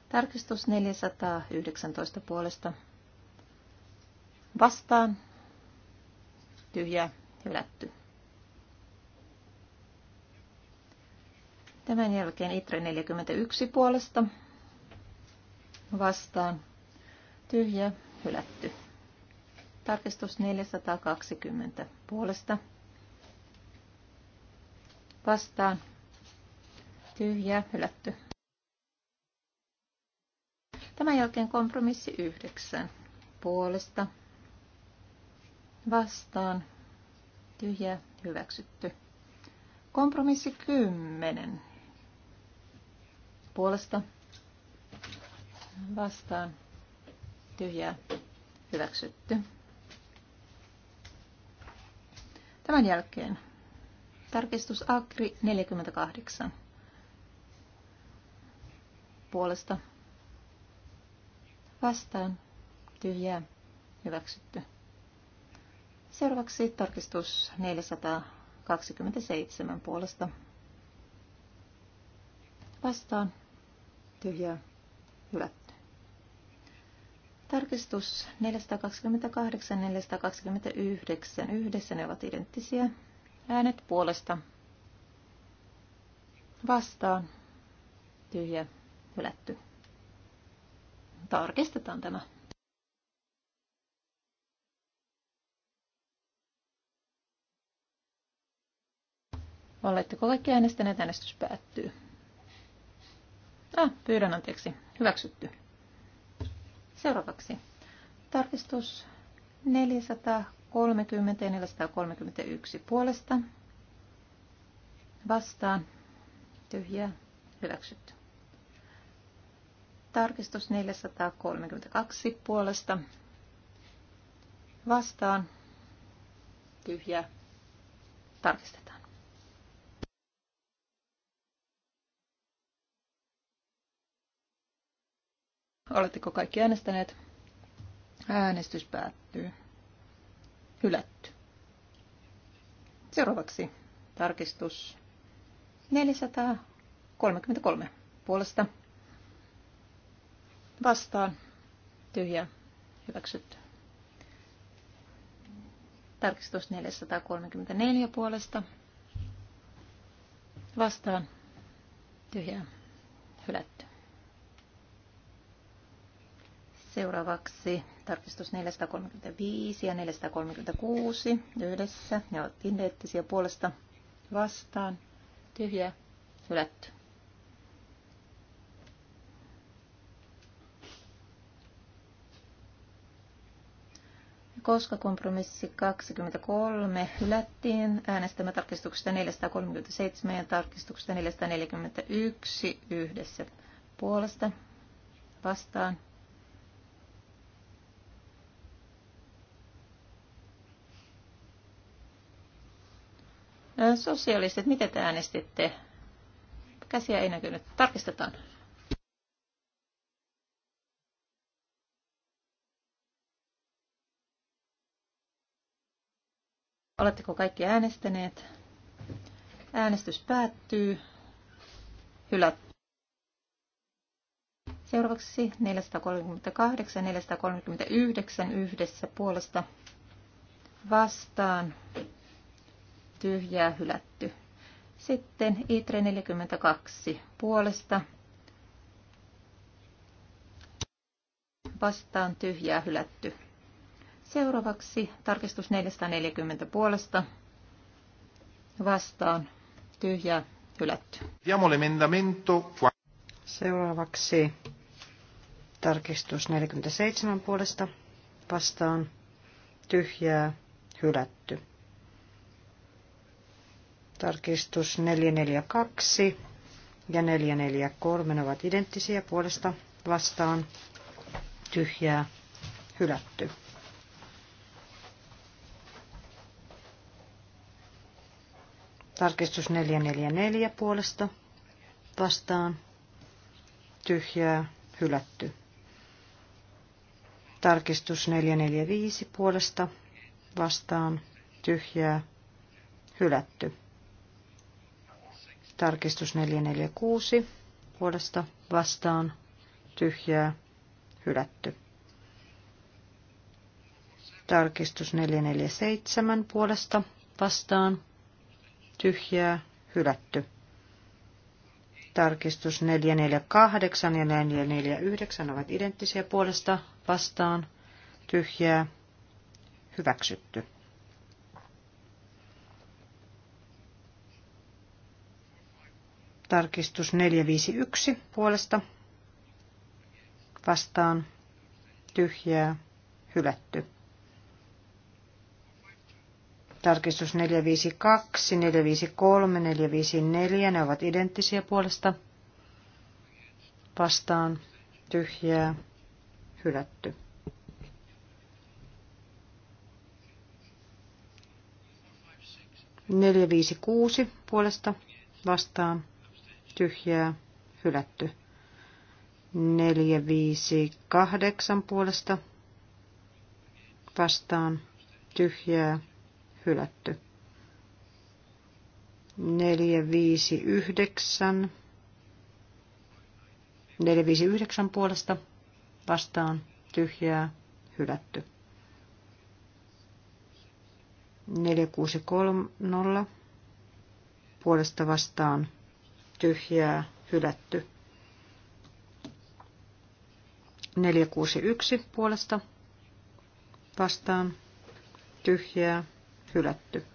Tarkistus 419 puolesta. Vastaan. Tyhjää, hylätty. Tämän jälkeen ITRE 41 puolesta vastaan tyhjä hylätty. Tarkistus 420 puolesta. Vastaan. tyhjä hylätty. Tämän jälkeen kompromissi 9 puolesta. Vastaan. tyhjä hyväksytty. Kompromissi 10 puolesta. Vastaan. tyhjä hyväksytty. Tämän jälkeen tarkistus Akri 48 puolesta vastaan tyhjää hyväksytty. Seuraavaksi tarkistus 427 puolesta vastaan tyhjää hylätty. Tarkistus 428 429. Yhdessä ne ovat identtisiä. Äänet puolesta. Vastaan. Tyhjä. Hylätty. Tarkistetaan tämä. Oletteko kaikki äänestäneet? Äänestys päättyy. Ah, pyydän anteeksi. Hyväksytty. Seuraavaksi tarkistus 430 ja 431 puolesta. Vastaan. Tyhjää. Hyväksytty. Tarkistus 432 puolesta. Vastaan. Tyhjää. Tarkistetaan. Oletteko kaikki äänestäneet? Äänestys päättyy. Hylätty. Seuraavaksi tarkistus 433 puolesta. Vastaan. Tyhjä. Hyväksytty. Tarkistus 434 puolesta. Vastaan. tyhjä Hylätty. Seuraavaksi tarkistus 435 ja 436 yhdessä. Ne ovat identtisiä puolesta vastaan. Tyhjä, hylätty. Koska kompromissi 23 hylättiin, äänestämme tarkistuksesta 437 ja tarkistuksesta 441 yhdessä puolesta vastaan Sosialistit, mitä te äänestitte? Käsiä ei näkynyt. Tarkistetaan. Oletteko kaikki äänestäneet? Äänestys päättyy. Hylät. Seuraavaksi 438 439 yhdessä puolesta vastaan tyhjää hylätty. Sitten ITRE 42 puolesta vastaan tyhjää hylätty. Seuraavaksi tarkistus 440 puolesta vastaan tyhjää hylätty. Seuraavaksi tarkistus 47 puolesta vastaan tyhjää hylätty. Tarkistus 442 ja 443 ne ovat identtisiä puolesta vastaan. Tyhjää hylätty. Tarkistus 444 puolesta vastaan. Tyhjää hylätty. Tarkistus 445 puolesta vastaan. Tyhjää hylätty. Tarkistus 446 puolesta vastaan tyhjää hylätty. Tarkistus 447 puolesta vastaan tyhjää hylätty. Tarkistus 448 ja 449 ovat identtisiä puolesta vastaan tyhjää hyväksytty. Tarkistus 451 puolesta vastaan tyhjää hylätty. Tarkistus 452, 453, 454, ne ovat identtisiä puolesta. Vastaan tyhjää hylätty. Neljä, viisi, kuusi puolesta vastaan tyhjää, hylätty. 4, 5, 8 puolesta vastaan, tyhjää, hylätty. 4, 5, 9, 4, 5, 9 puolesta vastaan, tyhjää, hylätty. 4, 6, 3, 0 puolesta vastaan, tyhjää, hylätty. 461 puolesta vastaan, tyhjää, hylätty.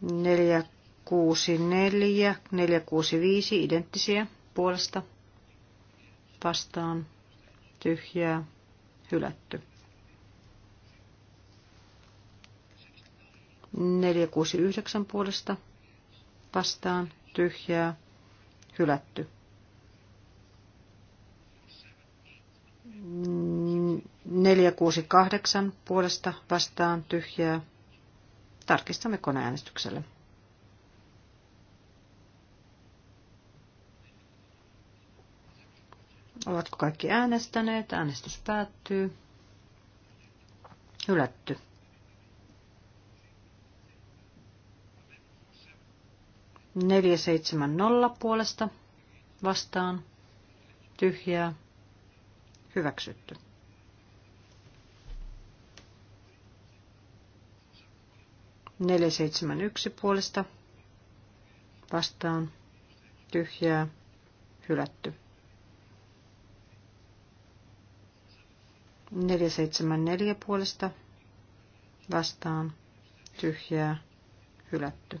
464, 465 identtisiä puolesta vastaan, tyhjää, hylätty. 469 puolesta vastaan tyhjää hylätty. Neljä kuusi kahdeksan puolesta vastaan tyhjää. Tarkistamme koneäänestyksellä. Ovatko kaikki äänestäneet? Äänestys päättyy. Hylätty. 470 puolesta vastaan tyhjää hyväksytty. Neljä seitsemän yksi puolesta vastaan tyhjää hylätty. neljä puolesta vastaan tyhjää hylätty.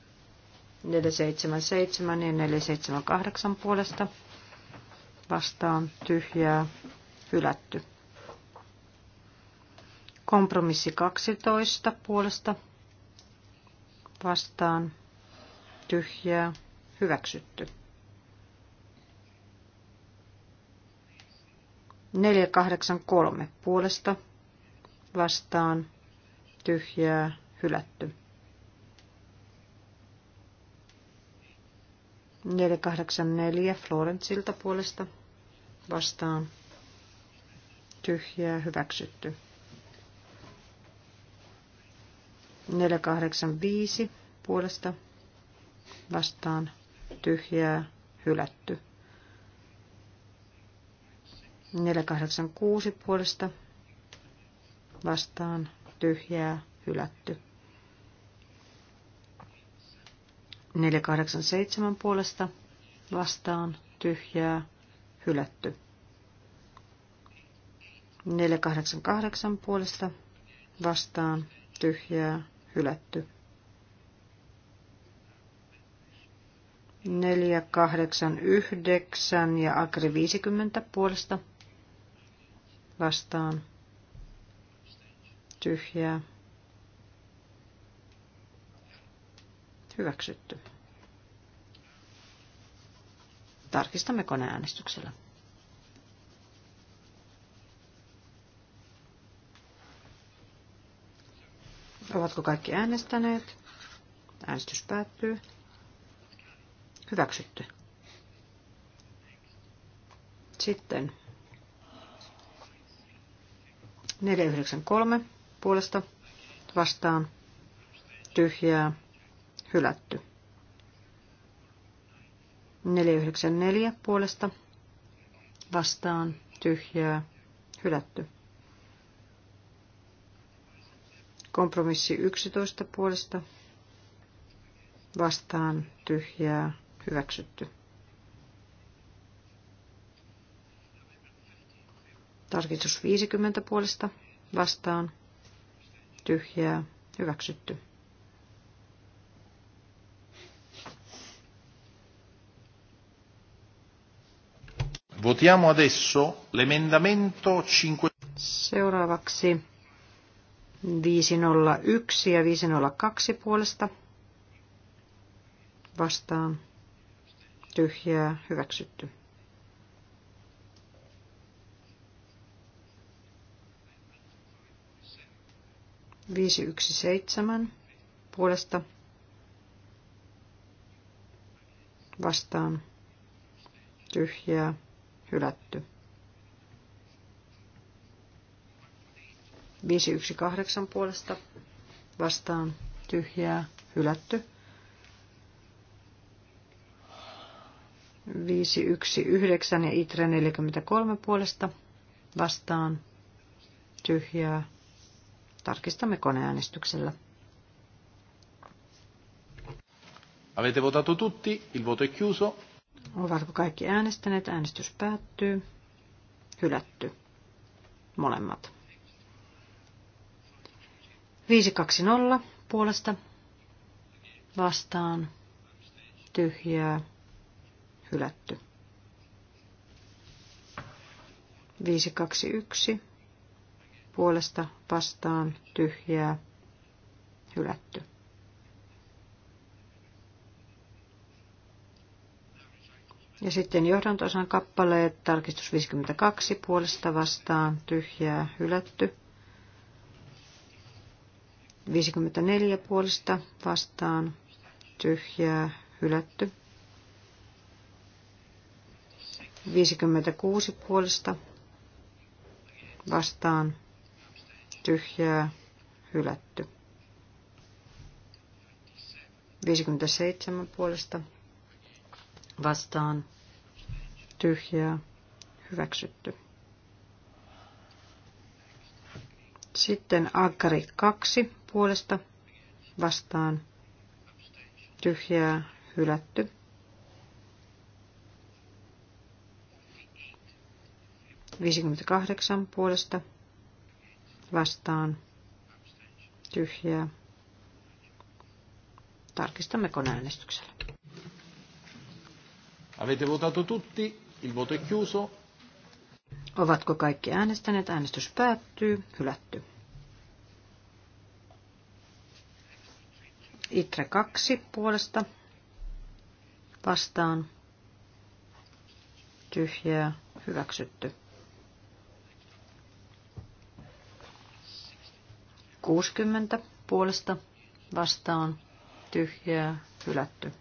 477 ja 478 puolesta vastaan tyhjää hylätty. Kompromissi 12 puolesta vastaan tyhjää hyväksytty. 483 puolesta vastaan tyhjää hylätty. 484 Florentsilta puolesta vastaan tyhjää hyväksytty. 485 puolesta vastaan tyhjää hylätty. 486 puolesta vastaan tyhjää hylätty. 487 puolesta vastaan tyhjää hylätty. 488 puolesta vastaan tyhjää hylätty. 489 ja Agri 50 puolesta vastaan tyhjää Hyväksytty. Tarkistamme koneäänestyksellä. Ovatko kaikki äänestäneet? Äänestys päättyy. Hyväksytty. Sitten 493 puolesta vastaan tyhjää hylätty. 494 puolesta vastaan tyhjää hylätty. Kompromissi 11 puolesta vastaan tyhjää hyväksytty. Tarkistus 50 puolesta vastaan tyhjää hyväksytty. Votiamo adesso l'emendamento 5. Seuraavaksi 501 ja 502 puolesta vastaan tyhjää hyväksytty. Viisi yksi seitsemän puolesta vastaan tyhjää Hylätty. 518 puolesta vastaan tyhjää hylätty. 519 ja ITRE 43 puolesta vastaan tyhjää. Tarkistamme koneäänestyksellä. Avete votato tutti, il voto è chiuso. Ovatko kaikki äänestäneet? Äänestys päättyy. Hylätty. Molemmat. 520 puolesta vastaan tyhjää hylätty. 521 puolesta vastaan tyhjää hylätty. Ja sitten johdantosan kappaleet, tarkistus 52, puolesta vastaan, tyhjää, hylätty. 54 puolesta vastaan, tyhjää, hylätty. 56 puolesta vastaan, tyhjää, hylätty. 57 puolesta vastaan tyhjää hyväksytty. Sitten Agri kaksi puolesta vastaan tyhjää hylätty. Viisikymmentäkahdeksan puolesta vastaan tyhjää. Tarkistamme koneäänestyksellä. Avete votato tutti? Il voto è chiuso. Ovatko kaikki äänestäneet? Äänestys päättyy. Hylätty. Itre 2 puolesta. Vastaan. Tyhjää. Hyväksytty. 60 puolesta. Vastaan. Tyhjää. Hylätty.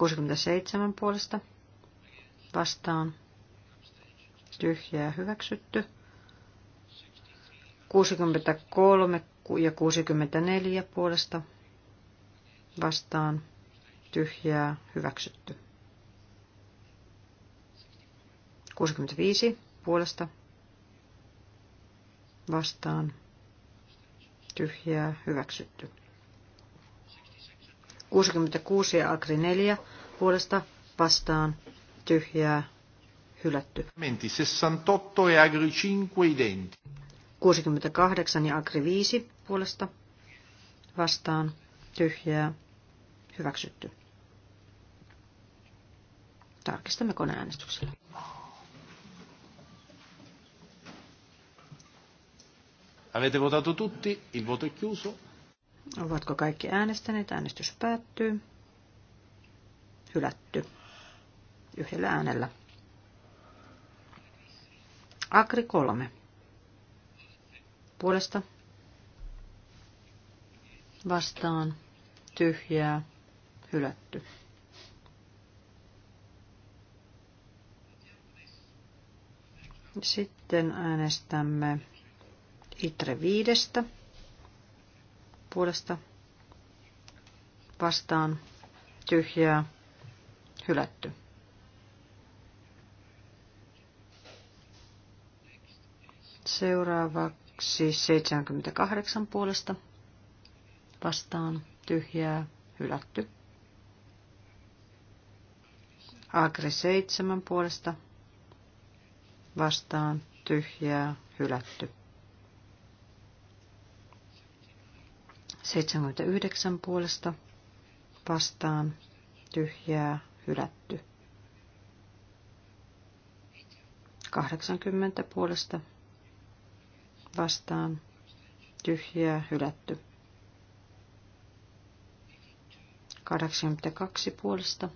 67 puolesta vastaan tyhjää hyväksytty. 63 ja 64 puolesta vastaan tyhjää hyväksytty. 65 puolesta vastaan tyhjää hyväksytty. 66 ja Agri 4 puolesta vastaan tyhjää hylätty. 68 e ja agri 5 identi. puolesta vastaan tyhjää hyväksytty. Tarkistamme koneäänestyksellä. Avete votato tutti, il voto è chiuso. Ovatko kaikki äänestäneet? Äänestys päättyy hylätty yhdellä äänellä. Agri 3. Puolesta vastaan tyhjää hylätty. Sitten äänestämme Itre viidestä puolesta vastaan tyhjää hylätty. Seuraavaksi 78 puolesta vastaan tyhjää hylätty. Agri 7 puolesta vastaan tyhjää hylätty. 79 puolesta vastaan tyhjää hylätty. 80 puolesta vastaan tyhjää hylätty. 82 puolesta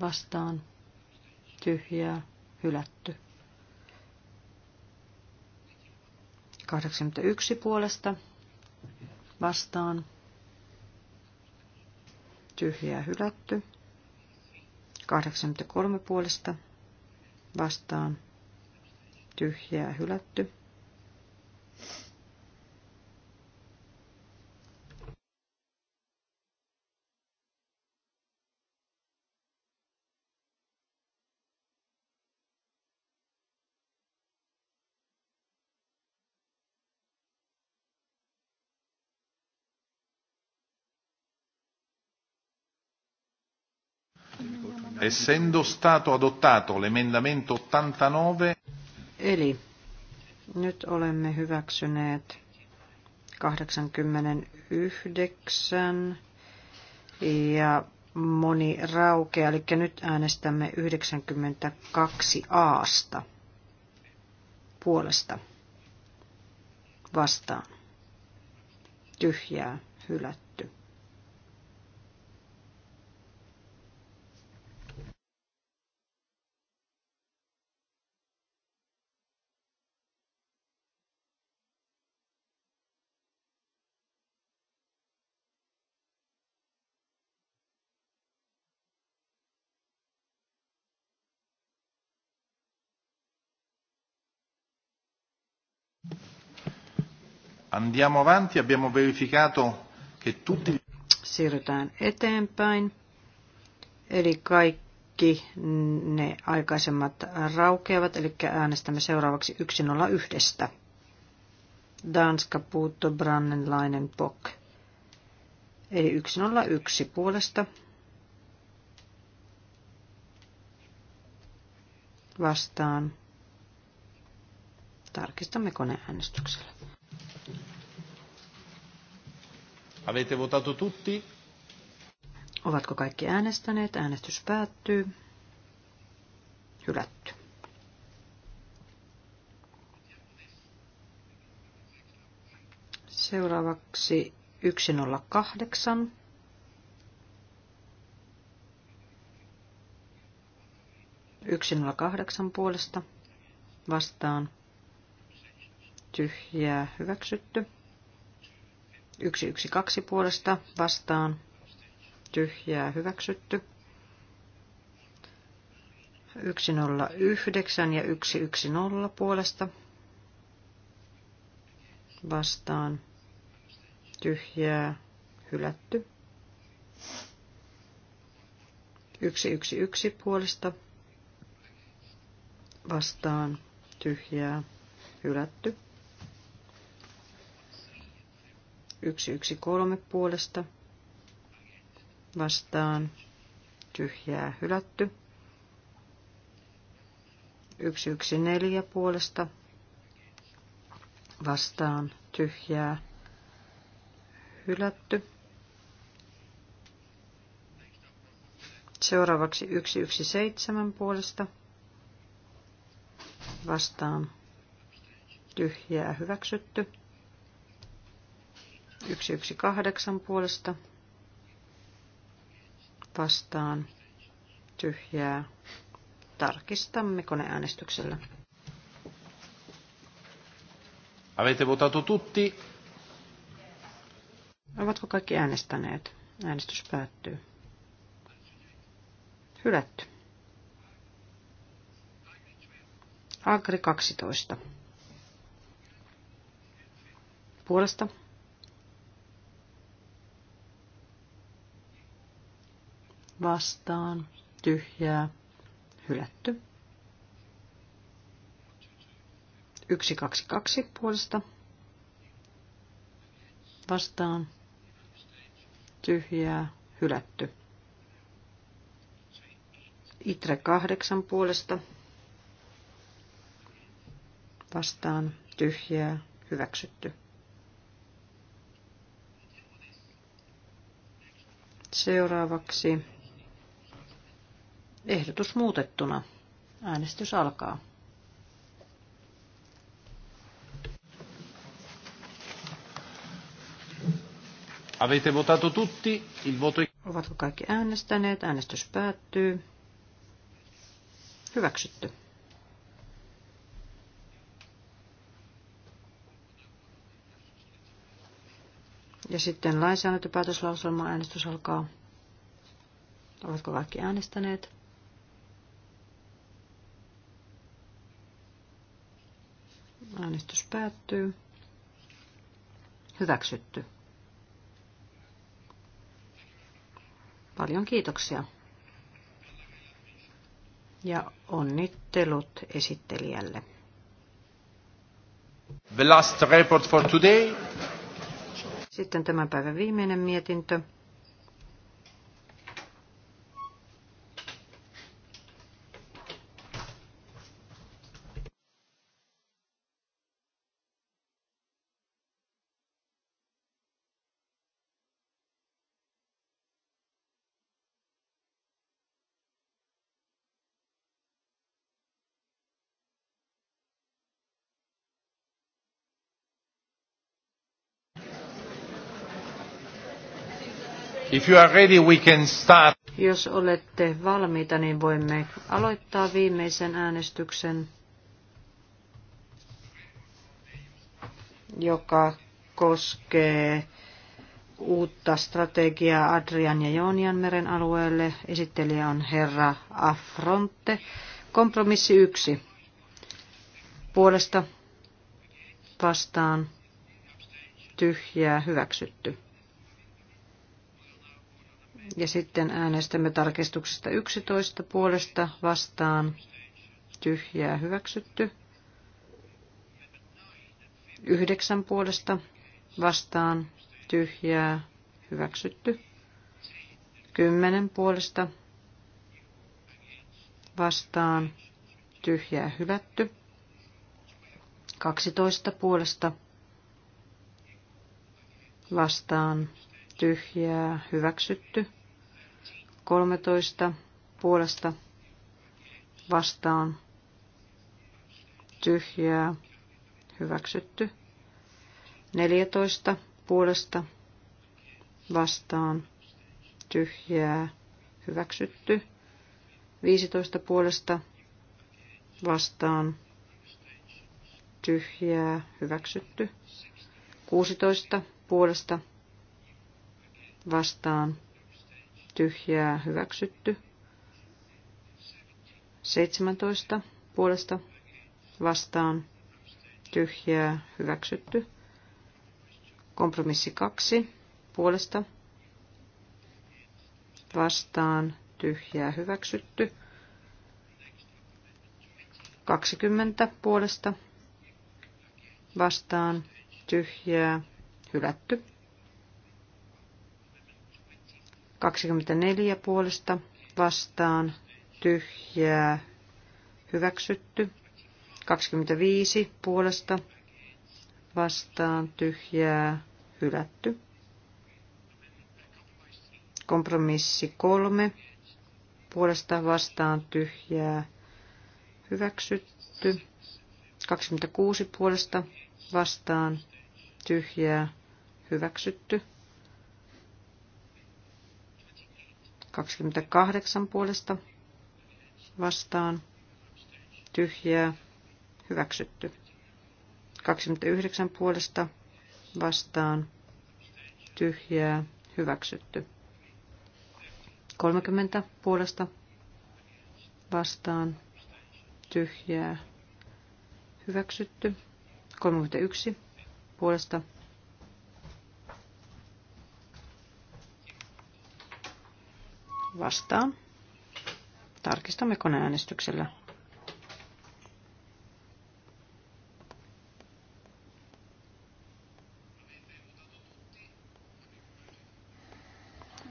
vastaan tyhjää hylätty. 81 puolesta vastaan tyhjää hylätty. 83 puolesta vastaan tyhjää hylätty. essendo stato adottato l'emendamento 89. Eli nyt olemme hyväksyneet 89 ja moni rauke, eli nyt äänestämme 92 aasta puolesta vastaan. Tyhjää, hylätty. Andiamo avanti, abbiamo verificato che tutti... Siirrytään eteenpäin. Eli kaikki ne aikaisemmat raukeavat, eli äänestämme seuraavaksi 101. Danska, Puutto, Brannenlainen, Bock. Eli 101 puolesta. Vastaan. Tarkistamme koneäänestyksellä. Avete votato tutti? Ovatko kaikki äänestäneet? Äänestys päättyy. Hylätty. Seuraavaksi 108. Yksi kahdeksan puolesta vastaan tyhjää hyväksytty. 112 puolesta vastaan tyhjää hyväksytty. 109 ja 110 puolesta vastaan tyhjää hylätty. 111 puolesta vastaan tyhjää hylätty. 113 puolesta vastaan tyhjää hylätty. 114 puolesta vastaan tyhjää hylätty. Seuraavaksi 117 puolesta vastaan tyhjää hyväksytty. 118 puolesta vastaan tyhjää. Tarkistamme koneäänestyksellä. Avete votato tutti? Ovatko kaikki äänestäneet? Äänestys päättyy. Hylätty. Agri 12. Puolesta vastaan, tyhjää, hylätty. 122 puolesta vastaan, tyhjää, hylätty. Itre kahdeksan puolesta vastaan, tyhjää, hyväksytty. Seuraavaksi Ehdotus muutettuna. Äänestys alkaa. Avete votato tutti, il voto... Ovatko kaikki äänestäneet? Äänestys päättyy. Hyväksytty. Ja sitten lainsäädäntöpäätöslauselma äänestys alkaa. Ovatko kaikki äänestäneet? Äänestys päättyy. Hyväksytty. Paljon kiitoksia. Ja onnittelut esittelijälle. The last report for today. Sitten tämän päivän viimeinen mietintö. you are ready, we can start. Jos olette valmiita, niin voimme aloittaa viimeisen äänestyksen, joka koskee uutta strategiaa Adrian ja Joonian meren alueelle. Esittelijä on herra Affronte. Kompromissi yksi. Puolesta vastaan tyhjää hyväksytty. Ja sitten äänestämme tarkistuksesta 11 puolesta vastaan. Tyhjää hyväksytty. Yhdeksän puolesta vastaan. Tyhjää hyväksytty. Kymmenen puolesta vastaan. Tyhjää hylätty. 12 puolesta vastaan tyhjää hyväksytty. 13 puolesta vastaan tyhjää hyväksytty. 14 puolesta vastaan tyhjää hyväksytty. 15 puolesta vastaan tyhjää hyväksytty. 16 puolesta vastaan tyhjää hyväksytty. 17 puolesta vastaan tyhjää hyväksytty. Kompromissi 2 puolesta vastaan tyhjää hyväksytty. 20 puolesta vastaan tyhjää hylätty. 24 puolesta vastaan tyhjää hyväksytty. 25 puolesta vastaan tyhjää hylätty. Kompromissi 3 puolesta vastaan tyhjää hyväksytty. 26 puolesta vastaan tyhjää hyväksytty. 28 puolesta vastaan tyhjää hyväksytty. 29 puolesta vastaan tyhjää hyväksytty. 30 puolesta vastaan tyhjää hyväksytty. 31 puolesta vastaan. Tarkistamme koneäänestyksellä.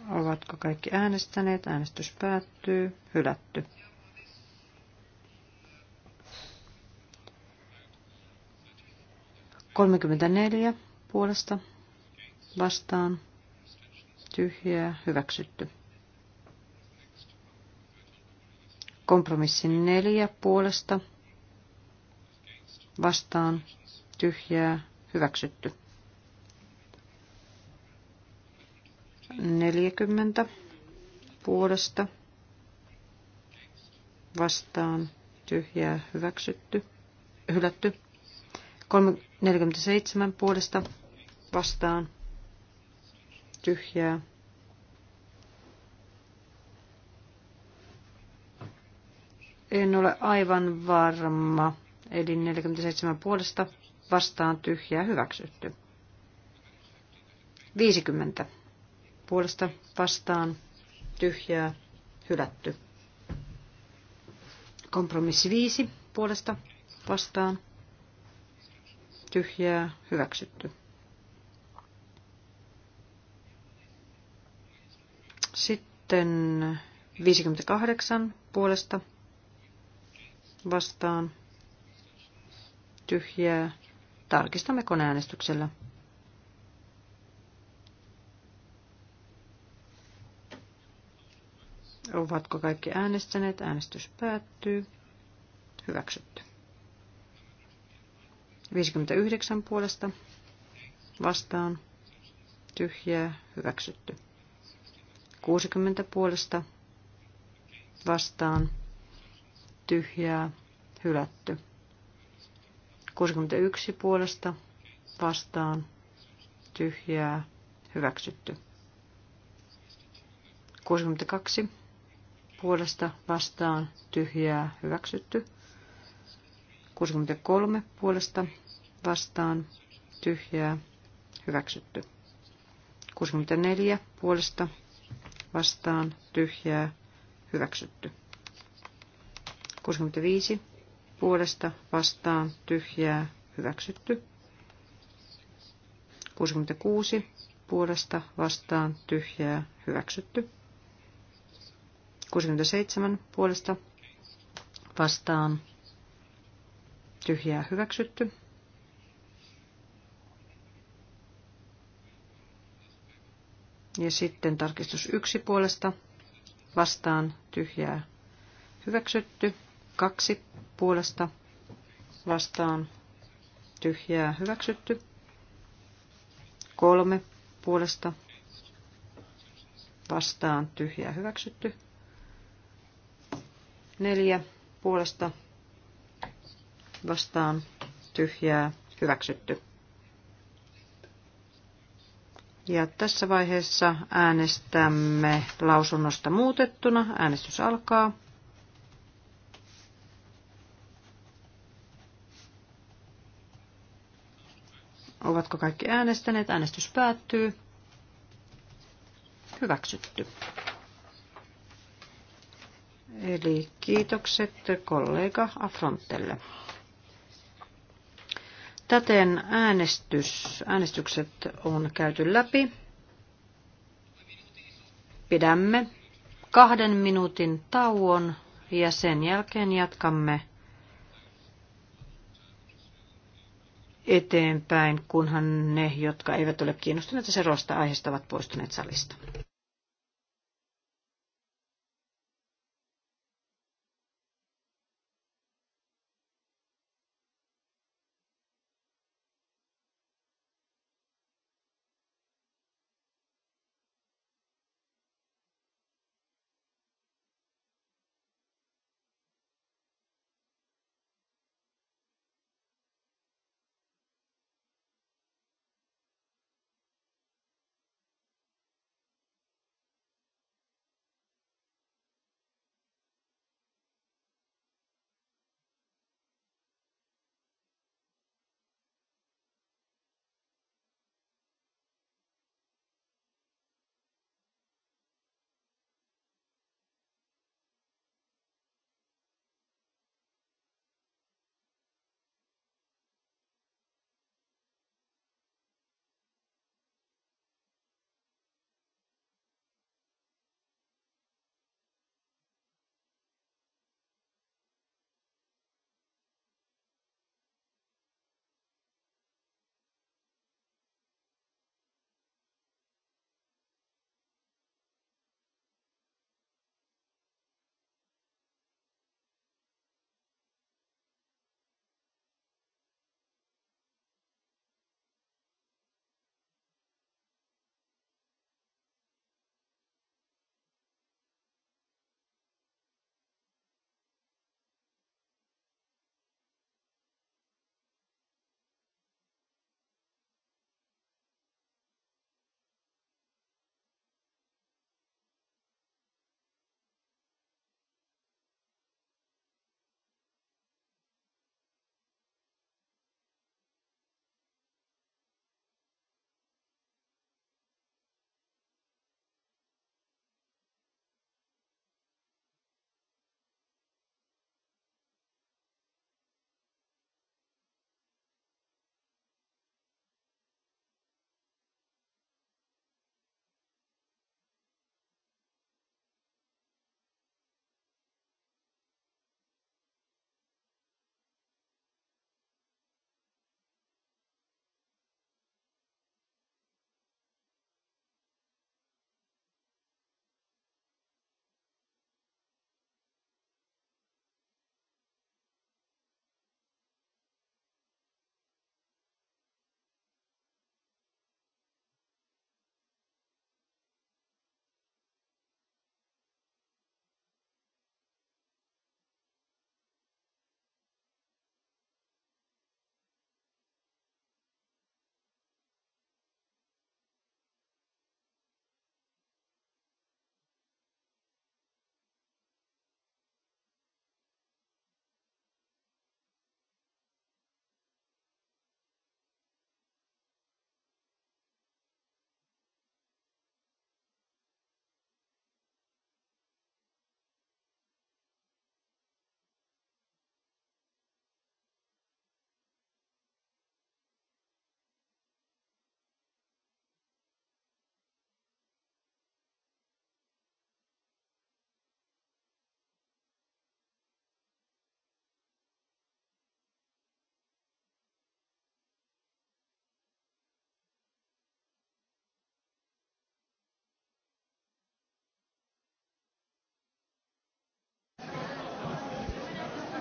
Ovatko kaikki äänestäneet? Äänestys päättyy. Hylätty. Kolmekymmentäneljä puolesta vastaan tyhjää hyväksytty. Kompromissi neljä puolesta vastaan tyhjää hyväksytty. 40 puolesta vastaan tyhjää hyväksytty, hylätty. 47 puolesta vastaan tyhjää En ole aivan varma. Eli 47 puolesta vastaan tyhjää hyväksytty. 50 puolesta vastaan tyhjää hylätty. Kompromissi 5 puolesta vastaan tyhjää hyväksytty. Sitten 58 puolesta vastaan tyhjää. Tarkistamme koneäänestyksellä. Ovatko kaikki äänestäneet? Äänestys päättyy. Hyväksytty. 59 puolesta vastaan tyhjää hyväksytty. 60 puolesta vastaan tyhjää, hylätty. 61 puolesta vastaan, tyhjää, hyväksytty. 62 puolesta vastaan, tyhjää, hyväksytty. 63 puolesta vastaan, tyhjää, hyväksytty. 64 puolesta vastaan, tyhjää, hyväksytty. 65 puolesta vastaan tyhjää hyväksytty. 66 puolesta vastaan tyhjää hyväksytty. 67 puolesta vastaan tyhjää hyväksytty. Ja sitten tarkistus yksi puolesta vastaan tyhjää hyväksytty kaksi puolesta vastaan tyhjää hyväksytty. Kolme puolesta vastaan tyhjää hyväksytty. Neljä puolesta vastaan tyhjää hyväksytty. Ja tässä vaiheessa äänestämme lausunnosta muutettuna. Äänestys alkaa. Ovatko kaikki äänestäneet? Äänestys päättyy. Hyväksytty. Eli kiitokset kollega Afrontelle. Täten äänestys, äänestykset on käyty läpi. Pidämme kahden minuutin tauon ja sen jälkeen jatkamme eteenpäin, kunhan ne, jotka eivät ole kiinnostuneita seuraavasta aiheesta, ovat poistuneet salista.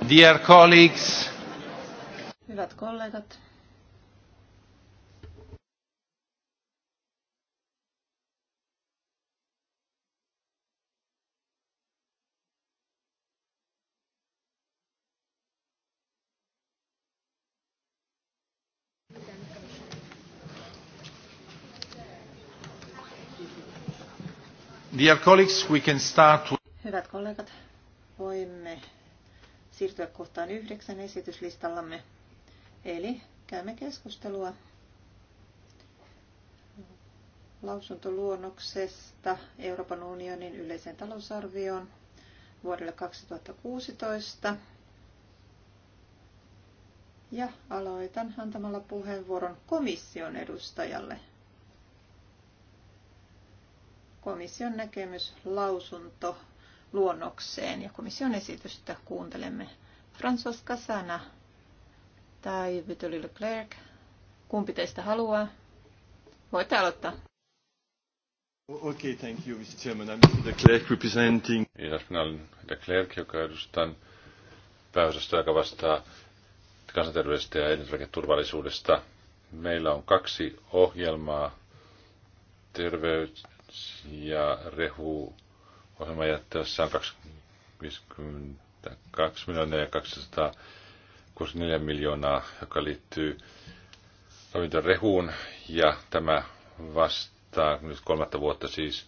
Dear colleagues. Hyvät kollegat. Dear colleagues, we can start. Hyvät kollegat, voimme siirtyä kohtaan yhdeksän esityslistallamme. Eli käymme keskustelua lausuntoluonnoksesta Euroopan unionin yleiseen talousarvioon vuodelle 2016. Ja aloitan antamalla puheenvuoron komission edustajalle. Komission näkemys lausunto luonnokseen ja komission esitystä kuuntelemme. François Casana tai Vitoli Leclerc, kumpi teistä haluaa? Voitte aloittaa. Okay, thank you, Mr. Chairman. I'm Mr. Leclerc representing... Kiitos, minä olen Leclerc, joka edustan pääosastoa, joka vastaa kansanterveydestä ja elintarviketurvallisuudesta. Meillä on kaksi ohjelmaa, terveys ja rehu ohjelma ja tässä on 52 miljoonaa ja 264 miljoonaa, joka liittyy ravintorehuun ja tämä vastaa nyt kolmatta vuotta siis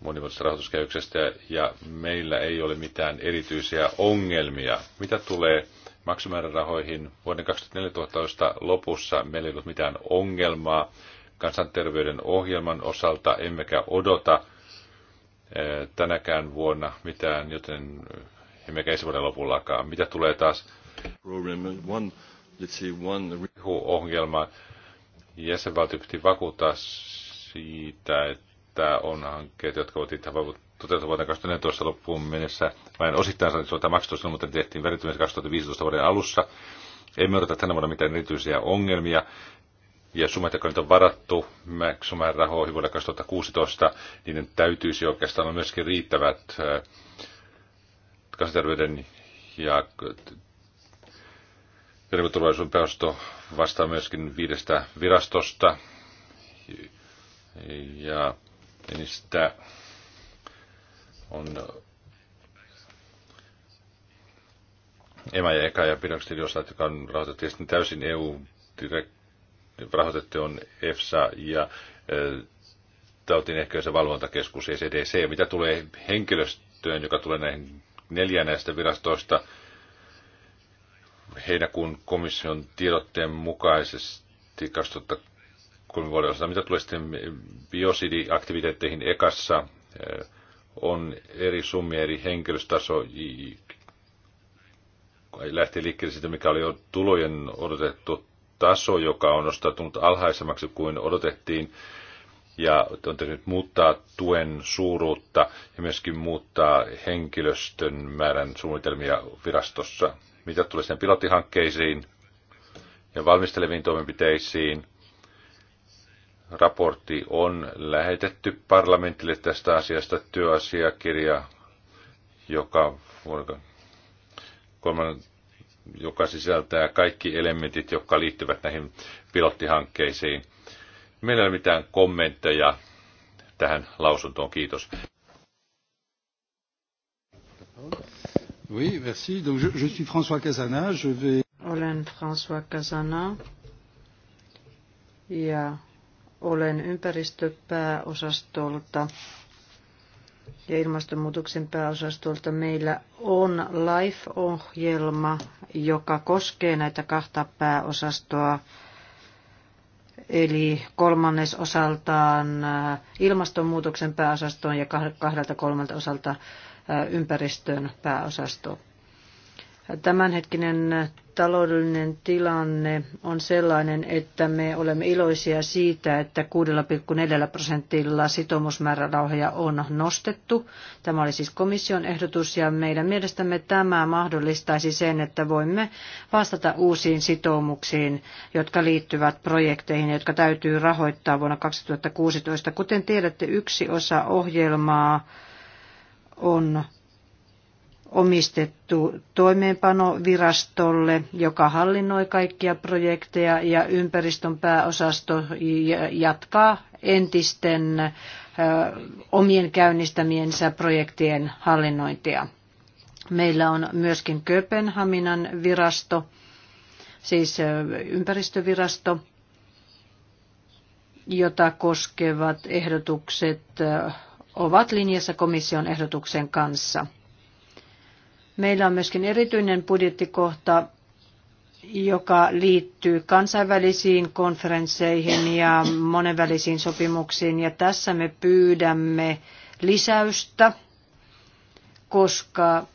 monimuotoisesta rahoituskehyksestä ja meillä ei ole mitään erityisiä ongelmia. Mitä tulee maksimäärärahoihin vuoden 2014 lopussa meillä ei ollut mitään ongelmaa kansanterveyden ohjelman osalta, emmekä odota Eh, tänäkään vuonna mitään, joten eh, emmekä ensi vuoden lopullakaan. Mitä tulee taas ongelma jäsenvaltio piti vakuuttaa siitä, että on hankkeet, jotka ovat itse toteutua vuoden 2014 loppuun mennessä. Vain osittain saatiin suolta maksatusta mutta tehtiin välittömästi 2015 vuoden alussa. Emme odota tänä vuonna mitään erityisiä ongelmia ja summat, jotka nyt on varattu maksumäärärahoihin vuodelle 2016, niiden täytyisi oikeastaan olla myöskin riittävät kansanterveyden ja terveysturvallisuuden pääosasto vastaa myöskin viidestä virastosta ja niistä on EMA ja EKA ja Pidokset, jotka on rahoitettu täysin eu direktiivistä rahoitettu on EFSA ja tautin se valvontakeskus ECDC. Mitä tulee henkilöstöön, joka tulee näihin neljään näistä virastoista, heinäkuun komission tiedotteen mukaisesti 2003 vuoden osalta, mitä tulee sitten biosidiaktiviteetteihin ekassa, on eri summia, eri henkilöstaso, lähtee liikkeelle siitä, mikä oli jo tulojen odotettu taso, joka on nostautunut alhaisemmaksi kuin odotettiin, ja on tehnyt muuttaa tuen suuruutta ja myöskin muuttaa henkilöstön määrän suunnitelmia virastossa. Mitä tulee sen pilottihankkeisiin ja valmisteleviin toimenpiteisiin, raportti on lähetetty parlamentille tästä asiasta työasiakirja, joka vuonna joka sisältää kaikki elementit, jotka liittyvät näihin pilottihankkeisiin. Meillä ei ole mitään kommentteja tähän lausuntoon. Kiitos. Oui, merci. Donc je, je suis François Casana. Je vais... Olen François Casana ja olen ympäristöpääosastolta ja ilmastonmuutoksen pääosastolta meillä on LIFE-ohjelma, joka koskee näitä kahta pääosastoa, eli kolmannes osaltaan äh, ilmastonmuutoksen pääosastoon ja kahdelta kolmelta osalta äh, ympäristön pääosasto. Tämänhetkinen taloudellinen tilanne on sellainen, että me olemme iloisia siitä, että 6,4 prosentilla sitoumusmäärärahoja on nostettu. Tämä oli siis komission ehdotus ja meidän mielestämme tämä mahdollistaisi sen, että voimme vastata uusiin sitoumuksiin, jotka liittyvät projekteihin, jotka täytyy rahoittaa vuonna 2016. Kuten tiedätte, yksi osa ohjelmaa on omistettu toimeenpanovirastolle, joka hallinnoi kaikkia projekteja ja ympäristön pääosasto jatkaa entisten omien käynnistämiensä projektien hallinnointia. Meillä on myöskin Kööpenhaminan virasto, siis ympäristövirasto, jota koskevat ehdotukset ovat linjassa komission ehdotuksen kanssa – Meillä on myöskin erityinen budjettikohta, joka liittyy kansainvälisiin konferensseihin ja monenvälisiin sopimuksiin. Ja tässä me pyydämme lisäystä, koska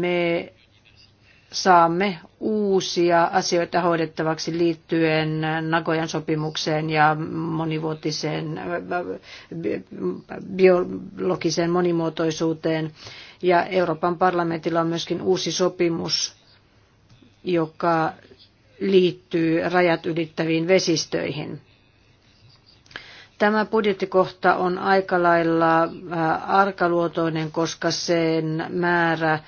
me saamme uusia asioita hoidettavaksi liittyen Nagojan sopimukseen ja monivuotiseen biologiseen monimuotoisuuteen. Ja Euroopan parlamentilla on myöskin uusi sopimus, joka liittyy rajat ylittäviin vesistöihin. Tämä budjettikohta on aika lailla arkaluotoinen, koska sen määrä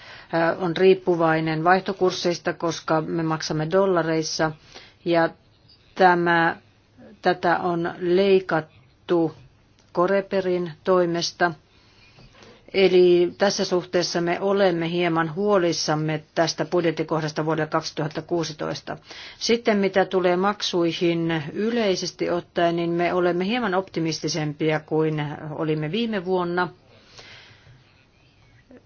on riippuvainen vaihtokursseista, koska me maksamme dollareissa. Ja tämä, tätä on leikattu Koreperin toimesta – Eli tässä suhteessa me olemme hieman huolissamme tästä budjettikohdasta vuodelle 2016. Sitten mitä tulee maksuihin yleisesti ottaen, niin me olemme hieman optimistisempia kuin olimme viime vuonna.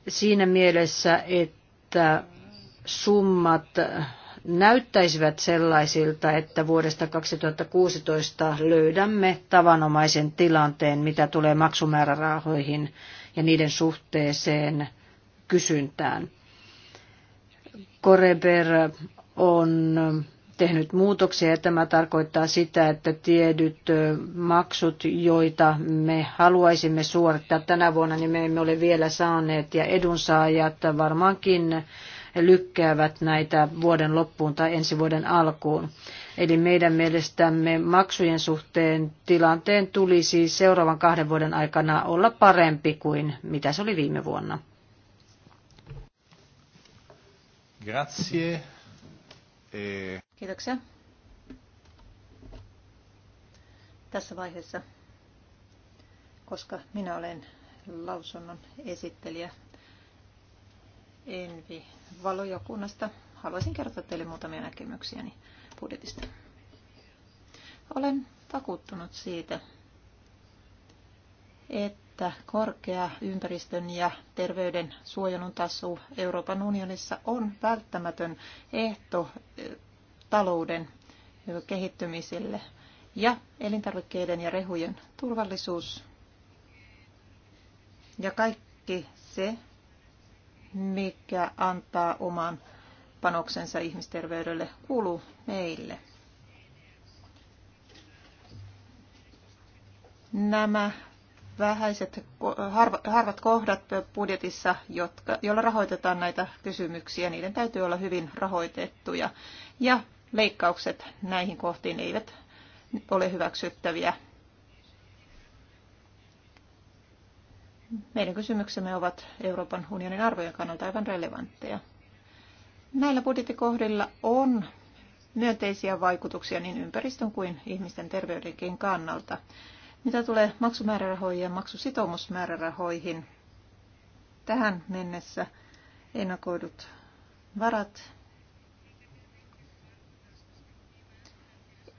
Siinä mielessä, että summat näyttäisivät sellaisilta, että vuodesta 2016 löydämme tavanomaisen tilanteen, mitä tulee maksumäärärahoihin ja niiden suhteeseen kysyntään. Koreber on tehnyt muutoksia ja tämä tarkoittaa sitä, että tiedyt maksut, joita me haluaisimme suorittaa tänä vuonna, niin me emme ole vielä saaneet ja edunsaajat varmaankin lykkäävät näitä vuoden loppuun tai ensi vuoden alkuun. Eli meidän mielestämme maksujen suhteen tilanteen tulisi seuraavan kahden vuoden aikana olla parempi kuin mitä se oli viime vuonna. Grazie. E- Kiitoksia. Tässä vaiheessa, koska minä olen lausunnon esittelijä Envi Valojokunnasta, haluaisin kertoa teille muutamia näkemyksiäni. Niin budjetista. Olen vakuuttunut siitä, että korkea ympäristön ja terveyden suojelun taso Euroopan unionissa on välttämätön ehto eh, talouden kehittymiselle ja elintarvikkeiden ja rehujen turvallisuus ja kaikki se, mikä antaa oman panoksensa ihmisterveydelle kulu meille. Nämä vähäiset, harvat kohdat budjetissa, jotka, joilla rahoitetaan näitä kysymyksiä, niiden täytyy olla hyvin rahoitettuja. Ja leikkaukset näihin kohtiin eivät ole hyväksyttäviä. Meidän kysymyksemme ovat Euroopan unionin arvojen kannalta aivan relevantteja. Näillä budjettikohdilla on myönteisiä vaikutuksia niin ympäristön kuin ihmisten terveydenkin kannalta. Mitä tulee maksumäärärahoihin ja maksusitoumusmäärärahoihin, tähän mennessä ennakoidut varat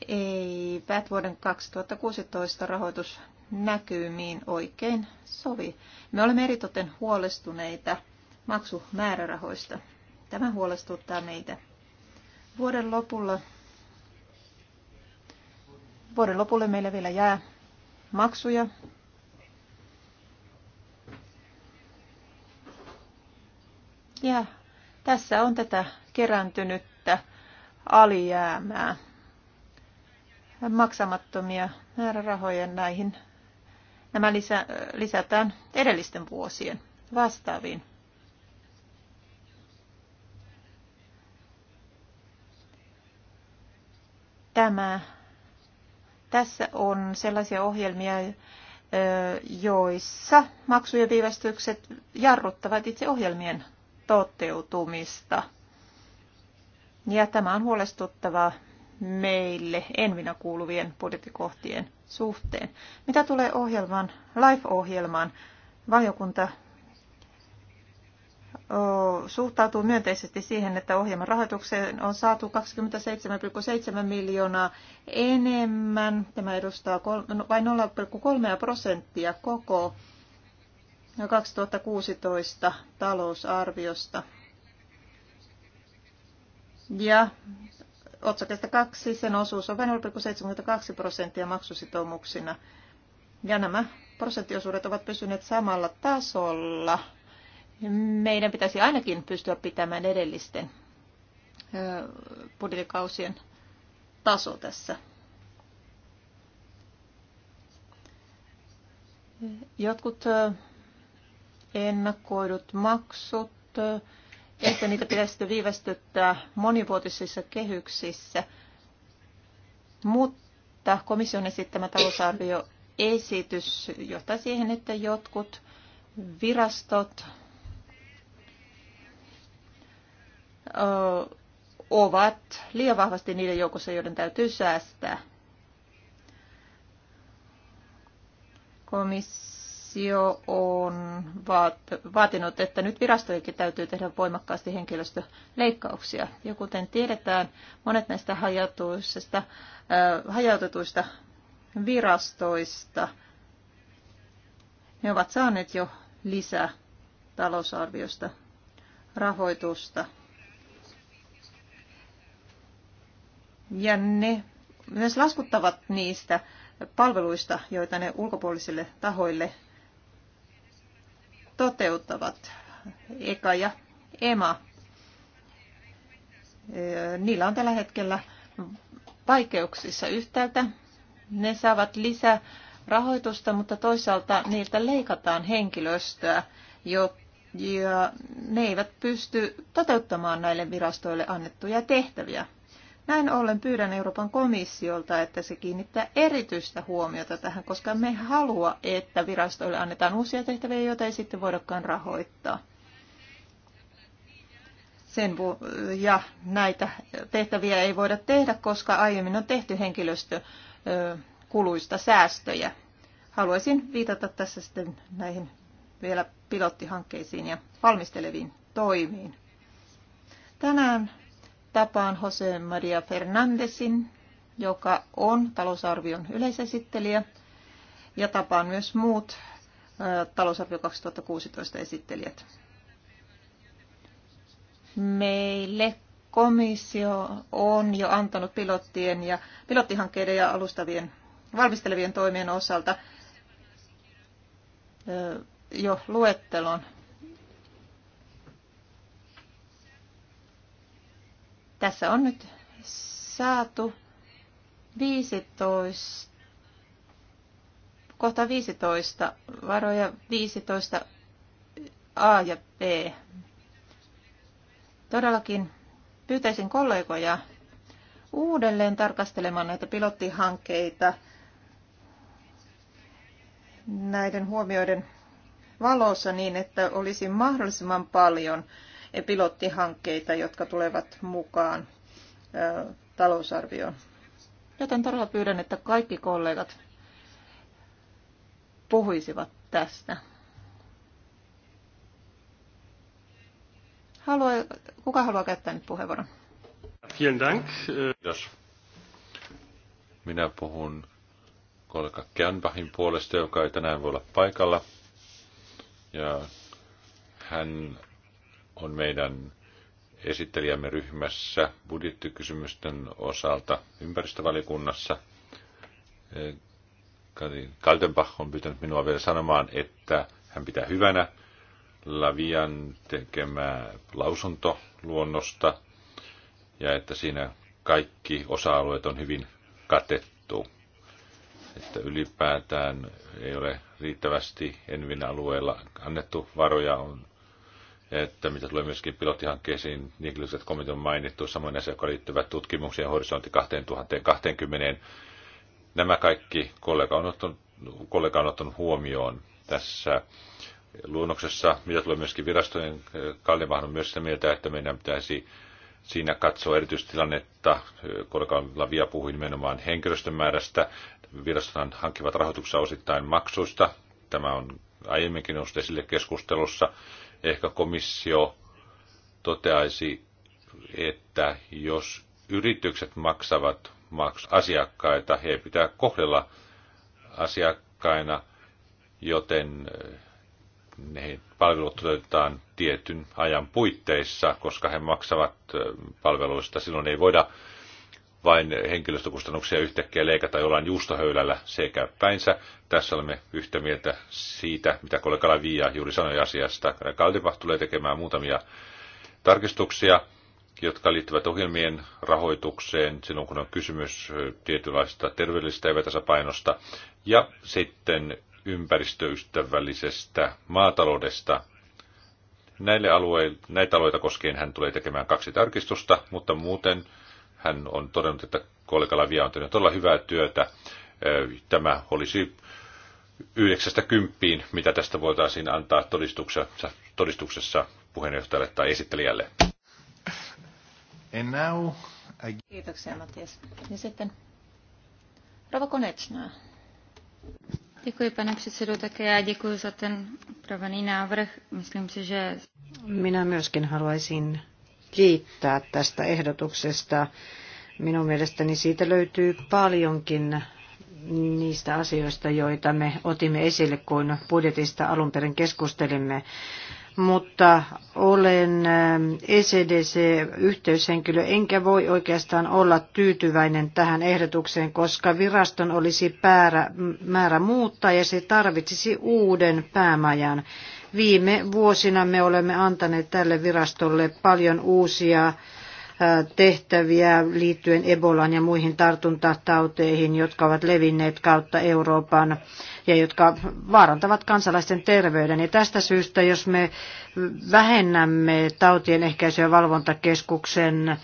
eivät vuoden 2016 rahoitus rahoitusnäkymiin oikein sovi. Me olemme eritoten huolestuneita maksumäärärahoista. Tämä huolestuttaa meitä. Vuoden lopulla, vuoden lopulle meillä vielä jää maksuja. Ja tässä on tätä kerääntynyttä alijäämää, maksamattomia määrärahoja näihin. Nämä lisä, lisätään edellisten vuosien vastaaviin Tämä, tässä on sellaisia ohjelmia, joissa maksujen viivästykset jarruttavat itse ohjelmien toteutumista. Ja tämä on huolestuttavaa meille Envinä kuuluvien budjettikohtien suhteen. Mitä tulee ohjelman, live-ohjelmaan, valiokunta suhtautuu myönteisesti siihen, että ohjelman rahoitukseen on saatu 27,7 miljoonaa enemmän. Tämä edustaa no, vain 0,3 prosenttia koko 2016 talousarviosta. Ja otsakesta kaksi sen osuus on vain 0,72 prosenttia maksusitoumuksina. Ja nämä prosenttiosuudet ovat pysyneet samalla tasolla – meidän pitäisi ainakin pystyä pitämään edellisten budjettikausien taso tässä. Jotkut ennakoidut maksut, että niitä pitäisi viivästyttää monivuotisissa kehyksissä, mutta komission esittämä talousarvioesitys johtaa siihen, että jotkut virastot ovat liian vahvasti niiden joukossa, joiden täytyy säästää. Komissio on vaatinut, että nyt virastojenkin täytyy tehdä voimakkaasti henkilöstöleikkauksia. Ja kuten tiedetään, monet näistä hajautuisista, hajautetuista virastoista, ne ovat saaneet jo lisää talousarviosta rahoitusta. ja ne myös laskuttavat niistä palveluista, joita ne ulkopuolisille tahoille toteuttavat. Eka ja EMA. Niillä on tällä hetkellä vaikeuksissa yhtäältä. Ne saavat lisää rahoitusta, mutta toisaalta niiltä leikataan henkilöstöä, jo, ja ne eivät pysty toteuttamaan näille virastoille annettuja tehtäviä. Näin ollen pyydän Euroopan komissiolta, että se kiinnittää erityistä huomiota tähän, koska me halua, että virastoille annetaan uusia tehtäviä, joita ei sitten voidakaan rahoittaa. Sen ja näitä tehtäviä ei voida tehdä, koska aiemmin on tehty henkilöstökuluista säästöjä. Haluaisin viitata tässä sitten näihin vielä pilottihankkeisiin ja valmisteleviin toimiin. Tänään tapaan Jose Maria Fernandesin, joka on talousarvion yleisesittelijä, ja tapaan myös muut talousarvio 2016 esittelijät. Meille komissio on jo antanut pilottien ja pilottihankkeiden ja alustavien valmistelevien toimien osalta jo luettelon Tässä on nyt saatu 15, kohta 15 varoja 15 A ja B. Todellakin pyytäisin kollegoja uudelleen tarkastelemaan näitä pilottihankkeita näiden huomioiden valossa niin, että olisi mahdollisimman paljon pilottihankkeita, jotka tulevat mukaan talousarvioon. Joten todella pyydän, että kaikki kollegat puhuisivat tästä. Haluaa, kuka haluaa käyttää nyt puheenvuoron? Vielen dank. Minä puhun kollega Kernbachin puolesta, joka ei tänään voi olla paikalla. Ja hän on meidän esittelijämme ryhmässä budjettikysymysten osalta ympäristövaliokunnassa. Kaltenbach on pyytänyt minua vielä sanomaan, että hän pitää hyvänä Lavian tekemää lausuntoluonnosta ja että siinä kaikki osa-alueet on hyvin katettu. Että ylipäätään ei ole riittävästi Envin alueella annettu varoja, on että mitä tulee myöskin pilottihankkeisiin, niinkilöiset komit on mainittu, samoin asia, jotka liittyvät tutkimuksiin horisontti 2020. Nämä kaikki kollega on ottanut, kollega on ottanut huomioon tässä luonnoksessa, mitä tulee myöskin virastojen eh, Kallimahn myös sitä mieltä, että meidän pitäisi siinä katsoa erityistilannetta. Kollega Lavia puhui nimenomaan henkilöstön määrästä. Virastothan hankkivat rahoituksessa osittain maksuista. Tämä on aiemminkin ollut esille keskustelussa. Ehkä komissio toteaisi, että jos yritykset maksavat maksu asiakkaita, he pitää kohdella asiakkaina, joten eh, ne palvelut toteutetaan tietyn ajan puitteissa, koska he maksavat eh, palveluista. Silloin ei voida vain henkilöstökustannuksia yhtäkkiä leikata jollain juustohöylällä sekä päinsä. Tässä olemme yhtä mieltä siitä, mitä kollega Lavia juuri sanoi asiasta. Kaltipah tulee tekemään muutamia tarkistuksia, jotka liittyvät ohjelmien rahoitukseen, silloin kun on kysymys tietynlaista terveellisestä epätasapainosta, ja sitten ympäristöystävällisestä maataloudesta. Näille alueille, näitä alueita koskien hän tulee tekemään kaksi tarkistusta, mutta muuten hän on todennut, että kollega Lavia on tehnyt todella hyvää työtä. Tämä olisi yhdeksästä kymppiin, mitä tästä voitaisiin antaa todistuksessa, todistuksessa puheenjohtajalle tai esittelijälle. And now I... Kiitoksia Matias. Ja sitten Rova Konečná. Děkuji, pane předsedo, také já děkuji za ten upravený návrh. Myslím si, že... Minä myöskin haluaisin kiittää tästä ehdotuksesta. Minun mielestäni siitä löytyy paljonkin niistä asioista, joita me otimme esille, kun budjetista alun perin keskustelimme mutta olen ECDC-yhteyshenkilö, eh, e enkä voi oikeastaan olla tyytyväinen tähän ehdotukseen, koska viraston olisi määrä muuttaa ja se tarvitsisi uuden päämajan. Viime vuosina me olemme antaneet tälle virastolle paljon uusia äh, tehtäviä liittyen Ebolan ja muihin tartuntatauteihin, jotka ovat levinneet kautta Euroopan ja jotka vaarantavat kansalaisten terveyden. Ja tästä syystä, jos me vähennämme tautien ehkäisy- ja valvontakeskuksen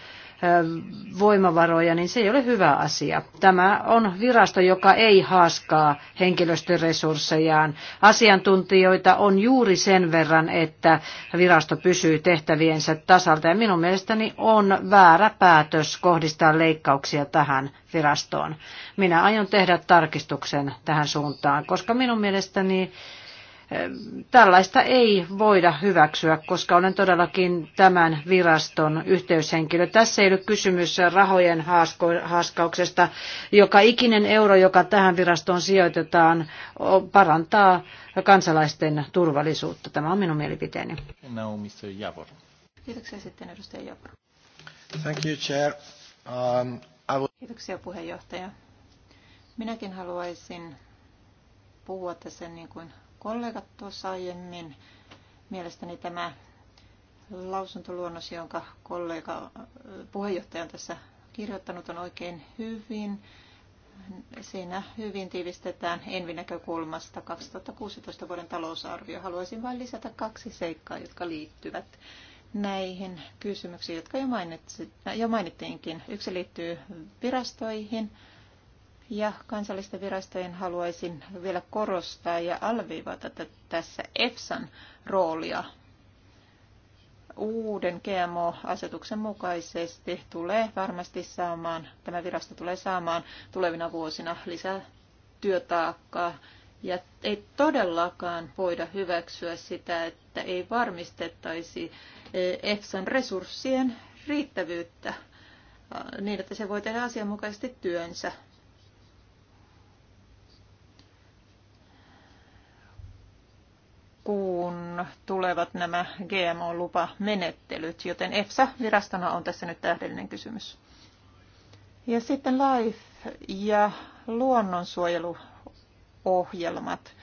voimavaroja, niin se ei ole hyvä asia. Tämä on virasto, joka ei haaskaa henkilöstöresurssejaan. Asiantuntijoita on juuri sen verran, että virasto pysyy tehtäviensä tasalta. Ja minun mielestäni on väärä päätös kohdistaa leikkauksia tähän virastoon. Minä aion tehdä tarkistuksen tähän suuntaan, koska minun mielestäni Tällaista ei voida hyväksyä, koska olen todellakin tämän viraston yhteyshenkilö. Tässä ei ole kysymys rahojen haaskauksesta. Joka ikinen euro, joka tähän virastoon sijoitetaan, parantaa kansalaisten turvallisuutta. Tämä on minun mielipiteeni. Now, Mr. Javor. Kiitoksia sitten edustaja Javor. Thank you, Chair. Um, I will... Kiitoksia puheenjohtaja. Minäkin haluaisin puhua tässä niin kuin kollegat tuossa aiemmin. Mielestäni tämä lausuntoluonnos, jonka kollega, puheenjohtaja on tässä kirjoittanut, on oikein hyvin. Siinä hyvin tiivistetään Envi-näkökulmasta 2016 vuoden talousarvio. Haluaisin vain lisätä kaksi seikkaa, jotka liittyvät näihin kysymyksiin, jotka jo, mainitsi, jo mainittiinkin. Yksi liittyy virastoihin ja kansallisten virastojen haluaisin vielä korostaa ja alviivata tässä EFSAn roolia. Uuden GMO-asetuksen mukaisesti tulee varmasti saamaan, tämä virasto tulee saamaan tulevina vuosina lisää työtaakkaa ja ei todellakaan voida hyväksyä sitä, että ei varmistettaisi e, EFSAn resurssien riittävyyttä niin, että se voi tehdä asianmukaisesti työnsä. Kuun tulevat nämä GMO-lupamenettelyt, joten EFSA virastona on tässä nyt tähdellinen kysymys. Ja sitten LIFE ja luonnonsuojeluohjelmat.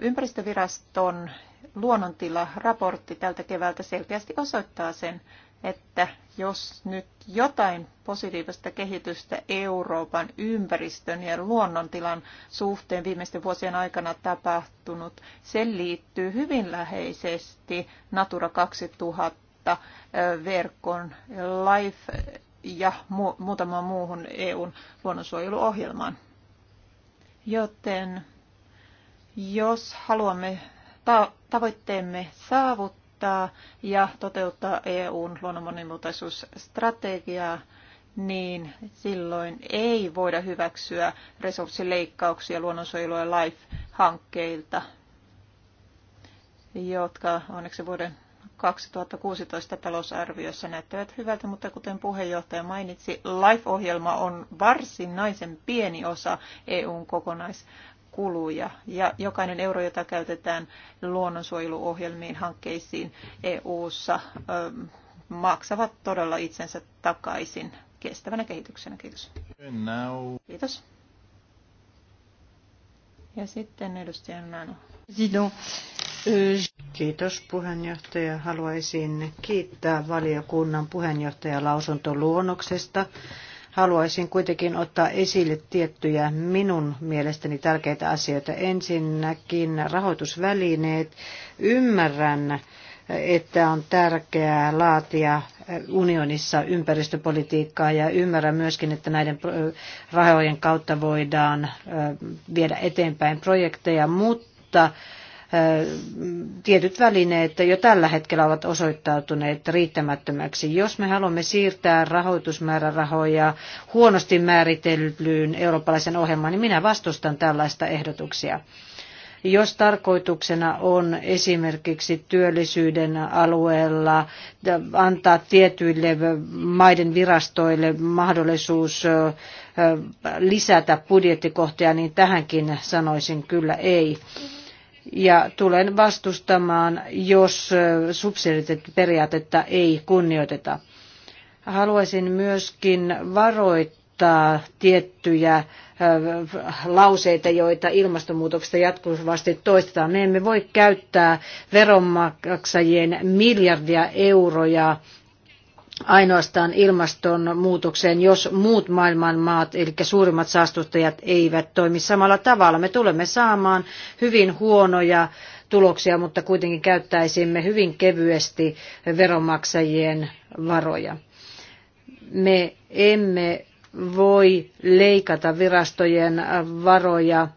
Ympäristöviraston luonnontila-raportti tältä keväältä selkeästi osoittaa sen, että jos nyt jotain positiivista kehitystä Euroopan ympäristön ja luonnontilan suhteen viimeisten vuosien aikana tapahtunut, se liittyy hyvin läheisesti Natura 2000 verkon Life ja mu- muutamaan muuhun EUn luonnonsuojeluohjelmaan. Joten jos haluamme ta- tavoitteemme saavuttaa, noudattaa ja toteuttaa EUn luonnon monimuotoisuusstrategiaa, niin silloin ei voida hyväksyä resurssileikkauksia luonnonsuojelu- ja LIFE-hankkeilta, jotka onneksi vuoden 2016 talousarviossa näyttävät hyvältä, mutta kuten puheenjohtaja mainitsi, LIFE-ohjelma on varsinaisen pieni osa EUn kokonais kuluja ja jokainen euro, jota käytetään luonnonsuojeluohjelmiin, hankkeisiin EU-ssa, maksavat todella itsensä takaisin kestävänä kehityksenä. Kiitos. Now. Kiitos. Ja sitten edustaja Nano. Kiitos puheenjohtaja. Haluaisin kiittää valiokunnan puheenjohtajalausuntoluonnoksesta. lausuntoluonnoksesta haluaisin kuitenkin ottaa esille tiettyjä minun mielestäni tärkeitä asioita. Ensinnäkin rahoitusvälineet. Ymmärrän, että on tärkeää laatia unionissa ympäristöpolitiikkaa ja ymmärrän myöskin, että näiden rahojen kautta voidaan viedä eteenpäin projekteja, mutta tietyt välineet jo tällä hetkellä ovat osoittautuneet riittämättömäksi. Jos me haluamme siirtää rahoitusmäärärahoja huonosti määritellyyn eurooppalaisen ohjelmaan, niin minä vastustan tällaista ehdotuksia jos tarkoituksena on esimerkiksi työllisyyden alueella antaa tietyille maiden virastoille mahdollisuus lisätä budjettikohtia, niin tähänkin sanoisin kyllä ei ja tulen vastustamaan, jos subsidiariteettiperiaatetta ei kunnioiteta. Haluaisin myöskin varoittaa tiettyjä lauseita, joita ilmastonmuutoksesta jatkuvasti toistetaan. Me emme voi käyttää veronmaksajien miljardia euroja ainoastaan ilmastonmuutokseen, jos muut maailman maat, eli suurimmat saastuttajat, eivät toimi samalla tavalla. Me tulemme saamaan hyvin huonoja tuloksia, mutta kuitenkin käyttäisimme hyvin kevyesti veronmaksajien varoja. Me emme voi leikata virastojen varoja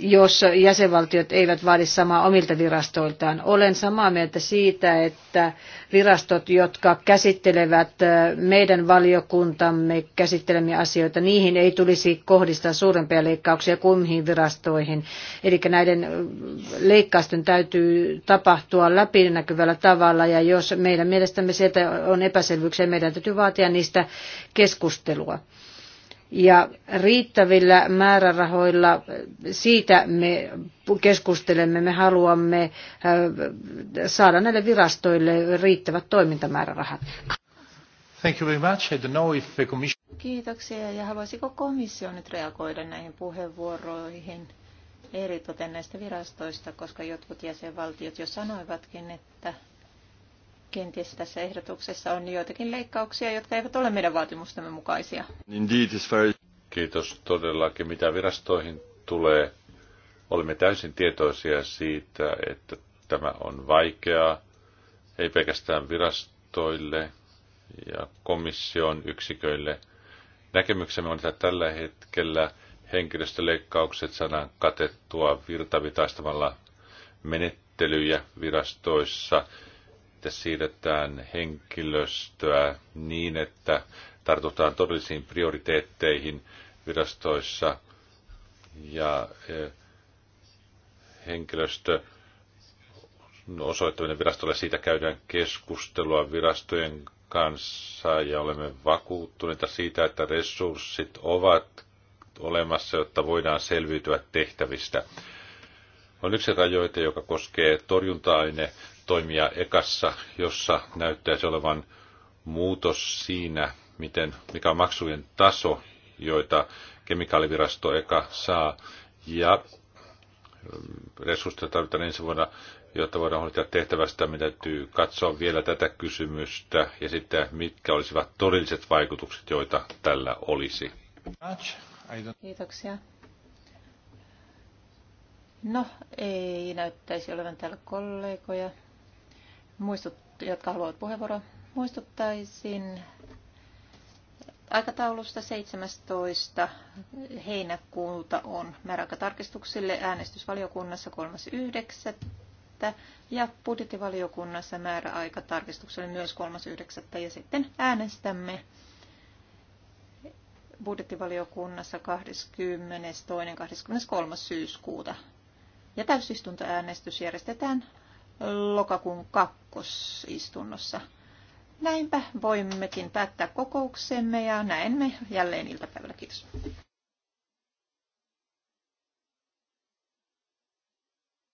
jos jäsenvaltiot eivät vaadi samaa omilta virastoiltaan. Olen samaa mieltä siitä, että virastot, jotka käsittelevät meidän valiokuntamme käsittelemiä asioita, niihin ei tulisi kohdistaa suurempia leikkauksia kuin mihin virastoihin. Eli näiden leikkausten täytyy tapahtua läpinäkyvällä tavalla, ja jos meidän mielestämme sieltä on epäselvyyksiä, meidän täytyy vaatia niistä keskustelua ja riittävillä määrärahoilla siitä me keskustelemme. Me haluamme äh, saada näille virastoille riittävät toimintamäärärahat. Thank you very much. I don't know if the commission... Kiitoksia ja haluaisiko komissio nyt reagoida näihin puheenvuoroihin eritoten näistä virastoista, koska jotkut jäsenvaltiot jo sanoivatkin, että Kenties tässä ehdotuksessa on joitakin leikkauksia, jotka eivät ole meidän vaatimustemme mukaisia. Indeed, very... Kiitos todellakin. Mitä virastoihin tulee, olemme täysin tietoisia siitä, että tämä on vaikeaa, ei pelkästään virastoille ja komission yksiköille. Näkemyksemme on, että tällä hetkellä henkilöstöleikkaukset saadaan katettua virtavitaistamalla menettelyjä virastoissa – että siirretään henkilöstöä niin, että tartutaan todellisiin prioriteetteihin virastoissa ja e, henkilöstö osoittaminen virastolle, siitä käydään keskustelua virastojen kanssa ja olemme vakuuttuneita siitä, että resurssit ovat olemassa, jotta voidaan selviytyä tehtävistä. On yksi rajoite, joka koskee torjunta-aine toimia ekassa, jossa näyttäisi olevan muutos siinä, miten, mikä on maksujen taso, joita kemikaalivirasto eka saa, ja mm, resursseja tarvitaan ensi vuonna, jotta voidaan huolehtia tehtävästä. mitä täytyy katsoa vielä tätä kysymystä ja sitten mitkä olisivat todelliset vaikutukset, joita tällä olisi. Kiitoksia. No, ei näyttäisi olevan täällä kollegoja muistut, jotka haluavat puheenvuoroa, muistuttaisin aikataulusta 17. heinäkuuta on määräaika tarkistuksille äänestysvaliokunnassa 3.9. ja budjettivaliokunnassa määräaika tarkistukselle myös 3.9. ja sitten äänestämme budjettivaliokunnassa 22. 23. syyskuuta. Ja täysistuntoäänestys järjestetään lokakuun kakkosistunnossa. Näinpä voimmekin päättää kokouksemme ja näemme jälleen iltapäivällä. Kiitos.